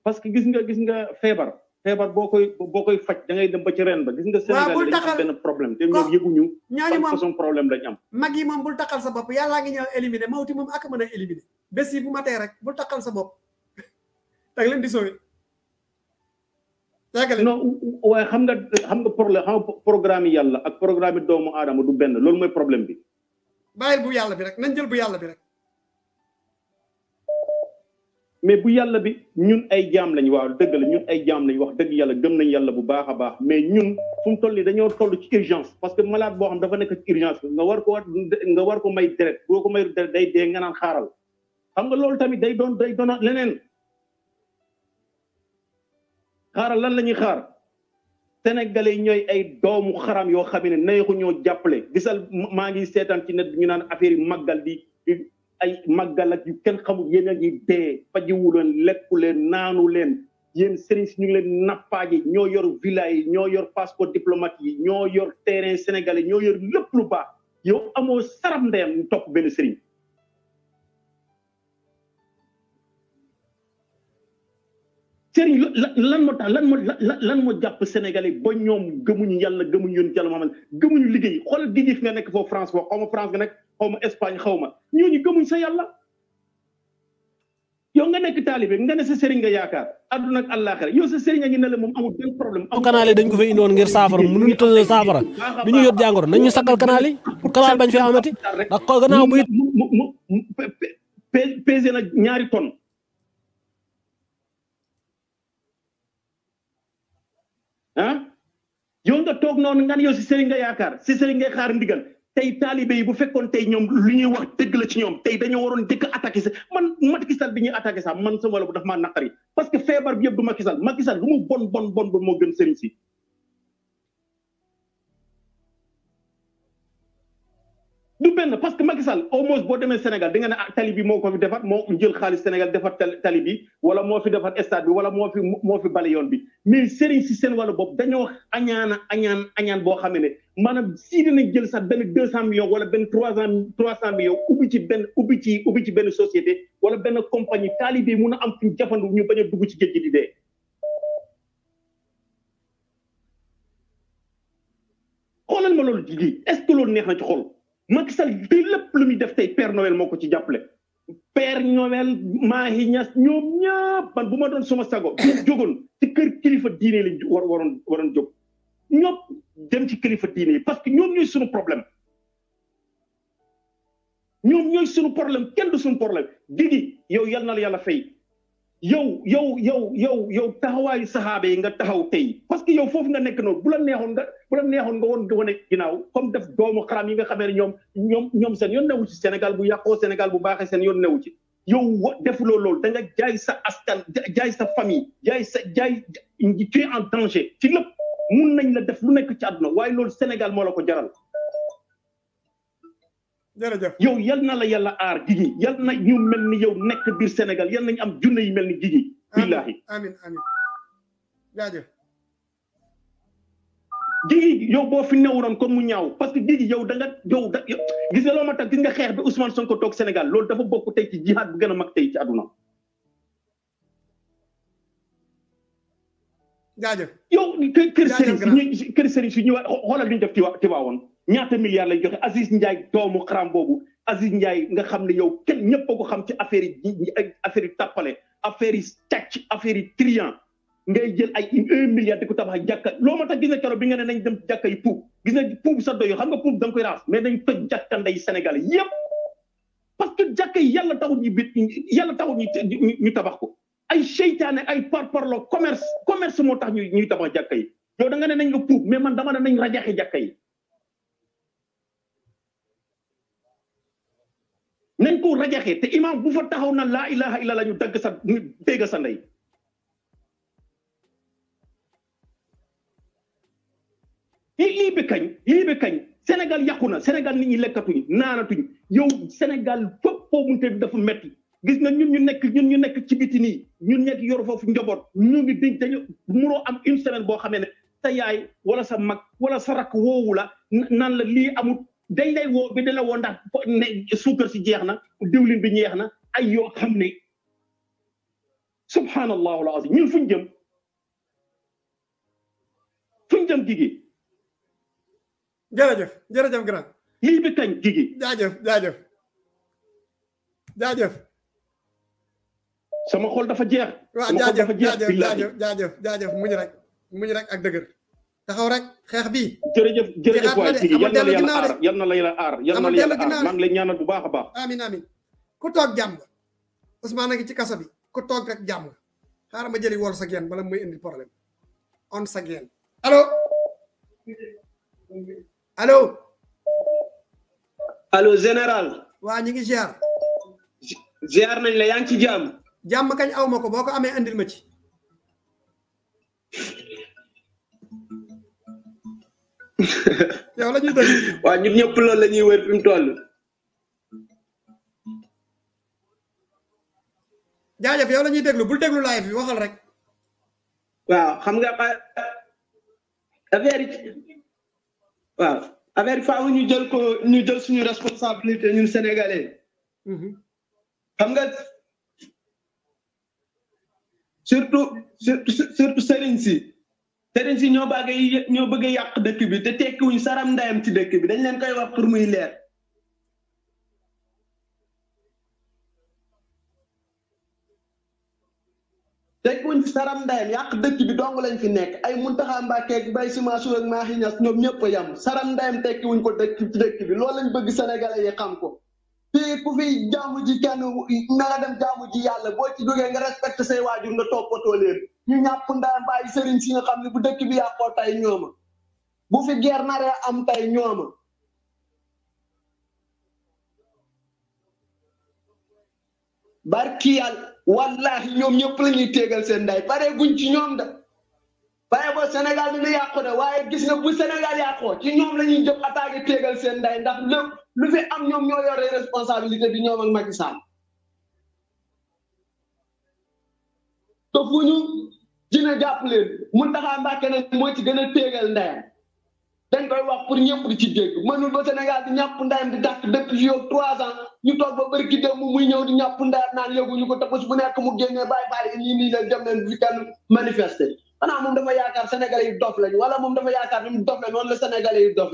parce que gis nga gis nga feebar feebar boo koy boo koy faj da ngay dem ba ci ren ba gis nga Sénégal dañu am benn problème te ñoom yëguñu ñooñu moom façon problème lañu am mag yi moom bul taxal sa bopp yàllaa ngi ñëw éliminer mawti moom ak mën a éliminer bés yi bu matee rek bul taxal sa bopp *laughs* dag leen di non waaye xam nga xam nga problème xam nga programme yàlla ak programme doomu aadama du benn loolu mooy problème bi. bàyyil bu yàlla bi rek nañ jël bu yàlla bi rek. mais bu yàlla bi ñun ay jaam lañ dëgg la ñun ay jaam lañ wax dëgg yàlla gëm nañ yàlla bu baax a mais ñun fu mu toll nii dañoo toll ci urgence parce que malade boo xam dafa nekk ci urgence nga war ko nga war ko may deret boo ko may deret day dee nga naan xaaral xam nga loolu tamit day doon leneen. xaaral lan la ñuy xaar sénégalais ñooy ay doomu xaram yoo xam ne neexu ñoo jàppale gisal maa ngi seetaan ci net bi ñu naan affaire yi màggal di ay màggal ak yu kenn xamul yéen a ngi dee fajiwu lekku leen naanu leen yéen sëriñ si ñu ngi leen yi ñoo yor villa yi ñoo yor passeport diplomatique yi ñoo yor terrain sénégalais ñoo yor lépp lu baax yow amoo saram ndeyam ñu topp benn sëriñ sëriñ lan moo tax lan moo lan moo jàpp sénégalais ba ñoom gëmuñu yàlla gëmuñu yoon yàlla mamal gëmuñu liggéey xoolal didiif nga nekk foofu France foofu xaw ma France nga nekk xaw ma Espagne xaw ma ñooñu gëmuñ sa yàlla yow nga nekk taalibe nga ne sa sëriñ nga yaakaar àdduna ak àllaaxira yow sa sëriñ a ngi ne la moom amul benn problème. amul kanaal yi dañ ko fa indoon ngir saafara mënuñu tëjee saafara du ñu yóbbu jàngoro nañ ñu sakkal kanaal yi pour kanaal bañ fi amati ñaari tonnes ah yow nga toog noonu nga ne yow si sëriñ nga yaakaar si sëriñ ngay xaar ndigal tey taalibe yi bu fekkoon tey ñoom lu ñuy wax dëgg la ci ñoom tey dañoo waroon dëkk attaqué sa man mat Sall bi ñuy attaqué sax man sama wala bu daf maa naqari parce que feebar bi yëpp du Macky Sall Macky Sall lu mu bon bon bon bon moo gën sëriñ si du benn parce que Macky Sall au moins boo demee Sénégal di nga ne ah tali bi moo ko fi defar moo jël xaalis Sénégal defar tali bi wala mo fi defar stade bi wala mo fi mo fi bale yoon bi mais sëriñ ci seen wala bopp dañoo añana añan añan bo xam ne maanaam si dinañ jël sa ben 200 millions wala ben 300 cent millions ubbi ci ben ubbi ci ubbi ci ben société wala ben compagnie taalibe mun a am fi ñu jafandu ñu baña dugg ci géej gi di dee. xoolal ma loolu di est-ce que loolu neex na ci xol. Macky Sall tey lépp lu muy def tey Père Noël moo ko ci jàppale Père Noël Mahi Niass ñoom ñëpp bu ma doon suma sago ñëpp jógoon ci kër kilifa diine lañ war waroon waroon jóg ñoom dem ci kilifa diine yi parce que ñoom ñooy suñu problème ñoom ñooy suñu problème kenn du suñu problème digi yow yal na la yàlla fay yow yow yow yow yow taxawaayu saxaaba yi nga taxaw tey parce que yow foofu nga nekk noonu bu la neexoon nga bu neexoon nga woon wane ginnaaw comme def doomu xaram yi nga xamee ne ñoom ñoom ñoom seen yoon newu ci Sénégal bu yàqoo Sénégal bu baaxee seen yoon newu ci yow wa defuloo loolu da nga jaay sa askan jaay sa famille jaay sa jaay tu es en danger ci lépp mun nañ la def lu nekk ci àdduna waaye loolu Sénégal moo la ko jaral jërëjëf yow yal na la yàlla aar Guigui yal na ñu mel ni yow nekk biir Sénégal yal nañu am junne yi mel ni Guigui. billaahi amin amin jaajëf. Guigui yow boo fi newuroon comme mu ñaaw parce que Guigui yow da nga yow da gis nga ma tax gis nga xeex bi Ousmane Sonko toog Sénégal loolu dafa bokk tey ci jihaad bu gën a mag tey ci àdduna. jaajëf yow kër sëriñ si kër sëriñ si ñëwaat xoolal li def ci waa woon. ñaata milliards lay joxe Aziz Ndiaye doomu xaram boobu Aziz njaay nga xam ne yow kenn ñëpp ko xam ci affaire yi affaire yi tàppale affaire yi càcc affaire yi triant ngay jël ay un milliard di ko tabax jàkka loo ma tax gis nga bi nga ne nañ dem jàkka yi puub gis nga puub sa doyoo xam nga puub da koy raas mais dañ toj jàkka ndey Sénégal yëpp parce que jàkka yi yàlla taxut ñi bit yalla taxut ñu ñu tabax ko ay seytaane ay parparlo commerce commerce moo tax ñu ñuy tabax jàkka yi yow da nga ne nañ nga puub mais man dama ne nañ rajaxe jàkka yi nañ ko rajaxee te imam bu fa taxaw na la ilaha la ñu dagg sa ñu dégg sa ndey lii bi kañ lii bi kañ Sénégal yàqu na Sénégal nit ñi lekkatuñ naanatuñ yow Sénégal fépp foo munte dafa metti gis na ñu ñu nekk ñun ñu nekk ci biti nii ñun nekk yor foofu njaboot ñu ngi diñ dañu mënoo am une semaine boo xamee ne sa yaay wala sa mag wala sa rakk woowu la naan amut dañ lay woo bi di la woo ndax suukar si jeex na diwlin bi ñeex na ay yoo xam ne subhaanallahu alazim ñun fuñ jëm fuñ jëm gigi jërëjëf jërëjëf grand lii bi kañ gigi jaajëf jaajëf jaajëf sama xol dafa jeex sama xol dafa jeex jaajëf jaajëf jaajëf muñ rek muñ rek ak dëgër taxaw rek xeex bi jërëjëf jërëjëf waay sigi yal na la yàlla aar yal na la yàlla aar yal na la yàlla aar maa ngi lay ñaanal bu baax baax amin amin ku toog jàmm nga Ousmane a ngi ci kasa bi ku toog rek jàmm nga xaaral ma jëli wol sa geen bala muy indi problème on sa geen allo allo allo général waa ñu ngi ziar ziar nañ la yaa ngi ci jàmm jàmm kañ aw ma ko andil ma ci *laughs* yow la ñuy def. waaw ñëpp loolu la ñuy wër fi mu toll. jaajëf yow la ñuy déglu bul déglu live bi waxal rek. waaw xam nga affaire yi waaw affaire yi faaw ñu jël ko ñu jël suñu responsabilité ñun sénégalais. Mhm. xam nga surtout surtout surtout Serigne si. sëriñ si ñoo bëgg ñoo bëgg a yàq dëkk bi te tekkiwuñ saram ndayam ci dëkk bi dañ leen koy wax pour muy leer tekkiwuñ saram ndayam yàq dëkk bi dong lañ fi nekk ay Muntaxa Mbàkke ak Baye Si Mansour ak Mahi Niass ñoom ñëpp a yam saram ndayam tekkiwuñ ko dëkk ci dëkk bi loolu lañ bëgg sénégalais yi xam ko fii ku fi jaamu ji kenn na nga dem jaamu yàlla boo ci duggee nga respecté say waajur nga toppatoo leen ñu ñàpp ndaan bàyyi sëriñ si nga xam ne bu dëkk bi yàqoo tey ñooma bu fi guerre naree am tey ñooma barki yàlla wallahi ñoom ñëpp la ñuy téegal seen nday pare guñ ci ñoom da pare ba Sénégal dina yàqu da waaye gis na bu Sénégal yàqoo ci ñoom la ñuy jëm attaqué téegal seen nday ndax lépp lu fi am ñoom ñoo yore responsabilité bi ñoom ak Macky Sall te fu ñu dina jàpp leen mun taxaa Mbàkke keneen moo ci gën a téegal ndeyam dañ koy wax pour ñëpp di ci dégg mënul ba Sénégal di ñàpp ndeyam di dàq depuis yow trois ans ñu ba bëri ki muy ñëw di ñàpp ndeyam naan yëguñu ko te bés bu nekk mu génnee bàyyi bàyyi ñii nii la dem leen fi kenn manifester xanaa moom dafa yaakaar sénégalais yi dof lañu wala moom dafa yaakaar ni mu dof lañu wala sénégalais yi dof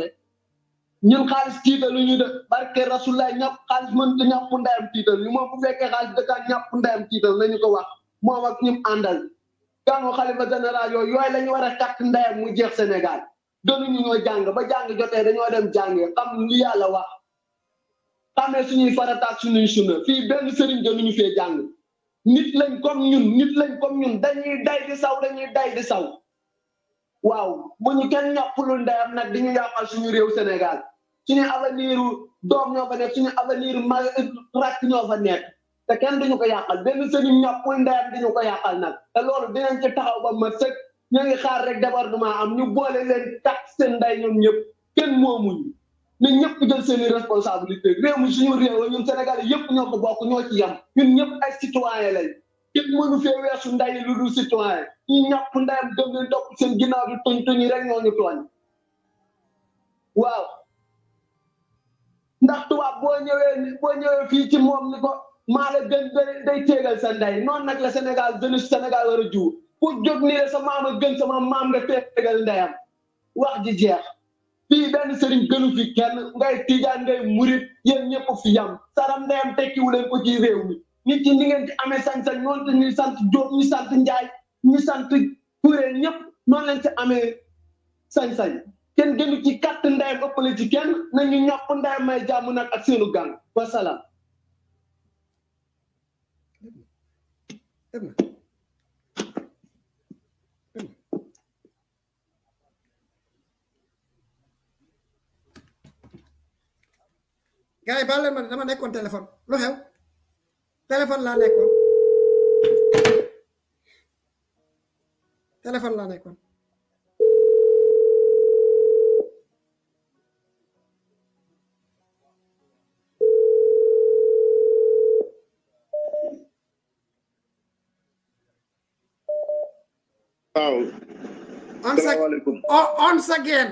xaalis tiital lu ñu def barke rasulaay ñàpp xaalis mënut a ñàpp ndeyam tiital ñu moom bu fekkee xaalis dëkkaan ñàpp ndeyam tiital nañu ko wax moom ak ñim àndal gàngu xalifa général yooyu yooyu la war a takk ndeyam mu jeex Sénégal gënuñu ñoo jàng ba jàng jotee dañoo dem jàngee xam li yàlla wax xamee fii benn sëriñ gënuñu fee jàng nit lañ comme ñun nit lañ comme ñun dañuy day di saw dañuy day di saw waaw bu ñu kenn ñàppulul ndeyam nag di ñu yàqal suñu réew Sénégal suñu avenir doom ñoo fa nekk suñu avenir ma rakk ñoo fa nekk te kenn duñu ko yàqal benn sëriñ ñàkkul ndeyam duñu ko yàqal nag te loolu ci taxaw ba ma sëg ñu ngi xaar rek débordement am ñu boole leen tax seen nday ñoom ñëpp kenn moomuñu ne ñëpp jël seen i responsabilité réew mi suñu réew la Sénégal yëpp ñoo ko bokk ñoo ci yem ñun ñëpp ay citoyen lañ kenn mënu fee weesu nday lu dul citoyen ñu ñàkk ndeyam dem leen seen ginnaaw di tuñ tuñi rek ñoo ñu tooñ waaw ndax tubaab boo ñëwee fii ci moom ni ko maa la gën day tegal sa ndey noonu nag la Sénégal gënu Sénégal war a jiw pour jóg nii la sa maam a gën sama maam nga tegal ndeyam wax ji jeex fii benn sëriñ gënu fi kenn ngay tijaan ngay murit yéen ñëpp fi yam saram ndeyam tekkiwu leen ko ci réew mi nit ñi ni ngeen amee sañ-sañ noonu te ñuy sant Diop ñu sant Njaay ñu sant Kuré ñëpp noonu leen ci amee sañ-sañ kenn gënu ci kàtt ndeyam ëppale ci kenn nañu ñàpp ndeyam may jàmm nag ak seenu gàng wasalaam ابنك ابنك gars ma dama nekkoon téléphone lu xew téléphone laa nekkoon téléphone laa nekkoon waaw. salaamaaleykum oh, on once again.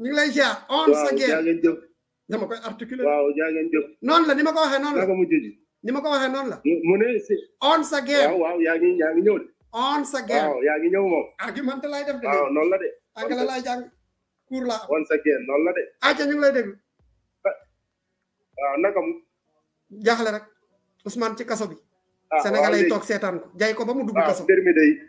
ñu ngi lay ziar once again. waaw jaa ngeen jëf. dama koy articuler. waaw noonu la ni ma ko waxee noonu la. naka mu ma ko waxee noon la. mu ne si. once again. waaw yaa ngi ñëw de. once again. waaw yaa ngi ñëw moom. argumenté laay def de. waaw la de. angale laay jàng cours la. once again la ñu ngi lay déglu. Ah. waaw naka mu. jaaxle rek Ousmane ci kaso bi. ah waaw léegi Sénégalais yi toog seetaan ko jay ko ba mu dugg ah, kaso. ah terminé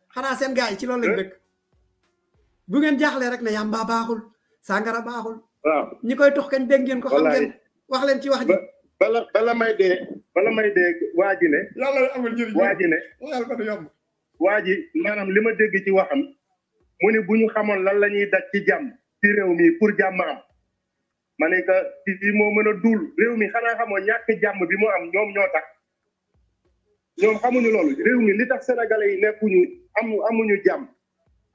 xanaa seen gars yi ci loolu lañ dëkk eh? bu ngeen jaaxlee rek ne yàmbaa baaxul sàngara baaxul waaw ñi koy tox kañ dégg ngeen ko xam ngeen wax leen ci wax ji bala bala may dee bala may waa ji ne yàlla amul njëriñ waa ji ne waa ji maanaam li ma dégg ci waxam mu ne bu ñu xamoon lan la ñuy daj ci jàmm ci réew mi pour jàmm am ma ne que ci moo mën a duul réew mi xanaa xamoon ñàkk jàmm bi mu am ñoom ñoo tax ñoom xamuñu loolu réew mi li tax sénégalais yi nekkuñu amu amuñu jàmm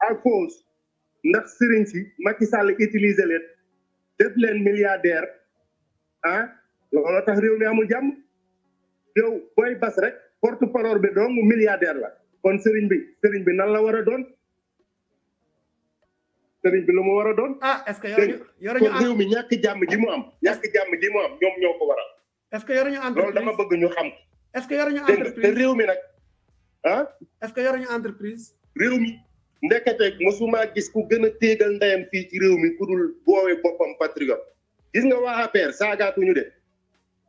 à cause ndax sëriñ si Macky Sall utiliser leen def leen milliardaire ah loolu tax réew mi amul jàmm yow booy bas rek porte parole bi dong milliardaire la kon sëriñ bi sëriñ bi nan la war a doon sëriñ bi lu mu war doon. ah est-ce que yor ñu réew mi ñàkk jàmm ji mu am. ñàkk jàmm ji mu am ñoom ñoo ko waral. est-ce que yor ñu entreprise loolu dama bëgg ñu xam. est-ce que yoruñu entreprise te réew mi nag ah. est-ce entreprise. réew mi ndekete mosuma gis ku gën a téegal ndeyam fii ci réew mi ku dul woowee boppam patriote gis nga waa APR saagaatuñu de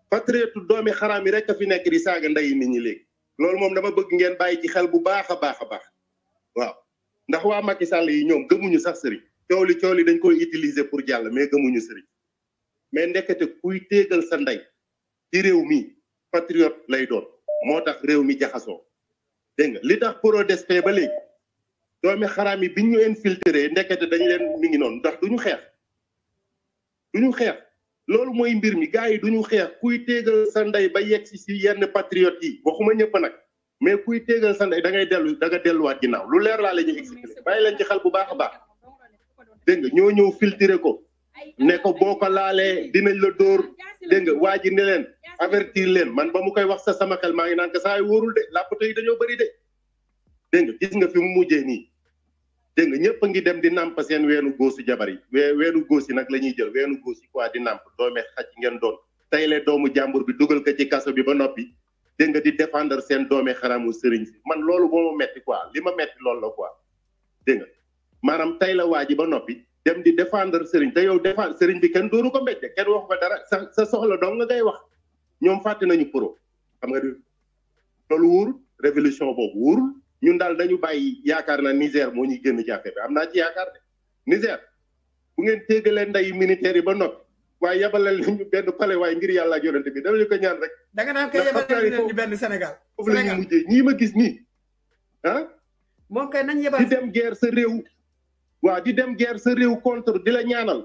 patriote doomi xaraam yi rek a fi nekk di saaga ndeyi nit ñi léegi. loolu moom dama bëgg ngeen bàyyi ci xel bu baax a baax a baax waaw ndax waa Macky sàll yi ñoom gëmuñu sax sëriñ coow li coow li dañ koy utiliser pour jàll mais gëmuñu sëriñ mais ndekete kuy téegal sa ndey ci réew mi. patriote lay doon moo tax réew mi jaxasoo dégg nga li tax Prodac ba léegi doomi xaraam yi biñ ñu infiltré ndekete dañu leen mi ngi noonu ndax duñu xeex duñu xeex loolu mooy mbir mi gars yi duñu xeex kuy téegal sa ndey ba yegg si si yenn patriote yi waxuma ñëpp nag mais kuy téegal sa ndey da ngay dellu danga delluwaat ginnaaw lu leer laa ñu ñuy expliqué bàyyi leen ci xal bu baax a baax dégg nga ñoo ñëw filtré ko ne ko boo ko laalee dinañ la dóor dégg waa ji ne leen avertir leen man ba mu koy wax sa sama xel maa ngi naan saa yi wóorul de làppato yi dañoo bëri de dégg nga gis nga fi mu mujjee nii dégg nga ñëpp a ngi dem di nàmp seen weenu góosu jabar yi we weenu góos yi nag la ñuy jël weenu góos yi quoi di nàmp doomee xaj ngeen doon tey le doomu jàmbur bi dugal ko ci kaso bi ba noppi dégg nga di défendre seen doomee xaramu sëriñ si man loolu moo ma metti quoi li ma metti loolu la quoi dégg maanaam tey la waa ji ba noppi dem di défendre sëriñ te yow défendre sëriñ bi kenn dooru ko mbéjte kenn waxu ko dara sa sa soxla dong nga ngay wax ñoom fàtte nañu pro xam nga loolu wur révolution boobu wur ñun daal dañu bàyyi yaakaar na Niger moo ñuy génn ci bi am naa ci yaakaar de Niger bu ngeen leen ndeyu militaire yi ba noppi waaye yabalal ñu benn pale waaye ngir yàlla ak yonente bi dama ñu ñaan rek. da nga naan kay benn Sénégal. foofu la ñuy mujjee ñii ma gis nii ah. moom nañ yebal di dem guerre sa réew. waa di dem guerre sa réew contre di la ñaanal.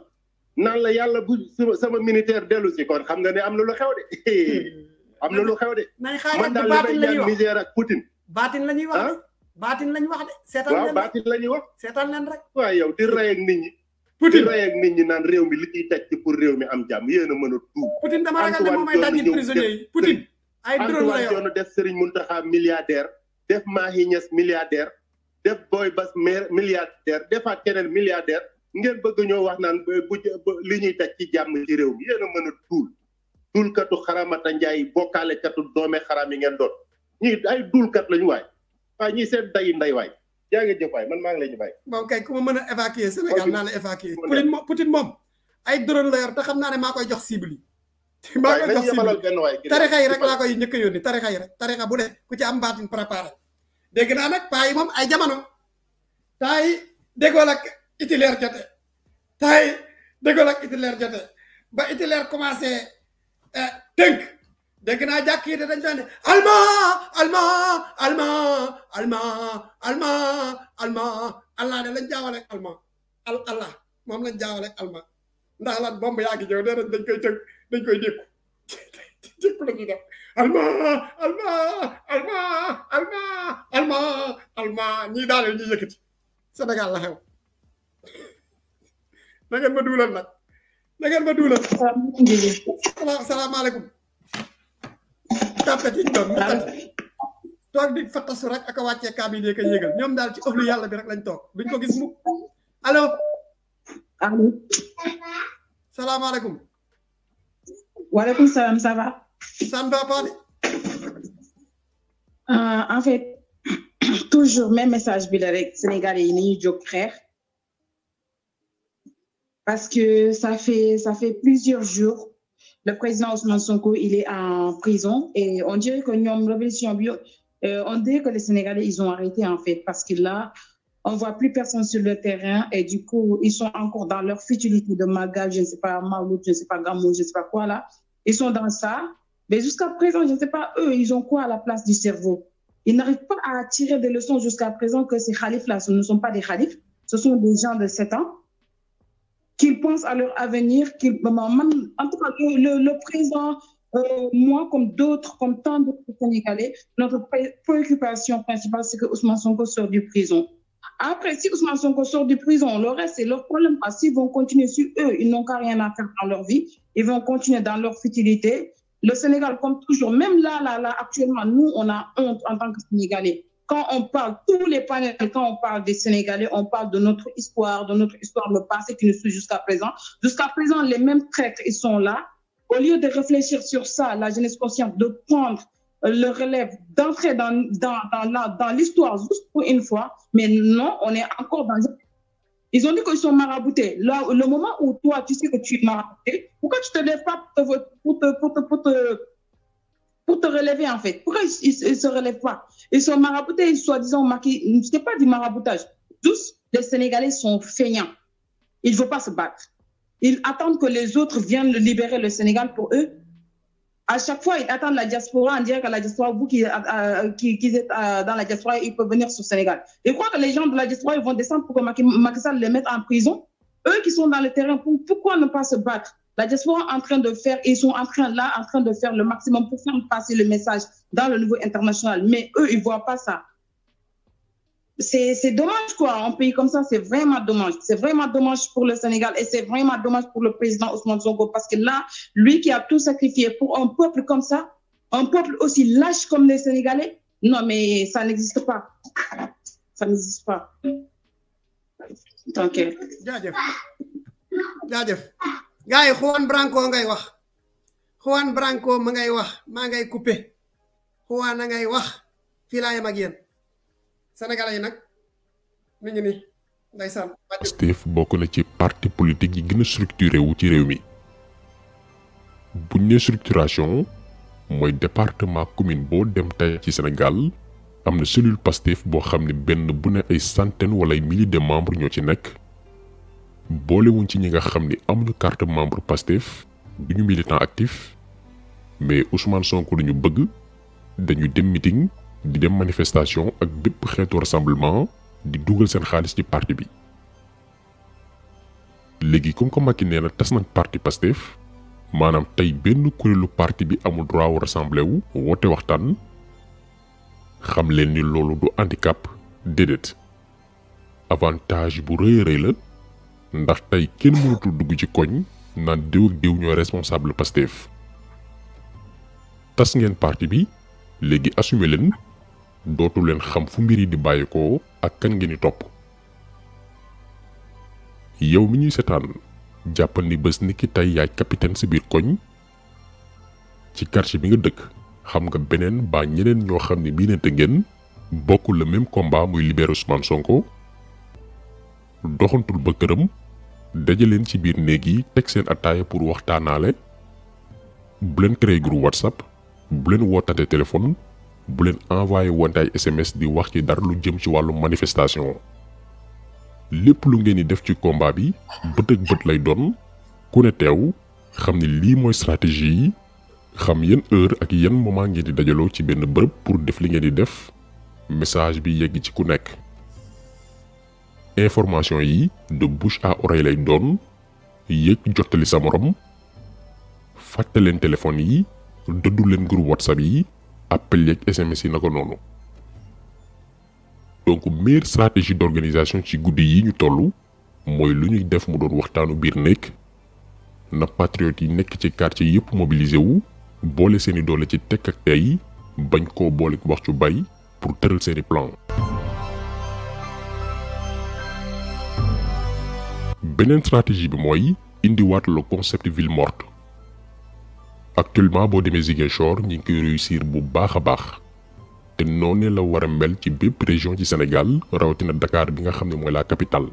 naan la yàlla bu sama sama militaire dellu si kon xam nga ne am na lu xew de. Hmm. am na lu xew de. nañ xaaral de baatin la ñuy wax man daal Niger ak Poutine. baatin la ñuy wax de. Ah? baatin la wax de. seetaan leen rek waaw la ñuy wax. seetaan leen rek. yow di rey ak nit ñi. Poutine ñi naan réew mi li ciy teg ci pour réew mi am jàmm yéen a mën a tuub. Poutine dama ragal ne moom ay tàjji prisonniers yi Poutine. ay drone la yor Antoine def Serigne Mountakha milliardaire. def Mahi Niass milliardaire. def Boy Bass milliardaire defaat keneen milliardaire ngeen bëgg ñoo wax naan bu li ñuy teg ci jàmm ci réew mi yéen a mën a duul duulkatu xaramata njaay bokkaalekatu doome xaram yi ngeen doon ñii ay duulkat lañu waay waaye ñii seen dayi nday waay yaa ngi jëf waay man maa ngi leen di bàyyi. waaw kay ku ma mën naa la évacuer. Poutine moom xam naa ne maa koy jox cible yi. *laughs* maa koy jox cible tarixa yi rek laa koy njëkk a yónni tarixa yi rek tarixa bu ne ku ci am baatin préparé dégg naa nag paa yi moom ay jamono temps yi déggoo la itilaire jote tay dëggal ak itilaire jote ba itilaire commencé eh, tënk dégg naa jàkk yi dañ daan ne allemand allemand allemand allah de lañ jaawale ak allah moom lañ jaawale ak allemand ndax lan bomb yaa ngi ñëw nee nañ dañ koy tënk dañ koy dékku *laughs* dékku la ñuy def allemand allemand allemand allemand allemand allemand ñii daaneel ñuy yëkkati Sénégal la xew na ngeen ma duulal nag na ngeen ma duulal. salaamaaleykum. tàppet yi ñu doon ñu tàppet. toog di fattasu rek ak a wàccee kaamil yi ka yéegal ñoom daal ci ëllu yàlla bi rek lañ toog duñ ko gis mu allo. allo. salaamaaleykum. waaleykum salaam ça va. ça ne va pas de. Euh, en fait *coughs* toujours même message bi la rek Sénégalais yi ni ñuy jóg xeex. parce que ça fait, ça fait plusieurs jours. Le président Ousmane Sonko, il est en prison et on dirait que euh, on dirait que les Sénégalais, ils ont arrêté en fait parce que là, on voit plus personne sur le terrain et du coup, ils sont encore dans leur futilité de magal je ne sais pas, ou je ne sais pas, Gamou, je ne sais pas quoi là. Ils sont dans ça. Mais jusqu'à présent, je ne sais pas, eux, ils ont quoi à la place du cerveau Ils n'arrivent pas à tirer des leçons jusqu'à présent que ces khalifs là, ce ne sont pas des khalifs, ce sont des gens de 7 ans qu'ils pensent à leur avenir, qu'ils, ben, ben, en tout cas, le, présent, euh, moi, comme d'autres, comme tant d'autres Sénégalais, notre préoccupation principale, c'est que Ousmane Sonko sort de prison. Après, si Ousmane Sonko sort de prison, le reste, c'est leur problème parce qu'ils vont continuer sur eux. Ils n'ont qu'à rien à faire dans leur vie. Ils vont continuer dans leur futilité. Le Sénégal, comme toujours, même là, là, là, actuellement, nous, on a honte en tant que Sénégalais quand on parle, tous les panels, quand on parle des Sénégalais, on parle de notre histoire, de notre histoire, le passé qui nous suit jusqu'à présent. Jusqu'à présent, les mêmes traîtres, ils sont là. Au lieu de réfléchir sur ça, la jeunesse consciente, de prendre le relève, d'entrer dans, dans, dans, dans l'histoire juste pour une fois, mais non, on est encore dans... Ils ont dit qu'ils sont maraboutés. le moment où toi, tu sais que tu es marabouté, pourquoi tu te lèves pas pour te, te, pour te pour te relever, en fait. Pourquoi ils ne se relèvent pas Ils sont maraboutés, ils soi-disant marqués. Ce n'est pas du maraboutage. Tous les Sénégalais sont feignants. Ils ne veulent pas se battre. Ils attendent que les autres viennent libérer le Sénégal pour eux. À chaque fois, ils attendent la diaspora en direct à la diaspora, vous qui, euh, euh, qui, êtes euh, dans la diaspora, ils peuvent venir sur le Sénégal. Ils croient que les gens de la diaspora ils vont descendre pour que Macky, les mette en prison. Eux qui sont dans le terrain, pourquoi ne pas se battre la diaspora en train de faire, ils sont en train là, en train de faire le maximum pour faire passer le message dans le niveau international. Mais eux, ils ne voient pas ça. C'est dommage, quoi. Un pays comme ça, c'est vraiment dommage. C'est vraiment dommage pour le Sénégal et c'est vraiment dommage pour le président Ousmane Sonko parce que là, lui qui a tout sacrifié pour un peuple comme ça, un peuple aussi lâche comme les Sénégalais, non, mais ça n'existe pas. *laughs* Ça n'existe pas. T'inquiète. gars yi Branco ngay wax Juan Branco ma ngay wax maa ngay coupé Juan a ngay wax fii laa yem ak yéen sénégalais yi nag mi ngi ni ndeysaan Pastef bokk na ci parti politique yi gën a structuré wu ci réew mi buñ ne structuration mooy département commune boo dem tey ci senegal am na cellule Pastef boo xam ne benn bu ne ay centaine wala ay milliers de membres ñoo ci nekk boolewuñ ci ñi nga xam ni amuñu carte membre Pastef duñu militant actif mais Ousmane Sonko la ñu bëgg dañuy dem mitin di dem manifestation ak bépp xeetu rassemblement di dugal seen xaalis ci parti bi. léegi comme que Macky nee na tas nañ parti Pastef maanaam tey benn kuréelu parti bi amul droit wu wu woote waxtaan xam leen ni loolu du handicap déedéet avantage bu rëy rëy la. ndax tay kenn mënatul dugg ci koñ naan diw ak diw ñoo responsable pastef tas ngeen parti bi léegi assumé leen dootu leen xam fu mbiri di bàyyikoo ak kan ngeen top topp yow mi ñuy setaan jàppal ni bés ni ki yaay capitaine si biir koñ ci quartier bi nga dëkk xam nga beneen ba ñeneen ñoo xam ne miinante ngeen le même combat muy libéré Ousmane Sonko doxantul ba daje cibir ci biir néeg yi teg seen attaaya pour waxtaanaale bu leen créé groupe whatsapp bu leen wootante téléphone bu leen envoyé wante sms di wax ci dara lu jëm ci wàllu manifestation lépp lu ngeen di def ci combat bi bët ak bët lay doon ku ne teew xam ni lii mooy stratégie yi xam yan heure ak yan moment ngeen di dajaloo ci benn bërëb pour def li ngeen di def message bi yegg ci ku nekk information yi de bouche à oreille lay doon yéeg jottali sa morom fatte len téléphone yi dëddu len groupe whatsapp yi appel yek sms yi na ko donc meilleure stratégie d'organisation ci goudi yi ñu tollu moy lu ñuy def mu doon waxtanu biir nekk na patriote yi nekk ci quartier yépp mobilisé wu bolé seni doole ci tek ak tay bañ ko bolé wax ci bay pour tëral seeni plan beneen stratégie bi mooy indiwaat le concept ville morte actuellement boo demee Ziguinchor ñu ngi koy réussir bu baax a baax te noonu la war a mel ci bépp région ci Sénégal rawatina Dakar bi nga xam ne mooy la capitale.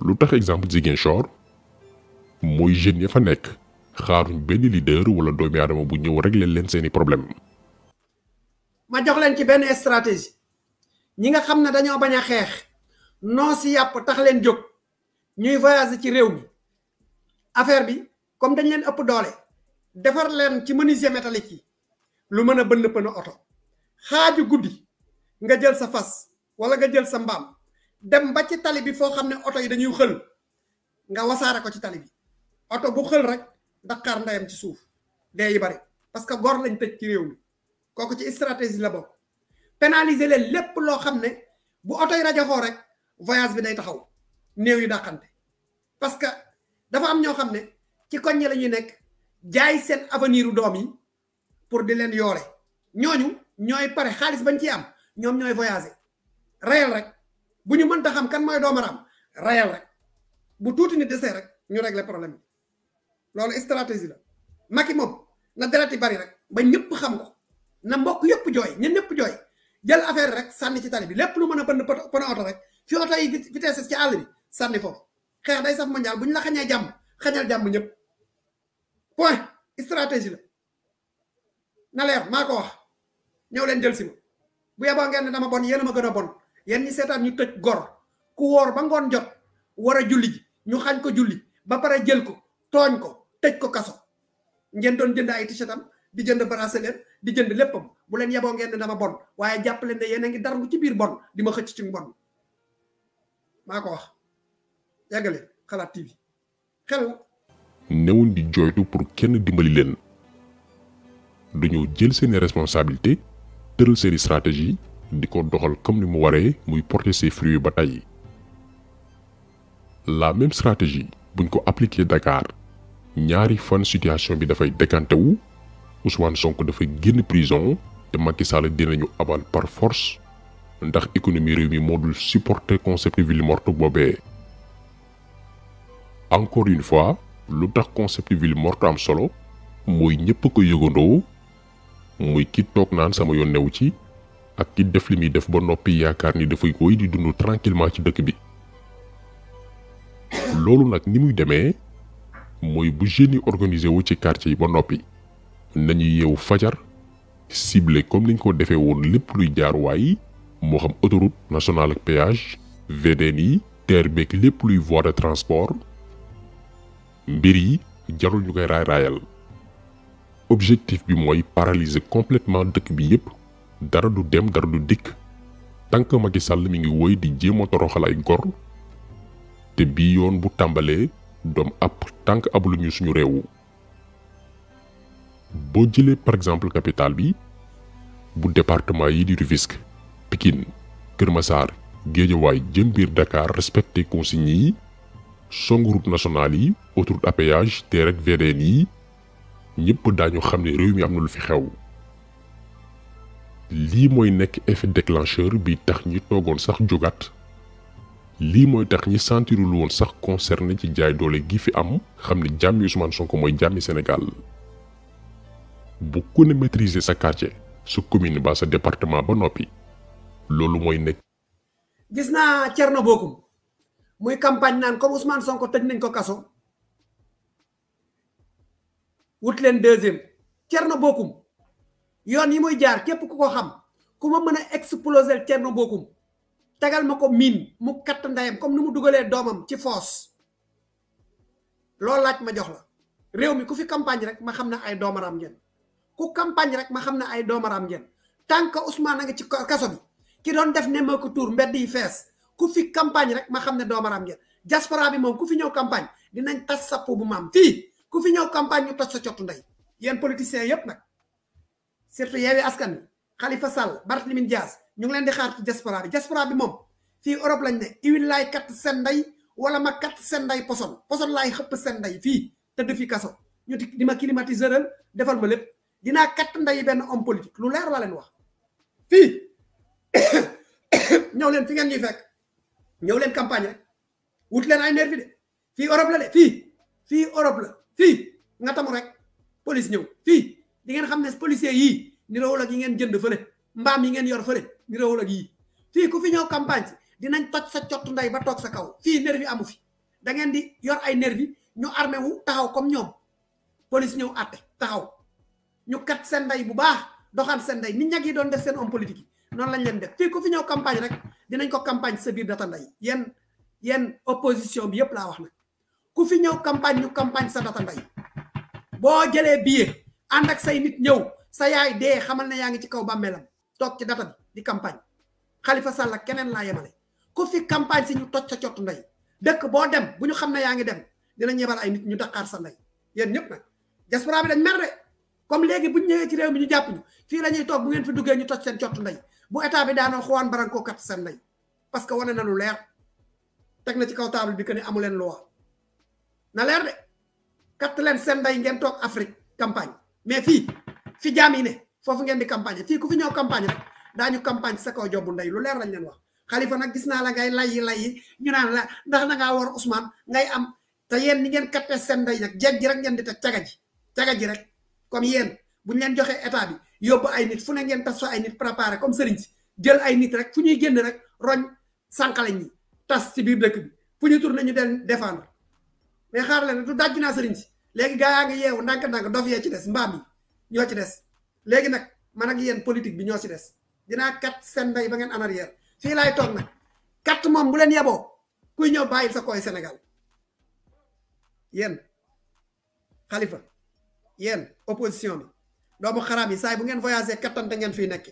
lu tax exemple Ziguinchor mooy jeunes ya fa nekk xaaruñ benn leader wala doomi aadama bu ñëw régler leen seeni problème ma jox leen ci benn stratégie ñi nga xam ne dañoo bañ a xeex. non si yàpp tax leen jóg ñuy voyager ci réew mi affaire bi comme dañ leen ëpp doole defar leen ci menuisier métallique yi lu mën a bënn pën a oto guddi nga jël sa fas wala nga jël sa mbaam dem ba ci tali bi foo xam ne oto yi dañuy xël nga wasaare ko ci tali bi oto bu xël rek Dakar ndeyam ci suuf dee yi bari parce que gor lañ tëj ci réew mi kooku ci stratégie la bokk pénaliser leen lépp loo xam ne bu oto yi rek voyage bi day taxaw néew yu dàqante parce que dafa am ñoo xam ne ci koñ ñi la ñuy nekk jaay seen avenir doom yi pour di leen yoore ñooñu ñooy pare xaalis bañ ciy am ñoom ñooy voyagé rayal rek bu ñu mënta xam kan mooy doomaraam rayal rek bu tuuti ni desee rek ñu régler problème bi loolu stratégie la Macky moom na deret yi bari rek ba ñëpp xam ko na mbokk yëpp jooy ñun yëpp jooy jël affaire rek sànni ci tali bi lépp lu mën a bënd pën oto rek fi auto yi vitesse ci all bi sanni foofu xeex day saf mondial buñ la xañee jàmm xañal jàmm ñëpp point stratégie la na leer maa ko wax ñëw leen jël si ma bu yeboo ngeen ne dama bon yéen a ma gën a bon yéen ñi seetaan ñu tëj gor ku woor ba ngoon jot war a julli ji ñu xañ ko julli ba pare jël ko tooñ ko tëj ko kaso ngeen doon jënd ay tichetam di jënd bracelet di jënd léppam bu leen yeboo ngeen ne dama bon waaye jàpp leen ne yéen a ngi darngu ci biir bon di ma xëcc ci bon mako wax yàggale xalaat TV xel newun di jooytu pour kenn dimbali len duñu jël seeni responsabilité tëral seeni stratégie diko doxal comme ni mu waré muy porter ses fruits ba la même stratégie buñ ko appliquer Dakar ñaari fan situation bi fay décanter wu Ousmane Sonko fay génn prison te Macky Sall dinañu abal par force ndax économie réew mi moo supporter concept ville morte bobé encore une fois lutax concept ville morte am solo moy ñepp ko yëgandoo moy ki tok naan sama yoon newu ci ak ki def limi def ba nopi yaakar ni dafay koy di dund tranquillement ci dëkk bi. lolu nak ni muy démé moy bu génie organisé wu ci quartier yi ba nopi nañu yeewu fajar ciblé comme niñ ko défé won lepp luy way moo xam autoroute nationale péage VDN yi les plus voies de transport Biri, yi du ñu koy raay raayal objectif bi paralyser complètement dëkk bi yépp dara du dem dara du dik. tant que Macky Sall mi ngi woy di jéem toroxal ay gor te bi yoon bu tàmbalee doom ab tànk ñu suñu par exemple capitale bi bu département yi di risque Pikine Kër Massar Géejawaay jën biir Dakar respecté consigne yi songu route nationale yi autour à péage te rek VDN yi ñëpp dañu xamné ne réew mi amnul fi xew. li moy nek effet déclencheur bi tax ñi togon sax jogat li moy tax ñi sentirul won sax concerné ci jaay doole gi fi am xamné jammi Ousmane Sonko moy jammi Sénégal. bu ku ne maîtriser sa quartier sa commune ba sa département ba loolu mooy nekk. gis naa Thierno Bocoum muy campagne naan comme Ousmane Sonko tëj nañ ko kaso wut leen deuxième Thierno Bocoum yoon yi muy jaar képp ku ko xam ku ma mën a exploser Thierno Bocoum tegal ma ko miin mu katt ndeyam comme ni mu dugalee doomam ci foos lool laaj ma jox la réew mi ku fi campagne rek ma xam ne ay doomaraam ngeen ku campagne rek ma xam ne ay doomaraam ngeen tant que Ousmane a nga ci kaso bi. ki doon def ne ma ko tour mbedd yi fees ku fi campagne rek ma xam ne doomaraam ngeen diaspora bi moom ku fi ñëw campagne dinañ tas sa po bu maam fii ku fi ñëw campagne ñu tas sa cottu ndey yéen politiciens yépp nag surtout yeewi askan xalifa sal Khalifa li Barthélémy Dias ñu ngi leen di xaar ci bi diaspora bi moom fii Europe lañ ne iwil laay katt seen ndey wala ma katt seen ndey poson poson laay xëpp seen ndey fii tëdd fi kaso ñu ti di ma climatiseur defal ma lépp dinaa katt ndey benn homme politique lu leer la leen wax *coughs* ñew leen fi ngeen ñuy fekk ñew leen campagne wut leen ay nervi de fii Europe la de fii fii Europe la fii nga tamu rek police ñëw fii di ngeen xam ne policiers yii ni rawul ak yi ngeen jënd fële mbaam yi ngeen yor fële ni rawul ak yii fii ku fi ñëw campagne si dinañ toj sa cott nday ba toog sa kaw fii nervi amu fi da ngeen di yor ay nervi ñu armé wu taxaw comme ñoom police ñëw atté taxaw ñu kat seen nday bu baax doxal seen nday nit ñag yi doon def seen homme politique noonu lañ leen def fii ku fi ñëw campagne rek dinañ ko campagne sa biir data nday yenn yenn opposition bi yëpp laa wax na ku fi ñëw campagne ñu campagne sa data nday boo jëlee billet ànd ak say nit ñëw sa yaay dee xamal ne yaa ngi ci kaw bàmmeelam toog ci data bi di campagne xalifa Sall ak keneen laa yemale ku fi campagne si ñu toj sa cot nday dëkk boo dem bu ñu xam ne yaa ngi dem dinañ yebal ay nit ñu daqaar sa nday yéen ñëpp nag diaspora bi dañ mer de comme léegi bu ñu ñëwee ci réew mi ñu jàpp fii la bu ngeen fi duggee ñu toj seen cot nday bu état bi xowan xawaan ko kat sen lay parce que woné na lu leer tek na ci kaw table bi ke ni amulen loi na leer de kat len sen day ngeen tok Afrique campagne mais fi fi jami ne foofu ngeen di campagne fi ku fi ñëw campagne rek dañu campagne sa ko jobbu nday lu leer lañ leen wax khalifa nak gis na la ngay lay lay ñu naan la ndax na nga war Ousmane ngay am te yeen ni ngeen katé sen day nak jeeg rek ngeen di tek tagaji tagaji rek comme yeen buñ leen joxé état bi yóbbu ay nit fu ne ngeen tas fa ay nit préparer comme serigne ci jël ay nit rek fu ñuy génn rek roñ sànqalañ ñi tas ci biir dëkk bi fu ñu tourné ñu del défendre mais xaar leen du dajina serigne ci si gaay nga yewu ndank ndank dof ye ci dess mbam yi ñoo ci dess légui nak man ak yeen politique bi ñoo ci dess dina kat sen day ba ngeen en arrière fi lay tok nak kat mom bu leen yabo kuy ñëw bayil sa koy Sénégal yeen khalifa yeen opposition bi doomu xaraam yi saay bu ngeen voyagé kattante ngeen fiy nekk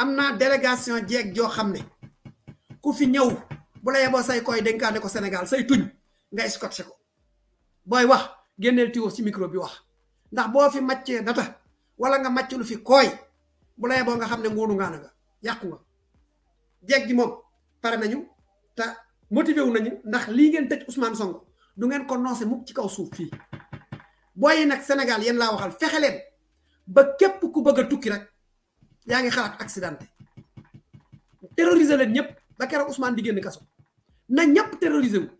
am naa délégation jeeg joo xam ne ku fi ñëw bu la yeboo say koy dénkaane ko Sénégal say tuñ nga scotché ko booy wax génneel tiwo ci micro bi wax ndax boo fi maccee data wala nga màcc lu fi kooy bu la yeboo nga xam ne nguuru ngaana nga yàqu nga jeeg ji moom pare nañu te motivé wu nañu ndax lii ngeen tëj Ousmane Sonko du ngeen ko noose mukk ci kaw suuf fii booy yi nag Sénégal yéen laa waxal fexe leen ba képp ku bëgg a tukki rek yaa ngi xalaat accidenté terroriser leen ñëpp ba keroog Ousmane di génn kaso na ñëpp terroriser wu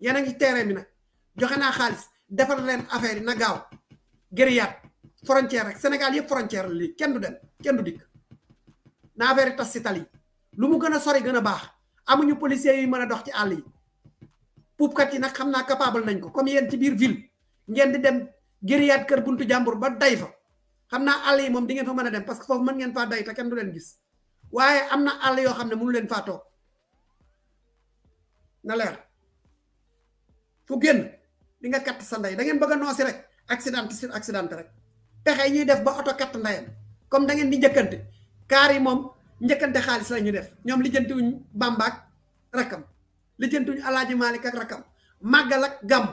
yéen a ngi terrain bi nag joxe naa xaalis defar leen affaire na gaaw gëriyaat frontière rek Sénégal yëpp frontière la lii kenn du dem kenn dikk na affaire yi tas tali lu mu gën a sori gën a baax amuñu policiers yu mën a dox ci àll yi kat yi nag xam naa capable nañ ko comme yéen ci biir ville ngeen di dem gëriyaat kër buntu jàmbur ba day fa. xamna naa mom di ngeen fa meuna dem parce que fofu mën ngeen fa day ta kenn du len gis Why? amna na yo xamne xam ne mënu leen faa toog na leer fu génn di nga kat sa nday da ngeen bëgg noosi rek accident sur accident rek pexe ñi def ba auto kat ndayam comme da ngeen di njëkkante kaar yi moom njëkkante xaalis la ñu def ñoom bambak bàmbaak rakam wuñ alaaji malik ak rakam magal ak gam.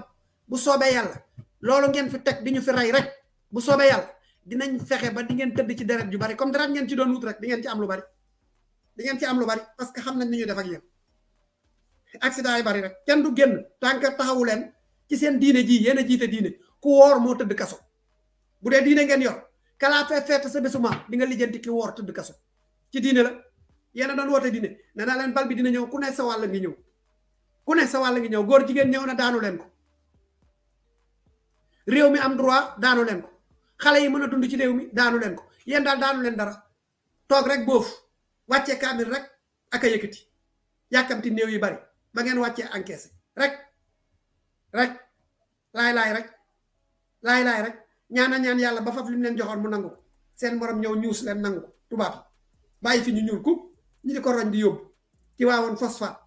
bu sobe yalla lolu ngeen fi tek di fi ray rek bu sobe yalla dinañ fexé ba di ngeen tëdd ci deret ju bari comme deret ngeen ci doon wut rek di ngeen ci am lu bari di ngeen ci am lu bari parce que xam nañ ni ñu def ak yeen accident yi bari rek kenn du génn tant que taxawu leen ci seen diine ji yéen a jiite diine ku woor moo tëdd kaso bu dee diine ngeen yor kala fee feete sa bésu di nga lijeenti ki woor tëdd kaso ci diine la yéen a doon woote diine nee leen bal bi dina ñëw ku ne sa wàll ngi ñëw ku ne sa wàll ngi ñëw góor jigéen ñëw na daanu leen ko réew mi am droit daanu leen ko xale yi mën a dund ci réew mi daanu leen ko yéen daal daanu leen dara toog rek boofu wàccee kaamil rek ak a yëkkati yàkkamti néew yi bari ba ngeen wàccee encaissé rek rek laay laay rek laay laay rek ñaana ñaan yàlla ba faf li mu leen joxoon mu nangu ko seen morom ñëw ñuus leen nangu ko tubaab bàyyi fi ñu ñuul ku ñu di ko roñ di yóbbu ci waawoon phosphate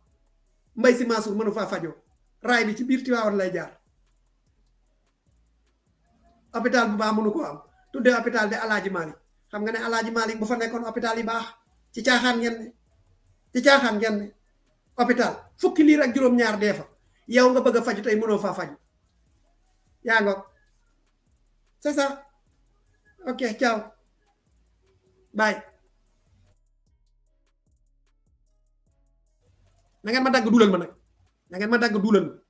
mbay si maasur mënu faa fajoo raay bi ci biir ci waawoon lay jaar hôpital bu baax mënu ko am tuddé hôpital de alaaji malik xam nga né alaaji malik bu fa nekkoon hôpital yi baax ci tiaxan ngeen ci tiaxan ngeen hôpital fukki ak juroom ñaar defa nga bëgg faju faju c'est ça ok ciao bye na ngeen ma dagg duulal ma